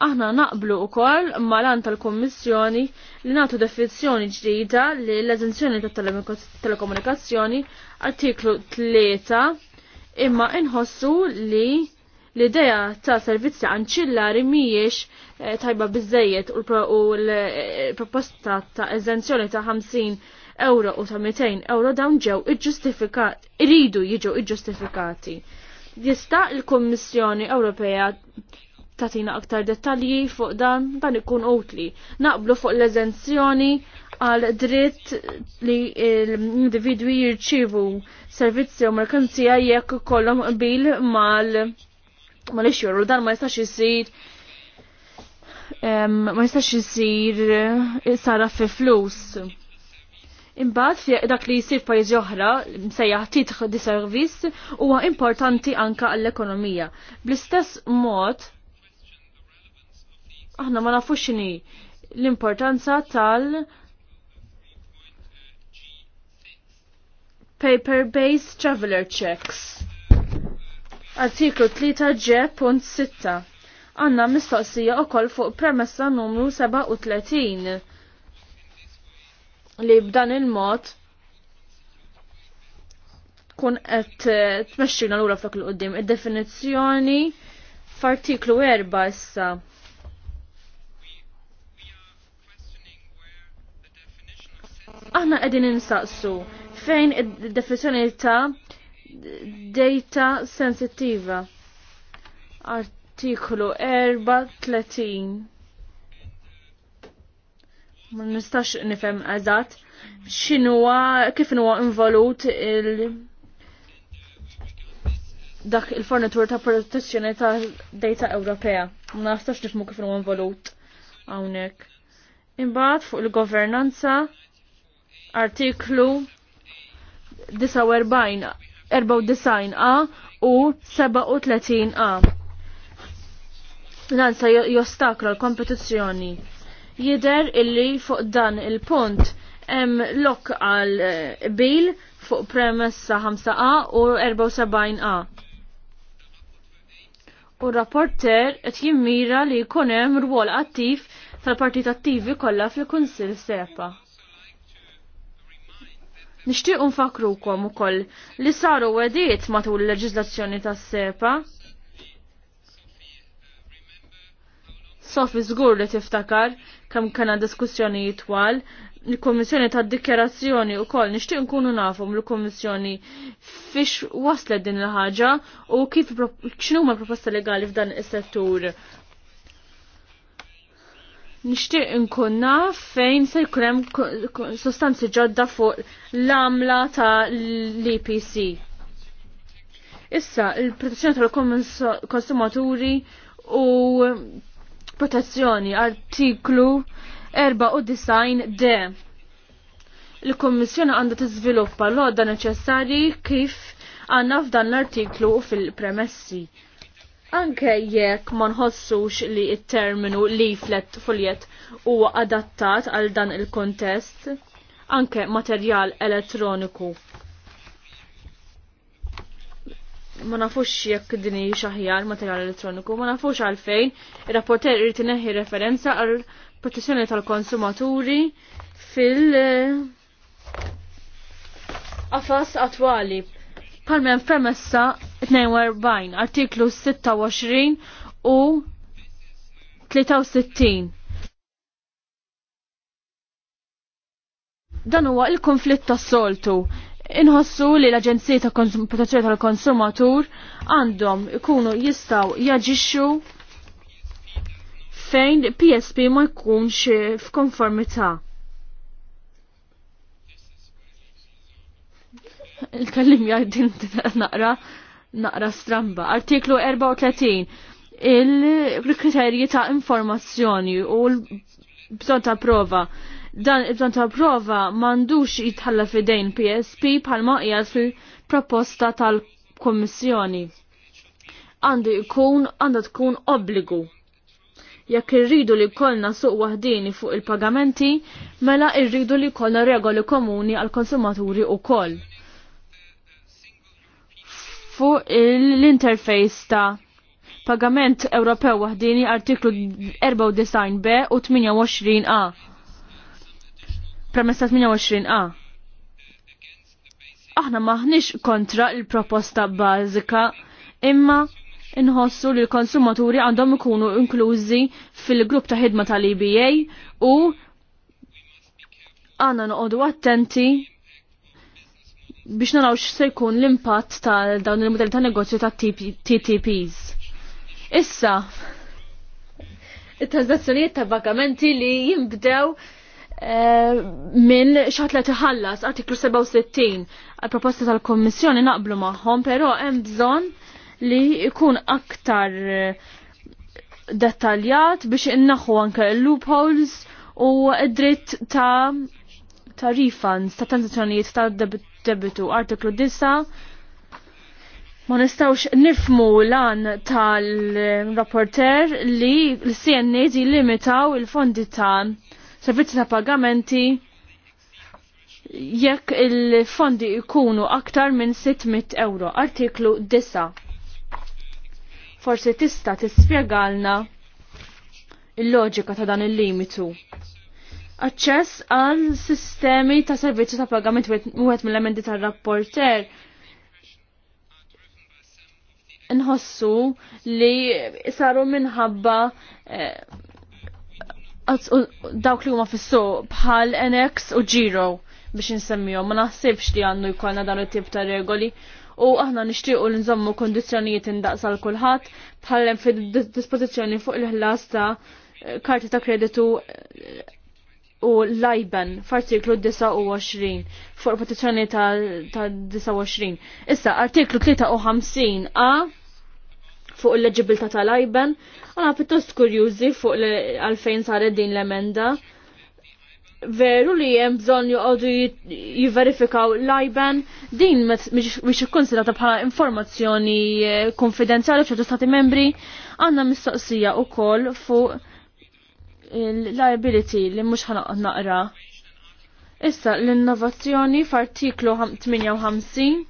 Aħna naqblu wkoll mal-an tal-Kummissjoni li nagħtu definizjoni ġdida li l-eżenzjoni tat-telekomunikazzjoni artiklu 3 imma inħossu li l-idea ta' servizzi anċillari mhijiex eh, tajba bizzejiet u l-proposta ta' eżenzjoni ta' 50 euro u ta' 200 euro dawn ġew iġustifikat, iridu jiġu iġġustifikati. Jista' il-Kummissjoni Ewropea tatina aktar dettalji fuq dan dan ikun utli. Naqblu fuq l-eżenzjoni għal dritt li l-individwi jirċivu servizzi u merkanzija jekk kollom bil mal mal u dan ma jistax um, ma jistax jisir sara fi flus. Imbagħad fi dak li jsir pajjiż oħra msejjaħ titħ di servizz huwa importanti anka għall-ekonomija. Bl-istess mod aħna ma nafux x'inhi l-importanza tal paper-based traveler checks. Artiklu 3G.6 Għanna mistoqsija u koll fuq premessa numru 37 li b'dan il-mod kun qed eh, tmexxina lura flok il qoddim id-definizzjoni f'artiklu 4 issa aħna qegħdin insaqsu fejn id definizjoni ta' data sensittiva. Artiklu 34. Ma nistax nifhem eżatt x'inhuwa kif huwa involut il- dak il-fornitur ta' protezzjoni ta' data Ewropea. Ma nistax nifhmu kif huwa involut hawnhekk. Imbagħad fuq il-governanza artiklu 49 a u 37a. Nansa jostakra l-kompetizzjoni. Jider illi fuq dan il-punt hemm lok għal eh, bil fuq premessa 5a u 74a. U rapporter qed jimmira li jkun hemm rwol attiv tal-partit attivi kollha fil-Kunsill SEPA. Nixtieq nfakrukom ukoll li saru wediet matul il ta' tas-sepa. Sofi żgur li tiftakar kemm kena diskussjoni twal il komissjoni ta' dikjerazzjoni u koll nishtiq nkunu nafum l komissjoni fiex waslet din il-ħaġa u kif xinu ma proposta legali f'dan is-settur Nixtieq nkun naf fejn se jkun hemm sostanzi ġodda fuq l-amla ta' l-EPC. Issa, il-protezzjoni tal-konsumaturi u protezzjoni artiklu 94 d. Il-Kommissjoni għandha tiżviluppa l-għodda neċessarji kif għandna f'dan l-artiklu u fil-premessi. Anke jekk ma nħossux li it-terminu leaflet fuljet huwa adattat għal dan il-kontest, anke materjal elettroniku. Ma nafux jekk dini xaħjar materjal elettroniku, ma nafux għalfejn ir-rapporter irid ineħħi referenza għal protezzjoni tal-konsumaturi fil- eh, Affas attwali Parmen premessa 42, artiklu 26 u 63. Dan huwa il-konflitt tas-soltu. Inħossu li l-Aġenzija ta' Protezzjoni tal-Konsumatur għandhom ikunu jistaw jaġixxu fejn PSP ma jkunx f'konformità il-kellim jgħaddin naqra naqra stramba. Artiklu 34 il-kriterji ta' informazzjoni u l-bżon ta' prova. Dan il-bżon ta' prova mandux jitħalla fidejn PSP palma qiegħed fil-proposta tal komissjoni Għandu jkun għandha tkun obbligu jekk irridu li kollna suq wahdini fuq il-pagamenti, mela irridu li kollna regoli komuni għal konsumaturi u koll fuq l-interface ta' pagament Ewropew waħdini artiklu 94b u 28a. Premessa 28a. Aħna maħnix kontra il-proposta bażika imma inħossu li l-konsumaturi għandhom ikunu inklużi fil-grupp ta' ħidma tal-EBA u għanna noqodu attenti biex naraw x'se jkun l-impatt ta' dawn il-modelli ta' negozju ta' TTPs. Issa, it-transazzjonijiet ta' vagamenti li jimbdew eh, minn xatla tħallas artiklu 67 għal proposta tal-Kommissjoni naqblu magħhom, però hemm bżonn li jkun aktar eh, dettaljat biex innaħu anke loopholes u id dritt ta' ta' refunds ta' transazzjonijiet ta' debitu artiklu 9 Ma nistawx nifmu lan tal-rapporter li l-CNA di limitaw il-fondi ta' servizzi ta' pagamenti jekk il-fondi ikunu aktar minn 600 euro. Artiklu 9. Forsi tista tispjegalna il-loġika ta' dan il-limitu aċċess għal sistemi ta' servizzi ta' pagament wieħed mill-elementi tar-rapporter nħossu li saru minħabba eh, dawk li huma fissu bħal NX u Giro biex nsemmihom ma naħsibx li għandu jkollna dan it-tip ta' regoli u aħna nixtiequ li nżommu kondizjonijiet indaqsa l kulħadd hemm fid dispożizzjoni fuq il-ħlas ta' karti ta' kreditu u lajben f'artiklu 29 fuq il-petizzjoni ta' 29. Issa artiklu 53 a fuq il-leġibilta ta' lajben, għana pittost kurjużi fuq għalfejn saret din l-emenda. Veru li jem bżon juqodu jiverifikaw lajben, din biex ikkonsidrata bħala informazzjoni eh, konfidenzjali f'ċertu stati membri, għanna mistoqsija u koll fuq il-liability li mhux ħanaqgħod naqra. Issa l-innovazzjoni f'artiklu 58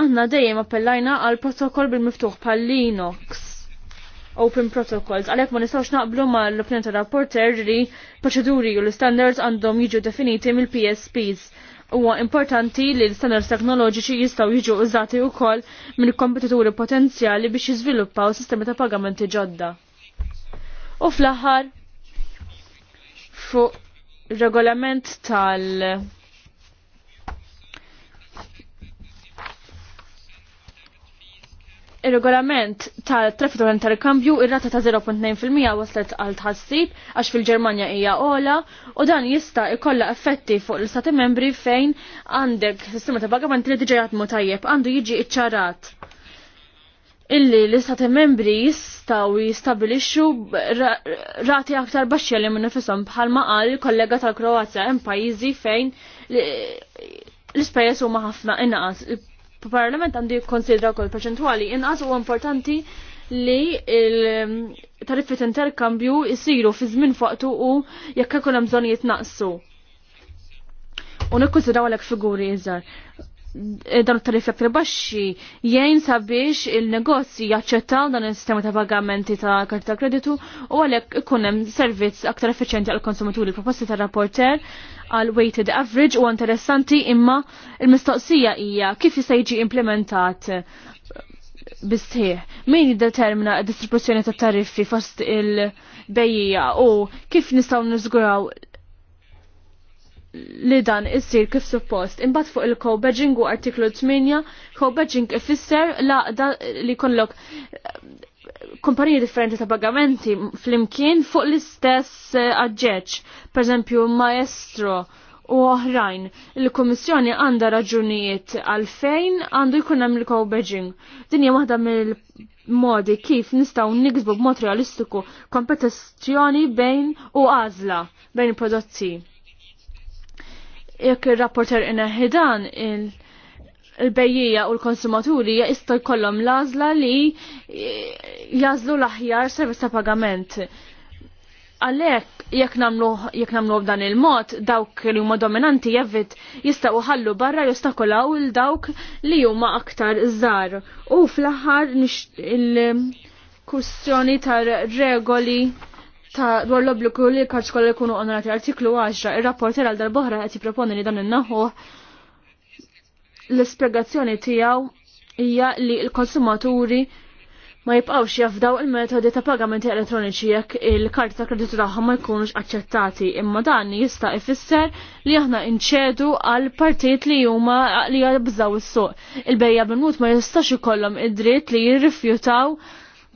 għandna dejjem appellajna għal protokoll bil-miftuħ bħal Linux Open Protocols, għalhekk ma nistgħux naqblu ma l-opinjoni ta' rapporter li proċeduri u l-standards għandhom jiġu definiti mill-PSPs huwa importanti li l-standards teknoloġiċi jistgħu jiġu użati wkoll minn kompetituri potenzjali biex jiżviluppaw sistemi ta' pagamenti ġodda. U fl-aħħar, fuq regolament tal- Il-regolament tal traffiku tal interkambju ir-rata ta' 0.9% waslet għal tħassib għax fil-Ġermanja hija ola u dan jista' jkollha effetti fuq l istati membri fejn għandek sistema ta' pagament li diġa jatmu tajjeb għandu jiġi iċċarat illi l-istati membri jistaw jistabilixxu rati aktar baxxi li minn nifisom bħalma qal kollega tal-Kroazja hemm pajjiżi fejn l-ispejjeż huma ħafna inqas. Il-Parlament għandu jikkonsidra wkoll perċentwali inqas huwa importanti li il-tariffi interkambju jisiru fi żmien fuqtu u jekk ikun hemm bżonn jitnaqsu. U nikkonsidraw għalhekk figuri iżgħar dan it-tarif jaktar baxxi jgħin sabiex il-negozji jaċċettaw dan il-sistema ta' pagamenti ta' karti kreditu u għalhekk ikun hemm servizz aktar effiċjenti għal konsumaturi. Proposti ta' rapporter għal weighted average u interessanti imma il-mistoqsija hija kif jista' jiġi implementat bistħieħ. Min jiddetermina d-distribuzzjoni ta' tariffi fost il bejja u kif nistgħu niżguraw li dan issir kif suppost. Imbagħad fuq il-co-badging u artiklu 8, co-badging ifisser laqda li kollok eh, kumpaniji differenti ta' pagamenti fl-imkien fuq l-istess eh, aġġeċ, per esempio maestro u oħrajn. Il-Kummissjoni għandha raġunijiet għalfejn għandu jkun hemm il-co-badging. waħda mill modi kif nistgħu niksbu b'mod realistiku kompetizzjoni bejn u għażla bejn il-prodotti jekk ir-rapporter inaħħidan il- il-bejjija u l-konsumaturi jista' jkollhom l-għażla li jażlu l-aħjar servizz ta' pagament. Għalhekk jekk nagħmlu jekk b'dan il-mod dawk li huma dominanti jevit jistgħu ħallu barra jostakolaw il dawk li huma aktar żgħar. U fl-aħħar il-kustjoni tar regoli ta' dwar l-obbligu li l-kaċ kollha jkunu onorati artiklu 10, ir-rapporter għal darbohra qed jipproponi li dan in-naħu. l-ispjegazzjoni tiegħu hija li l-konsumaturi ma jibqawx jafdaw il-metodi ta' pagamenti elettroniċi jekk il-karti ta' kreditu tagħhom ma jkunux aċċettati, imma dan jista' ifisser li aħna inċedu għal partit li huma li jabżaw is-suq. Il-bejja bil ma jistax ikollhom id-dritt li jirrifjutaw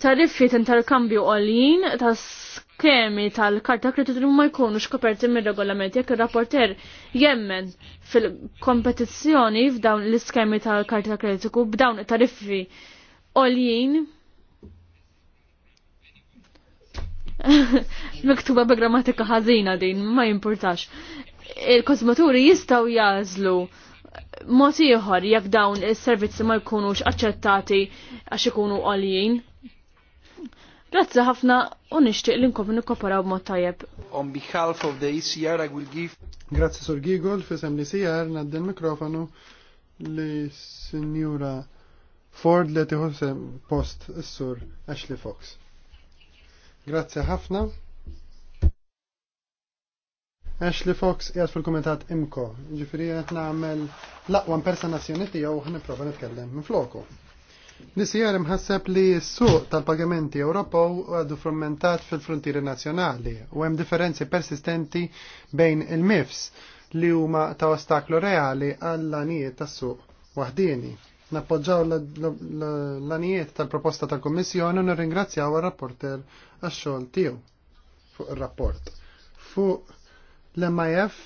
tariffi tinterkambju għolin tas temi tal-karta kreditu ma jkunux koperti mir-regolament jekk ir-rapporter jemmen fil-kompetizzjoni f'dawn l-iskemi tal-karta kreditu b'dawn tariffi oljin [laughs] miktuba b'grammatika ħażina din ma jimpurtax. Il-kosmaturi jistgħu jażlu mod ieħor jekk dawn is-servizzi ma jkunux aċċettati għax ikunu oljin. Grazzi ħafna u nixtieq li nkomplu nikkoperaw b'mod tajjeb. On behalf of the ECR I will give Grazzi Sur Gigol fisem li CR naddi l-mikrofonu li Sinjura Ford li tiħosem post is-sur Ashley Fox. Grazzi ħafna. Ashley Fox jgħat fil-komitat imko, ġifiri nagħmel l laqwan persona sjoni tijaw ħniprofa nitkellem minn floku. Nisijar imħasseb li s-suq tal-pagamenti Ewropew għadu frammentat fil-frontieri nazzjonali u hemm differenzi persistenti bejn il-MIFS li huma ta' ostaklu reali għall-lanijiet tas-suq waħdini. Nappoġġaw l-lanijiet tal-proposta tal-Kommissjoni u nirringrazzjaw għal-rapporter għax-xogħol tiegħu fuq ir-rapport. Fuq l-MIF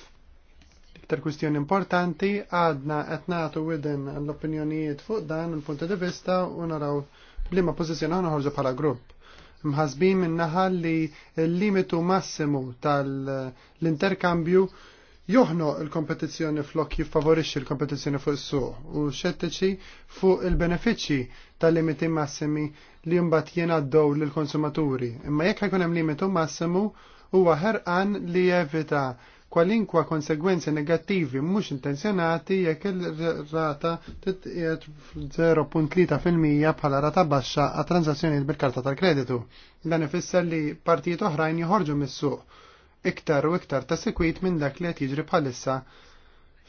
l-iktar kwistjoni importanti għadna qed nagħtu widen l-opinjonijiet fuq dan il-punti di vista u naraw li ma għana ħorġu bħala grupp. Mħazbim minnaħa li l-limitu massimu tal-interkambju joħno il-kompetizzjoni flok jiffavorixxi l-kompetizzjoni fuq is-suq u xettiċi fuq il-benefiċċji tal-limiti massimi li mbagħad dow lill-konsumaturi. Imma jekk ħajkun hemm limitu massimu huwa ħerqan li jevita kwalinkwa konsegwenzi negattivi mhux intenzjonati jekk il-rata titqiet 0.3% bħala rata baxxa għat transazzjonijiet bil-karta tal-kreditu. Dan ifisser li partijiet oħrajn joħorġu mis-suq iktar u iktar ta' sekwit minn dak li qed jiġri bħalissa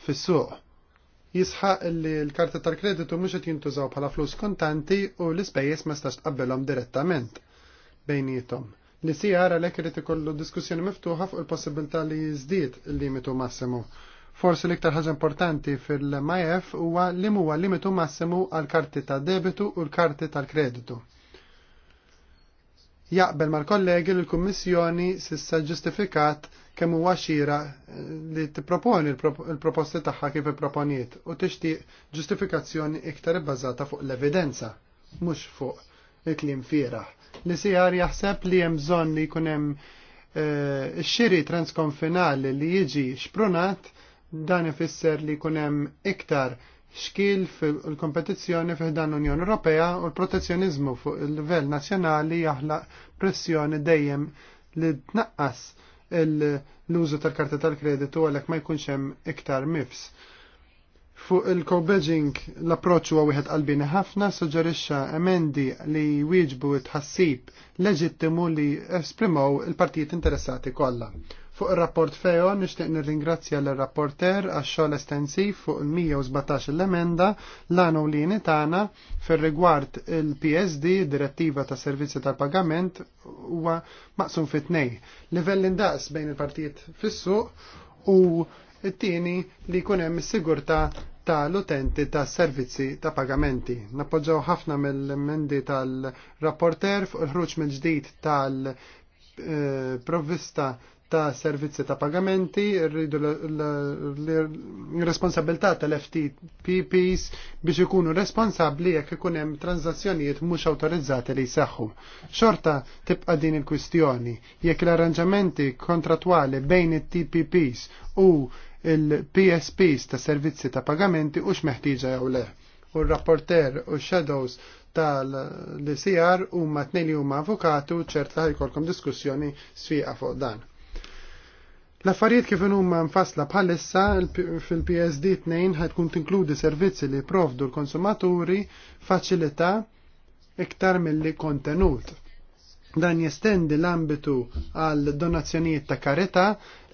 fis-suq jisħaq li l-karta tal-kreditu mhux qed jintużaw bħala flus kontanti u l-ispejjeż ma stax tqabbilhom direttament bejniethom. Li sijar li irid ikollu diskussjoni miftuħa fuq il-possibilità li jiżdied il-limitu massimu. Forsi l-iktar ħaġa importanti fil-MIF huwa li huwa limitu massimu għal karti ta' debitu u l-karti tal-kreditu jaqbel mal-kollegi l-Kummissjoni sissa ġustifikat kemm huwa xira eh, li tipproponi l-proposti tagħha kif ipproponiet u tixtieq ġustifikazzjoni iktar ibbażata fuq l-evidenza mhux fuq il-klim firaħ. Li sijar jaħseb li hemm bżonn li jkun hemm eh, xiri transkonfinali li jiġi xprunat dan ifisser li jkun hemm iktar xkil fil-kompetizzjoni dan l-Unjoni Ewropea u l-protezzjonizmu fuq il-livell nazzjonali jaħlaq pressjoni dejjem li tnaqqas l-użu tal-karta tal-kreditu għalhekk ma jkunx hemm iktar MIFS. Fuq il co bedging l-approċċu huwa wieħed qalbini ħafna suġġerixxa emendi li jwieġbu tħassib leġittimu li esprimaw il-partijiet interessati kollha. Fuq ir-rapport feo nixtieq nirringrazzja l rapporter għax xogħol estensiv fuq il-117 l-emenda l-għanu li nitana fir-rigward il-PSD, Direttiva ta' Servizzi tal-Pagament, huwa maqsum fit tnej. Livell indaqs bejn il-partijiet fis-suq u it-tieni li jkun hemm is-sigurtà tal-utenti ta' servizzi ta' pagamenti. Nappoġġaw ħafna mill-mendi tal-rapporter fuq il-ħruġ mill-ġdid tal-provvista eh, ta' servizzi ta' pagamenti, rridu l-responsabilità tal-FTPPs biex ikunu responsabli jekk ikun hemm tranzazzjonijiet mhux awtorizzati li jseħħu. Xorta tibqa' din il-kwistjoni jekk l-arranġamenti kontratwali bejn it-TPPs u il-PSPs ta' servizzi ta' pagamenti u x'meħtieġa jew le. U r-rapporter u shadows tal-CR huma tnejn li huma avukatu ċerta li ħajkolkom diskussjoni sfiqa fuq dan. L-affarijiet kif huma mfassla bħalissa fil-PSD 2 tkun tinkludi servizzi li provdu l-konsumaturi faċilità iktar mill-li kontenut. Dan jestendi l-ambitu għal donazzjonijiet ta' karità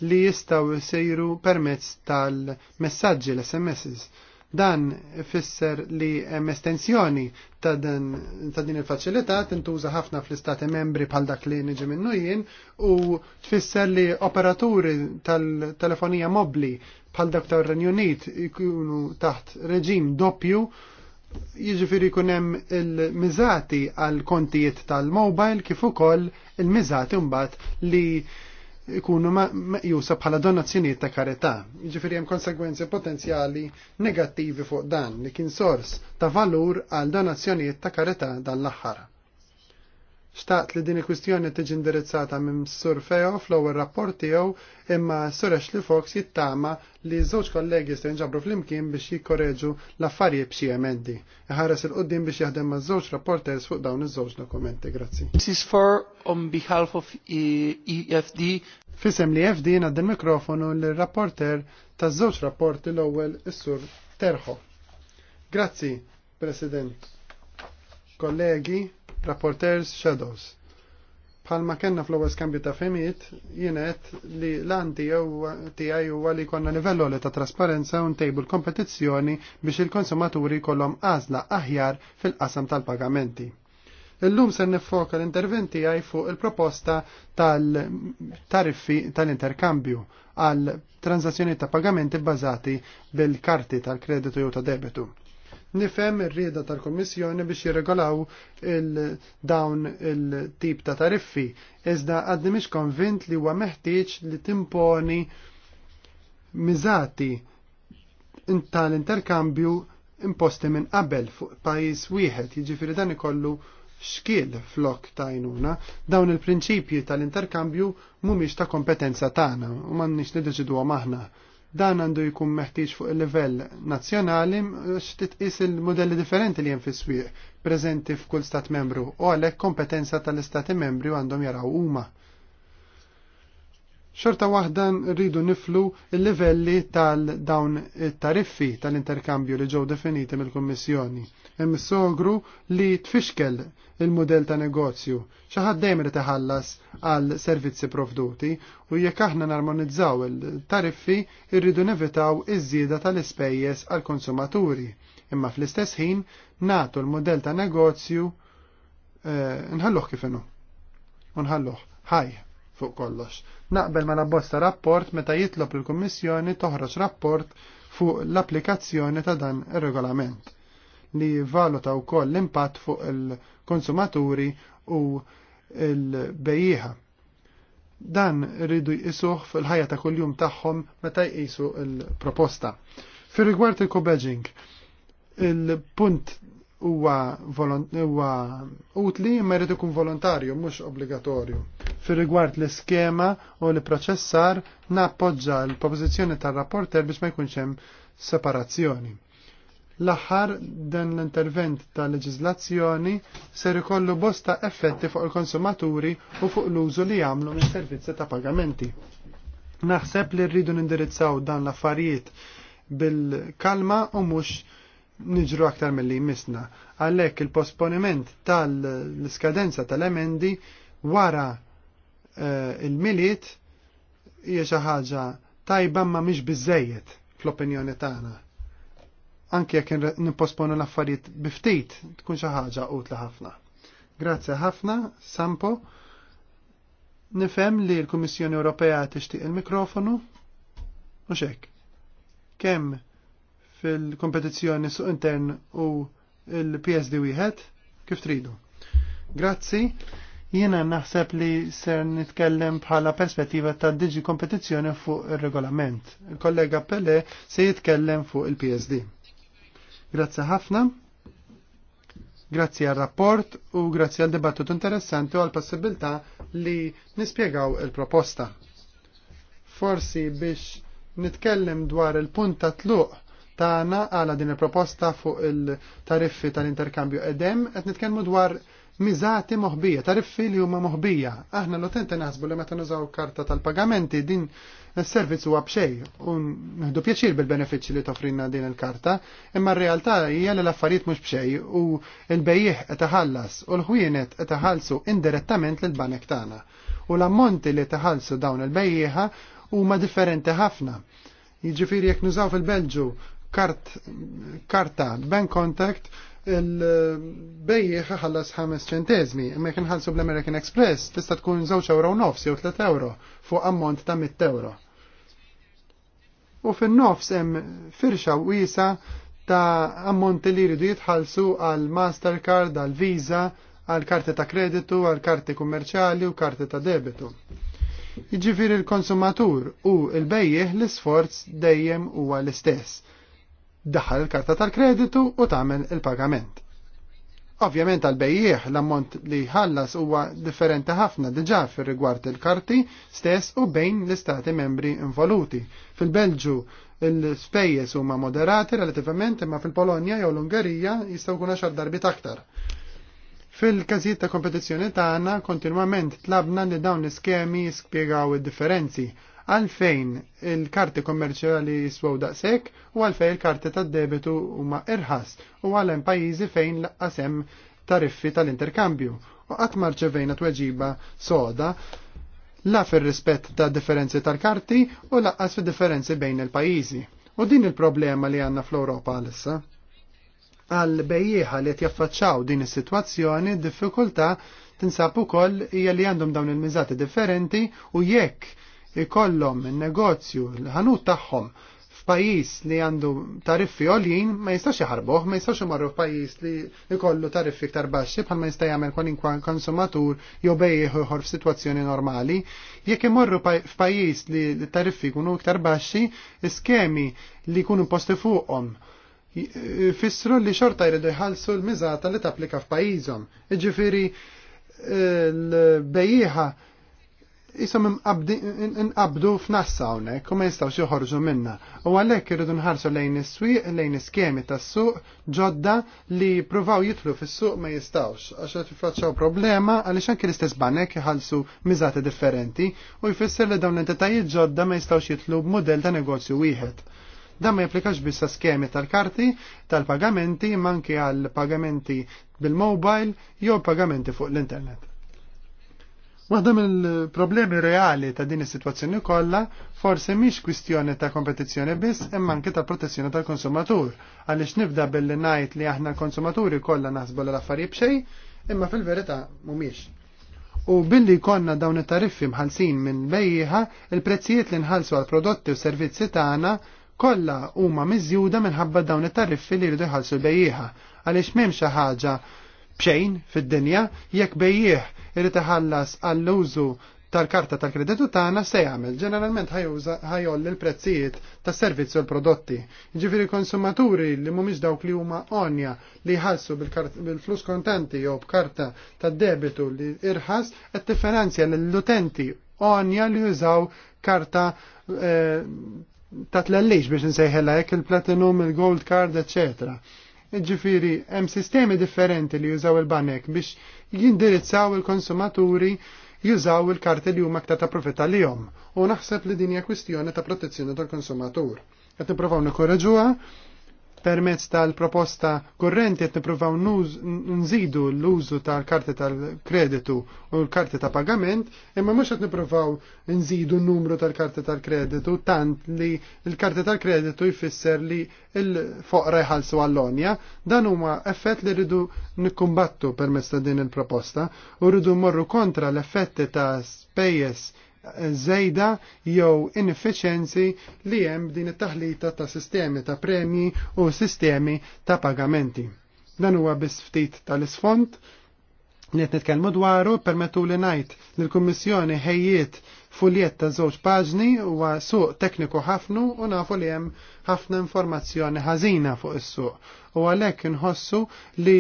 li jistaw sejru permezz tal-messagġi l-SMS. Dan fisser li hemm estensjoni ta' din il-faċilità tintuża ħafna fl-istati membri bħal dak li niġi minnu jien u tfisser li operaturi tal-telefonija mobli bħal dak tar-Renju Unit ikunu taħt reġim doppju jiġifieri jkun hemm il-miżati għal kontijiet tal-mobile kif ukoll il mizati mbagħad li ikunu meqjusa bħala donazzjonijiet ta' karità. Jiġifieri hemm konsegwenzi potenzjali negattivi fuq dan li kien sors ta' valur għal donazzjonijiet ta' karità dan l-aħħar. Xtaqt li din il-kwistjoni tiġi indirizzata minn Sur Feo fl-ewwel rapport tiegħu imma Sur Ashley Fox jittama li żewġ kollegi se jinġabru flimkien biex jikkoreġu l-affarijiet b'xi emendi. Iħares il-qudiem biex jaħdem ma' żewġ rapporters fuq dawn iż-żewġ dokumenti. Grazzi. This for on behalf of EFD. Eh, e Fisem li e FD għad il-mikrofonu l-rapporter ta' żewġ rapporti l-ewwel is-Sur Terħo. Grazzi, President. Kollegi, Rapporters Shadows. Bħalma kenna fl-ewwel skambju ta' femijiet, jienet li l-għan tiegħi huwa li konna livello li ta' trasparenza u ntejbu l-kompetizzjoni biex il-konsumaturi jkollhom għażla aħjar fil-qasam tal-pagamenti. Illum se niffoka l-interventi għaj fuq il-proposta tal-tariffi tal-interkambju għal transazzjoni ta' pagamenti bbażati bil-karti tal-kreditu jew ta' debitu. Nifhem ir-rieda tal-Kummissjoni biex jirregolaw il-dawn il-tip ta' tariffi, iżda għadni mhix konvint li huwa meħtieġ li timponi miżati tal-interkambju imposti minn qabel fuq pajjiż wieħed, jiġifieri dan ikollu xkiel flok ta' jnuna, dawn il-prinċipji tal-interkambju mumiex ta' kompetenza tagħna u m'għandniex nidiġidu aħna. Dan għandu jkun meħtieġ fuq il-livell nazzjonali x'titqis il-modelli differenti li hemm fis-swieq preżenti f'kull stat membru u għalhekk kompetenza tal-istati membri għandhom jaraw huma. Xorta waħda rridu niflu il-livelli tal-dawn it-tariffi tal-interkambju li ġew definiti mill-Kummissjoni hemm sogru li tfixkel il-modell ta' negozju. Xaħad dejjem irid iħallas għal servizzi provduti u jekk aħna narmonizzaw il-tariffi irridu nevitaw iż-żieda tal-ispejjeż għal konsumaturi. Imma fl-istess ħin nagħtu l-modell ta' negozju eh, nħalluh kif inhu. U nħalluh ħaj fuq kollox. Naqbel ma nabbosta rapport meta jitlob il-Kummissjoni toħroġ rapport fuq l-applikazzjoni ta' dan ir-regolament li valuta wkoll l-impatt fuq il-konsumaturi u il bejjiħa Dan rridu jisuh fil-ħajja ta' kuljum tagħhom meta jqisu il-proposta. Fir rigward il co il-punt huwa utli ma jrid ikun volontarju mhux obbligatorju. Fir rigward l-iskema u l-proċessar nappoġġa l-pożizzjoni tar-rapporter biex ma jkunx hemm separazzjoni L-aħħar dan l-intervent ta' leġiżlazzjoni ser ikollu bosta effetti fuq il-konsumaturi u fuq l-użu li jagħmlu mis servizzi ta' pagamenti. Naħseb li rridu nindirizzaw dan l-affarijiet bil-kalma u mhux niġru aktar mill-li jmissna. Għalhekk il-posponiment tal-skadenza tal-emendi wara eh, il-miliet hija xi ħaġa tajba ma mhix biżejjed fl-opinjoni tagħna anke jekk nipposponu l-affarijiet biftit tkun xi ħaġa utla ħafna. Grazzi ħafna, Sampo. Nifhem li l-Kummissjoni Ewropea tixtieq il-mikrofonu mhux hekk. Kemm fil-kompetizzjoni suq intern u l-PSD wieħed kif tridu. Grazzi, jiena naħseb li ser nitkellem bħala perspettiva ta' diġi kompetizzjoni fuq ir regolament Il-kollega Pelle se jitkellem fuq il-PSD. Grazzi ħafna. Grazie al rapport u grazzi al dibattitu interessanti u għal possibilità li nispiegaw il-proposta. Forsi biex nitkellem dwar il-punt ta' tluq tagħna għala din il-proposta fuq il-tariffi tal-interkambju edem qed nitkellmu dwar miżati moħbija, tariffi li huma moħbija. Aħna l-utenti naħsbu li meta nużaw karta tal-pagamenti din is-servizz huwa b'xej u nħdu pjaċir bil-benefiċċji li toffrinna din il-karta, imma r-realtà hija li l-affarijiet mhux b'xej u l-bejjieħ qed iħallas u l-ħwienet qed iħallsu indirettament lill-banek tagħna. U l-ammonti li tħallsu dawn il-bejjieħa huma differenti ħafna. Jiġifieri jekk nużaw fil-Belġu kart, karta bank contact il-bejjeħ ħallas 5 ċentezmi, imma jekk nħallsu bl-American Express tista' tkun 2 euro nofs jew 3 euro fuq ammont ta' 100 euro. U fin-nofs hemm firxa wiesa ta' ammonti li jridu jitħallsu għal Mastercard, għal Visa, għal karti ta' kreditu, għal karti kummerċali u karti ta' debitu. Jiġifieri l konsumatur u l-bejjeħ l isforz dejjem huwa l-istess daħal il-karta tal-kreditu u tagħmel il-pagament. Ovvjament għal bejjieħ l-ammont li ħallas huwa differenti ħafna diġà fir-rigward il-karti stess u bejn l-istati membri involuti. Fil-Belġu l spejjes huma moderati relativament imma fil-Polonja jew l-Ungerija jistgħu jkun għaxar darbit aktar. Fil-każijiet ta' kompetizzjoni tagħna kontinwament tlabna li dawn l-iskemi jispjegaw id-differenzi għalfejn il-karti kommerċjali jiswaw daqsek u għalfejn il-karti tad-debitu huma irħas u għalem pajjiżi fejn laqqas hemm tariffi tal-interkambju u qatt marċevejna tweġiba soda la fir-rispett ta' differenzi tal-karti u laqqas fi differenzi bejn il-pajjiżi. U din il-problema li għandna fl-Ewropa għalissa. Għal bejjieħa li jaffaċċaw din is-sitwazzjoni diffikultà tinsab ukoll hija li għandhom dawn il-miżati differenti u jekk ikollhom in-negozju l-ħanut tagħhom f'pajjiż li għandu tariffi għoljin ma jistax jaħarboh, ma jistax marru f'pajjiż li jkollu tariffi iktar baxxi bħal ma jista' jagħmel kwalinkwa konsumatur jew bejjeħ ieħor f'sitwazzjoni normali. Jekk imorru f'pajjiż li t-tariffi jkunu iktar baxxi, iskemi li jkunu posti fuqhom fissru li xorta jridu jħallsu l-miżata li tapplika f'pajjiżhom. Iġifieri l-bejjieħa jisom nqabdu f'nassa hawnhekk u ma jistgħux joħorġu minna. U għalhekk irridu nħarsu lejn is-swieq lejn iskemi tas-suq ġodda li pruvaw jitlu fis-suq ma jistgħux għax qed jiffaċċaw problema għaliex anke l-istess banek jħallsu miżati differenti u jfisser li dawn l-entitajiet ġodda ma jistgħux jidħlu b'mudell ta' negozju wieħed. Dan ma japplikax biss skemi tal-karti, tal-pagamenti, manki għal pagamenti bil-mobile jew pagamenti fuq l-internet. Waħda mill-problemi reali ta' din is-sitwazzjoni kollha forsi mhix kwistjoni ta' kompetizzjoni biss imma anke ta' protezzjoni tal-konsumatur. Għaliex nibda billi ngħid li aħna l-konsumaturi kollha naħsbu l affarijiet b'xejn imma fil-verità mhumiex. U billi konna dawn it-tariffi mħalsin minn bejjiħa, il-prezzijiet li nħallsu għal prodotti u servizzi tagħna kollha huma miżjuda minħabba dawn it-tariffi li jridu jħallsu l-bejjiħa. Għaliex m'hemm xi ħaġa bxejn fid-dinja jekk bejjieħ irid iħallas għall-użu tal-karta tal-kreditu tagħna se jagħmel. Ġeneralment ħajoll il-prezzijiet tas-servizz u l-prodotti. Ġifieri konsumaturi li mhumiex dawk li huma onja li jħallsu bil-flus kontanti jew b'karta tad-debitu li irħas qed differenzja lill-utenti onja li jużaw karta eh, ta' tlellix biex nsejħela jekk il-platinum, il-gold card, eccetera Ġifiri, hemm sistemi differenti li jużaw il-banek biex jindirizzaw il-konsumaturi jużaw il-karti li huma aktar ta' profitta li jom. U naħseb li dinja kwistjoni ta' protezzjoni tal-konsumatur. Qed nippruvaw nikkoraġuha permezz tal-proposta kurrenti qed nippruvaw nżidu l-użu tal-karti tal-kreditu u l-karti ta' pagament, imma mhux qed nippruvaw nżidu n-numru tal-karti tal-kreditu tant li l-karti tal-kreditu jfisser li l-foqra jħallsu għall-onja, dan huma effett li rridu nikkumbattu permezz ta' din il-proposta u rridu morru kontra l-effetti ta' spejjeż żejda jew inefficiency li hemm din it-taħlita ta' sistemi ta' premji u sistemi ta' pagamenti. Dan huwa biss ftit tal-isfond li qed nitkellmu dwaru permettu li ngħid li l-Kummissjoni ħejjiet fuljet ta' żewġ paġni huwa suq tekniku ħafnu u nafu li hemm ħafna informazzjoni ħażina fuq is-suq. U għalhekk inħossu li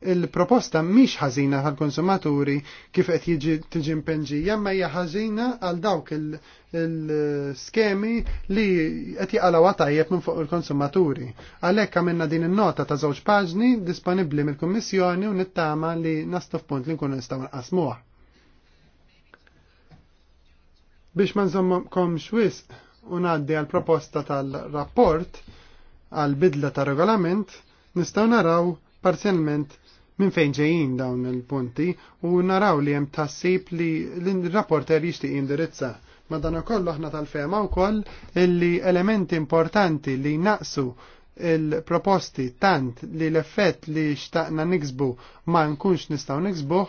il-proposta mhix ħażina għal konsumaturi kif qed jiġi tiġi mpenġi, ma hija ħażina għal dawk il-skemi li qed jaqalgħu tajjeb minn fuq il-konsumaturi. Għalhekk għamilna din in-nota ta' żewġ paġni disponibbli mill-Kummissjoni u nittama li nastu f'punt li nkunu nistgħu nqasmuha. Biex ma nżommkom wisq u ngħaddi għal proposta tal-rapport għal bidla ta' regolament, nistgħu naraw parzjalment minn fejn ġejjin dawn il-punti u naraw li hemm tassib li l-rapporter jixtieq jindirizza. dan ukoll aħna tal-fema wkoll illi elementi importanti li naqsu il-proposti tant li l-effett li xtaqna niksbu ma nkunx nistgħu niksbuh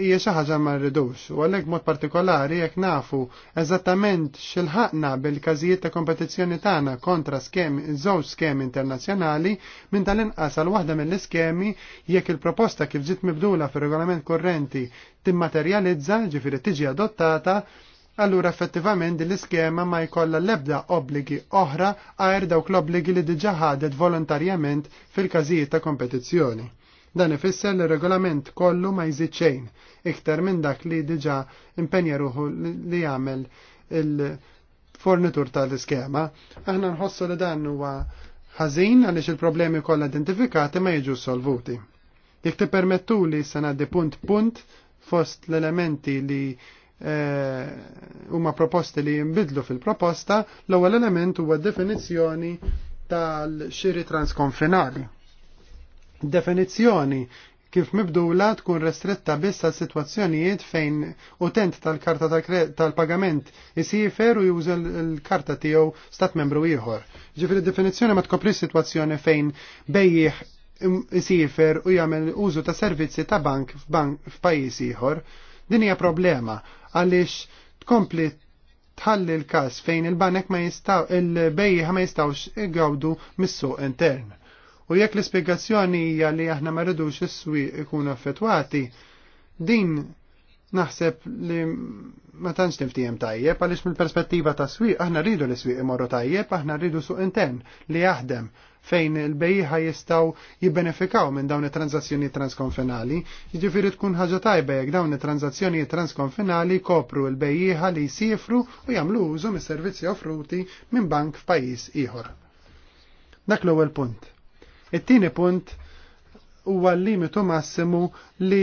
hija xi ħaġa ma rridux u għalhekk mod partikolari jekk nafu eżattament xilħaqna bil-każijiet ta' kompetizzjoni tagħna kontra skemi żewġ skemi internazzjonali minn tal-inqas għal waħda mill-iskemi jekk il-proposta kif ġiet mibdula fir-regolament korrenti timmaterjalizza ġifieri tiġi adottata allura effettivament din l-iskema ma jkollha l-ebda obbligi oħra għajr dawk l-obbligi li diġa ħadet volontarjament fil-każijiet ta' kompetizzjoni. Dan ifisser li regolament kollu ma jżid xejn iktar minn dak li diġà impenja ruħu li jagħmel il-fornitur tal-iskema. Aħna nħossu li dan huwa ħażin għaliex il-problemi kollha identifikati ma jiġu solvuti. Jekk ti permettu li sanaddi punt punt fost l-elementi li eh, huma proposti li jinbidlu fil-proposta, l-ewwel element huwa definizzjoni tal-xiri transkonfinali definizzjoni kif mibdula tkun restretta biss għal situazzjonijiet fejn utent tal-karta tal-pagament isifer u juża l-karta tiegħu stat membru ieħor. ġifri definizzjoni ma tkopri situazzjoni fejn bejjieħ isifer u jagħmel użu ta' servizzi ta' bank f'pajjiż ieħor. Din hija problema għaliex tkompli tħalli l-każ fejn il-banek ma jistaw il bejjiħ ma jistawx igawdu mis-suq intern U jekk l-ispiegazzjoni hija li aħna ma rridux is-swieq ikunu affettwati, din naħseb li ma tantx niftijem tajjeb għaliex mill-perspettiva ta' swieq aħna rridu li swieq imorru tajjeb, aħna rridu suq intern li jaħdem fejn il-bejħa jistaw jibbenefikaw minn dawn it-tranzazzjoni transkonfinali, jiġifieri tkun ħaġa tajba jekk dawn it-tranzazzjoni transkonfinali kopru l bejħa li jsifru u jagħmlu użu mis-servizzi offruti minn bank f'pajjiż ieħor. Dak l-ewwel punt. It-tieni punt huwa l-limitu massimu li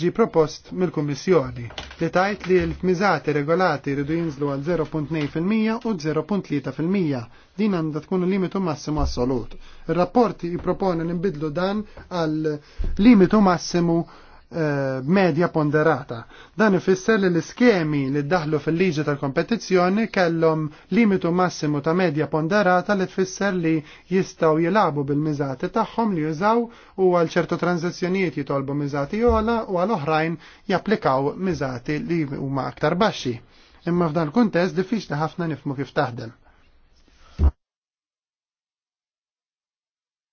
ġi propost mill-Kummissjoni li tajt li l fmizati regolati ridu jinżlu għal 0.2% u 0.3%. Din għandha tkun limitu massimu assolut. il rapport jipproponi li dan għal limitu massimu Eh, medja ponderata. Dan ifisser li l-iskemi li ddaħlu fil-liġi tal-kompetizzjoni kellhom limitu massimu ta' medja ponderata li tfisser li jistaw jilabu bil-miżati tagħhom li jużaw u għal ċertu tranzizzjonijiet jitolbu miżati jola u għal oħrajn japplikaw miżati li huma aktar baxxi. Imma f'dan kuntest diffiċli ħafna nifmu kif taħdem.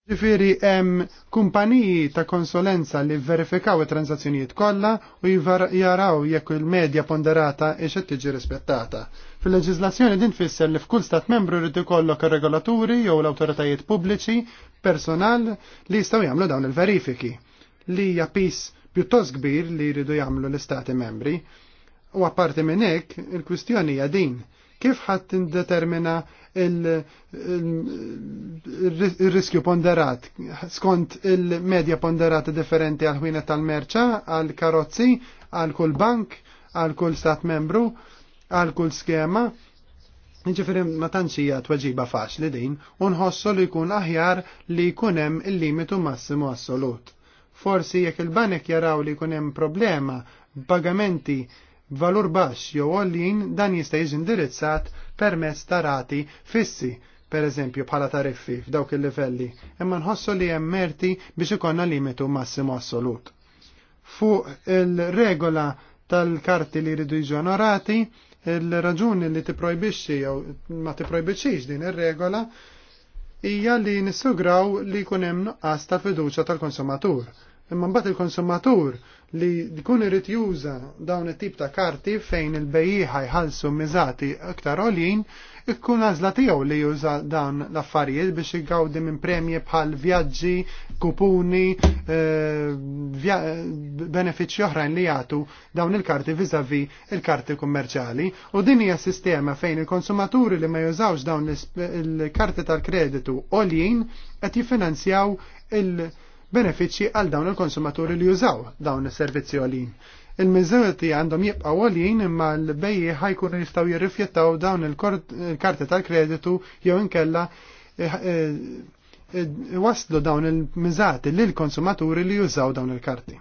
Ġifiri hemm kumpaniji ta' konsolenza li verifikaw it-transazzjonijiet kollha u jaraw jekk il-medja ponderata ix e qed tiġi rispettata. Fil-leġiżlazzjoni din tfisser li f'kull stat membru jrid ikollok ir-regolaturi jew l-awtoritajiet pubbliċi personal li jistgħu jagħmlu dawn il-verifiki li hija pis pjuttost kbir li jridu jagħmlu l-istati membri. U apparti minn hekk, il-kwistjoni hija din kif ħadd indetermina il-riskju ponderat skont il-medja ponderata differenti għal ħwienet tal-merċa, għal karozzi, għal kull bank, għal kull stat membru, għal kull skema. Ġifiri ma tantxija tweġiba faċli din, unħossu li jkun aħjar li jkun hemm il-limitu massimu assolut. Forsi jekk il-banek jaraw li jkun hemm problema b'pagamenti valur baxx jew għollin dan jista' jiġi indirizzat permezz ta' rati fissi per eżempju bħala tariffi f'dawk il-livelli, imma nħossu li hemm merti biex ikonna limitu massimo assolut. Fuq il-regola tal-karti li jridu jiġu onorati, il-raġuni li tipprojbixxi jew ma tipprojbixxix din ir-regola hija li nissugraw li jkun hemm nuqqas ta' fiduċja tal-konsumatur Imma mbagħad il-konsumatur li jkun irid juża dawn it-tip ta' karti fejn il-bejjieħa jħallsu miżati aktar għolin, ikkun għażla tiegħu li juża dawn l-affarijiet biex jgawdi minn premji bħal vjaġġi, kupuni, eh, benefiċċji oħrajn li jagħtu dawn il-karti viżavi il-karti kummerċjali. U din hija sistema fejn il-konsumaturi li ma jużawx dawn il-karti tal-kreditu għolin qed jiffinanzjaw il- benefiċċji għal dawn il-konsumaturi li jużaw dawn is-servizzi għalin. Il-miżati għandhom jibqa' għalin imma l-bejji ħajkun jistgħu jirrifjettaw dawn il-karti tal-kreditu jew inkella eh, eh, eh, waslu dawn il-miżati lil konsumaturi li jużaw dawn il-karti.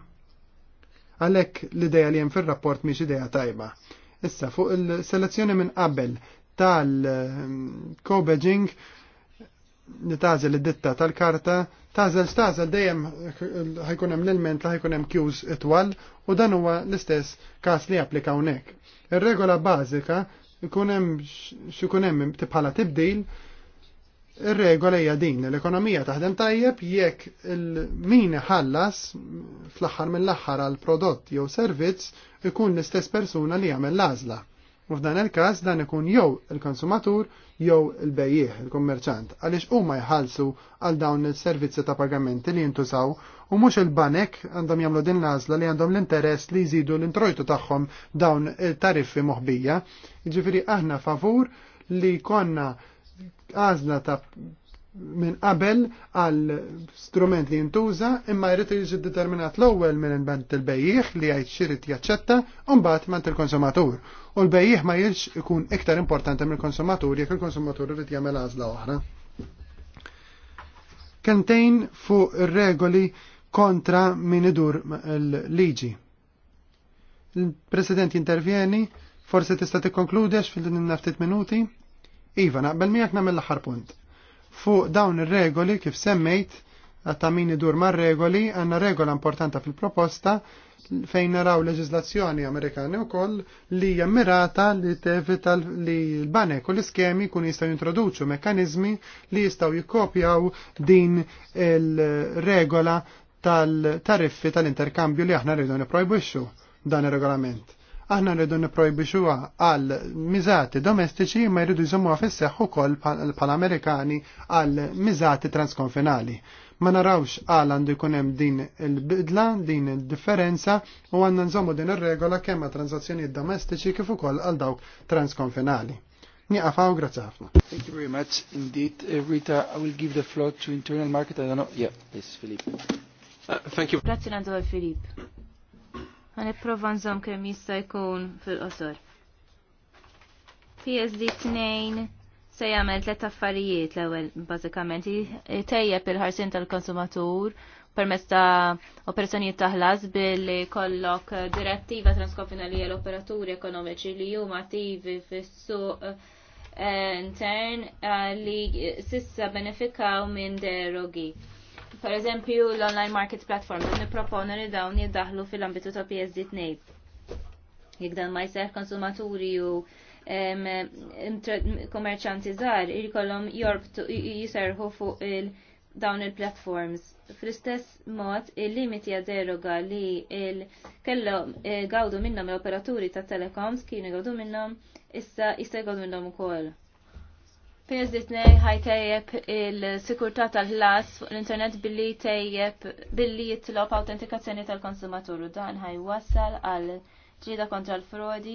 Għalhekk l-idea li hemm fir-rapport mhix ideja tajba. Issa fuq il-selezzjoni minn qabel tal-co-badging li tażel id-ditta tal-karta, tażel stażel dejjem ħajkun hemm l element li ħajkun hemm kjuż itwal u dan huwa l-istess każ li applika hawnhekk. Ir-regola bażika ikun hemm x'ikun hemm bħala tibdil Ir-regola hija din l-ekonomija taħdem tajjeb jekk min ħallas fl-aħħar mill-aħħar għal prodott jew servizz ikun l-istess persuna li jagħmel l-għażla. U f'dan il-każ dan ikun jew il-konsumatur jew il-bejjieħ, il-kummerċant, għaliex huma jħallsu għal dawn il-servizzi ta' pagamenti li jintużaw u mhux il-banek għandhom jagħmlu din l-għażla li għandhom l-interess li jżidu l-introjtu tagħhom dawn il-tariffi moħbija. Jiġifieri aħna favur li konna għażla ta' minn qabel għal strument li jintuża imma jrid jiġi determinat l-ewwel minn bant il-bejjieħ li jgħid xirid jaċċetta u mbagħad mant il-konsumatur. U l-bejjieħ ma jiġx ikun iktar importanti mill-konsumatur jekk il-konsumatur irid jagħmel għażla oħra. Kentejn fuq ir-regoli kontra min idur l-liġi. Il-President jintervjeni, forse tista' tikkonkludex fil-din naftit minuti? Iva, naqbel miegħek nagħmel l-aħħar punt fuq dawn ir-regoli kif semmejt għatta min idur mar regoli għanna regola importanta fil-proposta fejn naraw leġizlazzjoni Amerikani u koll li jammirata li tevita li l-banek u l-iskemi kun jistaw introduċu mekanizmi li jistaw jikopjaw din il-regola tal-tariffi tal-interkambju li aħna rridu niprojbixxu dan ir-regolament aħna rridu niprojbixuha għal miżati domestiċi ma jridu jżommuha fis-seħħ ukoll pal-Amerikani għal miżati transkonfinali. Ma narawx għal għandu jkun hemm din il-bidla, din il-differenza u għandna nżommu din ir-regola kemm għal transazzjonijiet domestiċi kif ukoll għal dawk transkonfinali. Niqafaw grazzi ħafna. Thank you very much indeed. Uh, Rita, I will give the floor to internal market. I don't know. Yeah, please, Philippe. Uh, thank you. Grazie Nando Filippo. Għan iprofa nżom kem jista' jkun fil-qosor. PSD 2 se jagħmel tliet affarijiet l-ewwel bażikament tejjeb il-ħarsin tal-konsumatur permezz ta' operazzjonijiet ta' ħlas billi kollok direttiva transkofinali l-operaturi ekonomiċi li huma attivi fis-suq eh, intern eh, li sissa benefikaw minn derogi Per eżempju, l-online market platform li niproponu li dawn jiddaħlu fil-ambitu ta' PSD2. Jek dan ma jseħ konsumaturi u kommerċanti żgħar jkollhom jiserħu fuq il- dawn il-platforms. Fl-istess mod, il-limiti għad-deroga li kellu e, gawdu minnhom l-operaturi ta' telecoms kienu gawdu minnhom issa jista' minnom minnhom ukoll Pins ħaj tajjeb il-sikurtà tal-ħlas fuq l-internet billi tejjeb billi jitlob autentikazzjoni tal-konsumatur u dan wassal għal ġida kontra l-frodi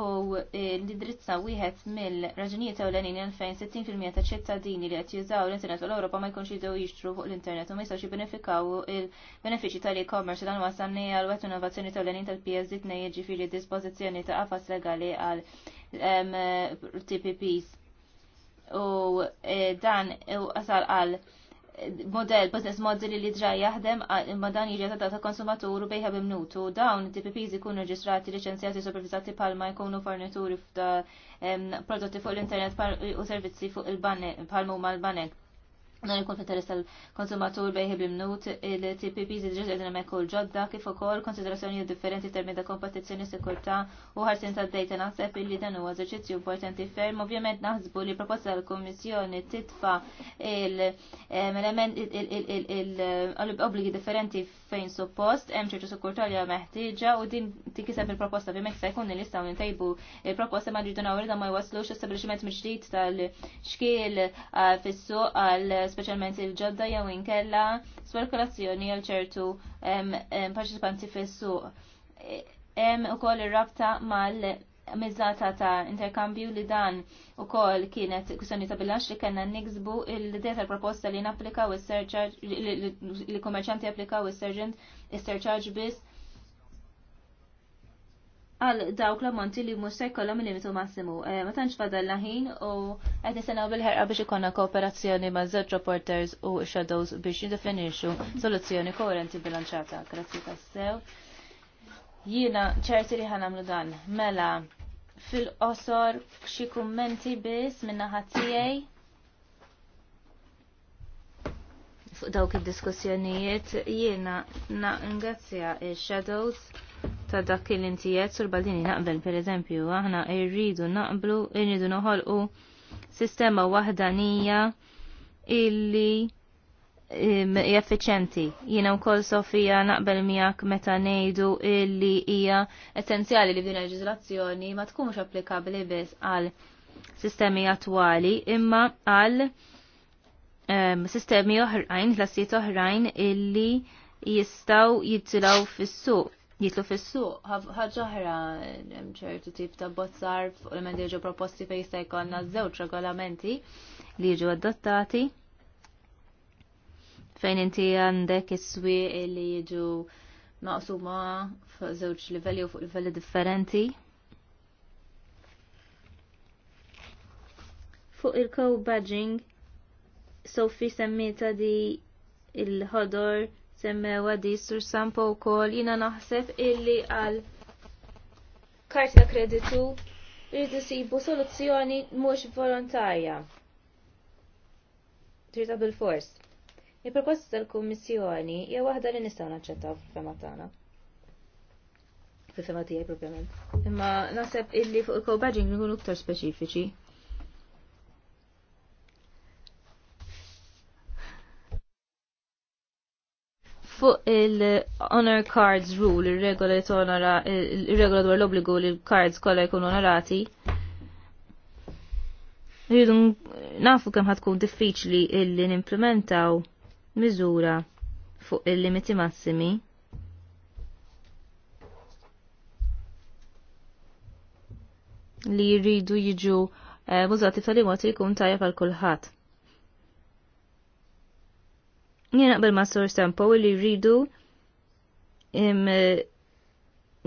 u l-indirizza e, wieħed mill-raġunijiet ewlenin għalfejn 60% ta' ċittadini li qed jużaw l-internet u l-Ewropa ma jkunx jidgħu jixtru fuq l-internet u ma jistgħux jibbenefikaw il-benefiċċji tal-e-commerce dan wasalni għal wet innovazzjoni ewlenin tal-PSD tnejn jiġifieri dispożizzjoni ta' qafas legali għal TPPs u eh, dan u qasal għal model, business model li ġra jaħdem ma dan jiġi ta' konsumatur u bejħa bimnut u dawn DPPs ikunu reġistrati, liċenzjati, supervizati palma jkunu fornituri f'da prodotti fuq l-internet u servizzi fuq il-banek palma u mal-banek Dan ikun fit tal-konsumatur bejħib l il tpp zidġiġ ġiż għedin għamek u ġodda kif ukoll konsiderazzjoni differenti termin ta' kompetizzjoni sekurta u ħarsin ta' dejta naħseb illi dan huwa eżerċizzju importanti ferm. Ovvjament naħsbu li proposta tal-Kummissjoni titfa l-obligi differenti fejn suppost hemm ċertu sekurta li meħtieġa u din tikiseb il-proposta ovvjament se jkun nistgħu ntejbu il-proposta ma ġridu nawrida ma jwaslux establishment tal-xkiel eh, fis-suq għal speċjalment il-ġodda jew inkella spekulazzjoni għal ċertu parċipanti fis-suq. Hemm e, ukoll ir-rabta mal mizzata ta' interkambju li dan u koll kienet kussjoni ta' bilanċ li kena niksbu il deta proposta li napplikaw il-surcharge li kummerċanti applikaw il serġant il-surcharge bis għal dawk l-ammonti li mhux se jkollhom limitu massimu. Eh, ma tantx fadal ħin u qed nistennew bil-ħerqa biex ikonna kooperazzjoni ma' żewġ reporters u shadows biex jiddefinixxu soluzzjoni koerenti bilanċata. Grazzi tassew. Jiena ċerti li ħanamlu dan. Mela, fil-qosor xi kummenti biss minna naħa tiegħi. Fuq dawk id-diskussjonijiet jiena na ngrazzja ix-shadows ta' dak il intijiet sur baldini naqbel per eżempju, aħna irridu naqblu, irridu noħolqu sistema wahdanija illi Jina Jiena wkoll Sofija naqbel miegħek meta ngħidu illi hija essenzjali li bdina leġiżlazzjoni ma tkunx applikabbli biss għal sistemi attwali imma għal sistemi oħrajn, klassijiet oħrajn illi jistaw jitilaw fis-suq jitlu fissuq suq ħaġoħra ċertu tip ta' bozzar fuq l mendi ġo proposti fejn jista' jkollna żewġ regolamenti li jiġu adottati fejn inti għandek is-swieq li jiġu maqsuma fuq żewġ livelli u fuq livelli differenti. Fuq il-co-badging, Sofi semmita di il-ħodor semmew għadi sur sampo u kol jina naħseb illi għal karta kreditu rridu sibu soluzzjoni mhux volontarja. Trita bil-fors. Il-proposta tal-Kummissjoni hija waħda li nistgħu naċċettaw fil-fema tagħna. Fil-fema tiegħi propjament. Imma naħseb illi fuq il-co-badging nkunu iktar speċifiċi. fuq il-honor cards rule, il-regola tonora, il-regola dwar l-obbligu li l-cards kolla jkunu onorati. Rridu nafu kemm ħatkun diffiċli illi nimplementaw miżura fuq il-limiti massimi. li rridu jiġu eh, mużati tal-imot li jkun tajja għal kulħadd. Jien naqbel ma' Sur Sampo li rridu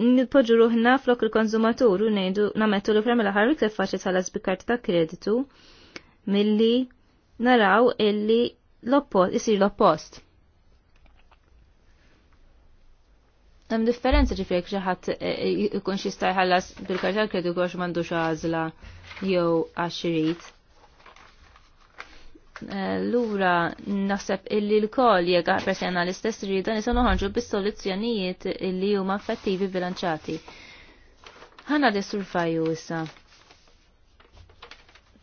nipoġu ruħna flok il-konsumatur u nejdu namettu li fremela ħarri iktar faċli tħallas bi karta ta' kreditu milli naraw illi l-oppost, isir l-oppost. Hemm differenza ġifier xi ħadd e, e, ikun xi jista' jħallas bil-karta tal-kreditu għax m'għandux għażla jew għax irid. Lura naħseb illi l-kol jega persena l-istess rida nisanu ħanġu bis-soluzzjonijiet illi huma effettivi bilanċati. Ħana de surfaju issa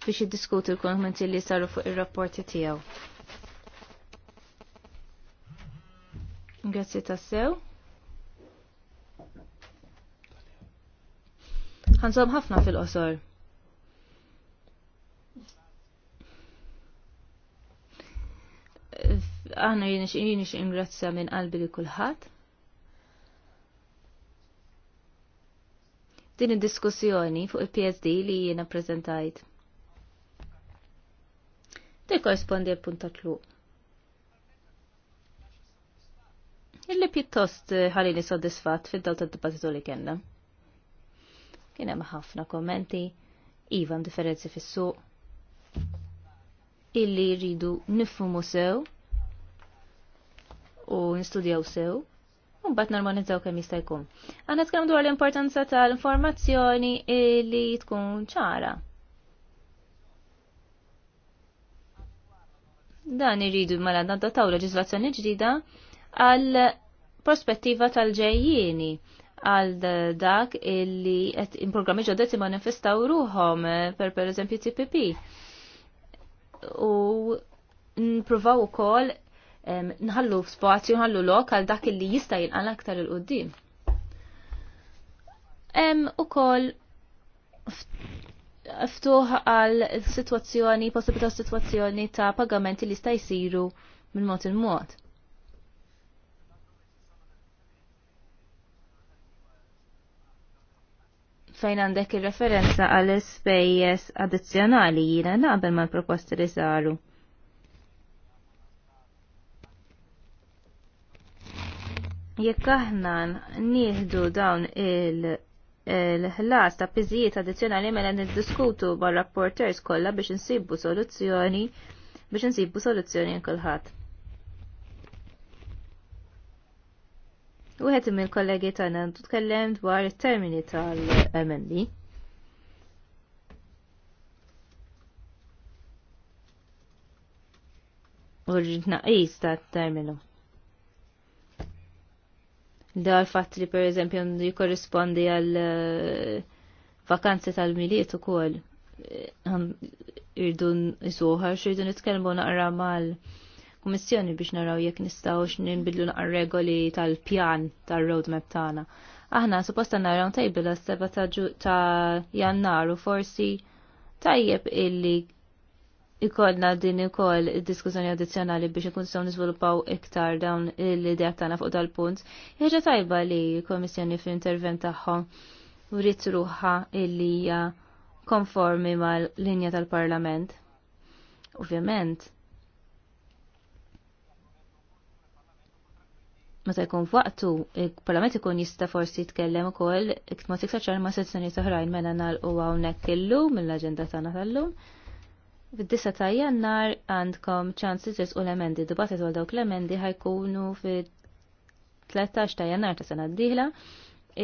biex jiddiskuti l-kommenti li saru fuq ir-rapporti tiegħu. Grazzi tassew. Għanżom ħafna fil-qosor. aħna jenix jenix ingrazzja minn qalbi li kulħadd. Din id-diskussjoni fuq il-PSD li jiena prezentajt. Te korrespondi għal punta tluq. Illi pjuttost eh, ħalini soddisfat fid dawt tad-dibattitu li kellna. Kien hemm ħafna kommenti, iva differenzi fis-suq, illi rridu nifhumu sew u nistudjaw sew. Mbagħad normalizzaw kemm jista' jkun. Għandna tkellem dwar l-importanza tal-informazzjoni li tkun ċara. Dan iridu mela taw leġislazzjoni ġdida għal prospettiva tal-ġejjieni għal dak illi il programmi programmi ġodda manifestaw ruhom per pereżempju TPP. U nipruvaw ukoll nħallu spazju, nħallu lok għal dak li jista' jinqal aktar il-qoddim. u ukoll ftuħ għal situazzjoni, possibilità situazzjoni ta' pagamenti li sta' jsiru minn mod il-mod. fejn għandek ir referenza għal spejjes addizzjonali jina naqbel mal-proposti li saru. Jekk aħna nieħdu dawn il- ħlas ta' piżijiet addizzjonali mela niddiskutu bar-rapporters kollha biex insibu soluzzjoni biex insibu soluzzjoni kulħadd. Wieħed mill kollegi tagħna tkellem dwar it-termini tal-MND. U naqis ta t terminu da l-fatt li per eżempju jikorrispondi għal eh, vakanzi tal-miliet u kol eh, irdu nisuħar xirdu nitkelmu naqra mal kummissjoni biex naraw jekk nistaw x'ninbidlu naqra regoli tal-pjan tal-roadmap tagħna. Aħna supposta naraw tajbila s-seba ta' jannar u forsi tajjeb illi ikollna din ikoll diskussjoni addizzjonali biex ikun sew niżviluppaw iktar dawn l-idea tagħna fuq dal-punt. Ħeġa tajba li l-Kommissjoni fl-intervent tagħhom wrid truha illi hija konformi mal-linja tal-Parlament. Ovvjament. Meta jkun f'waqtu, il-Parlament ikun jista' forsi jitkellem ukoll ma tiktar ma sezzjoni oħrajn mela nagħlqu hawnhekk illum mill-aġenda tagħna tal-lum. Fid-9 ta' jannar għandkom ċans li u l-emendi. Dibattit għal dawk l-emendi ħajkunu fid-13 ta' jannar ta' sena d-dihla.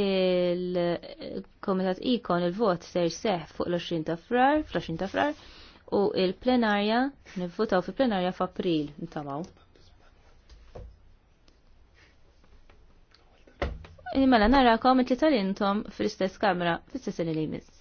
Il-Komitat Ikon il-vot ser seħ fuq l-20 ta' frar, fl-20 ta' frar, u il-plenarja, nivvotaw fi plenarja f'April, ntamaw. Mela narakom it-tlital intom fl-istess kamra, fl-istess li jmiss.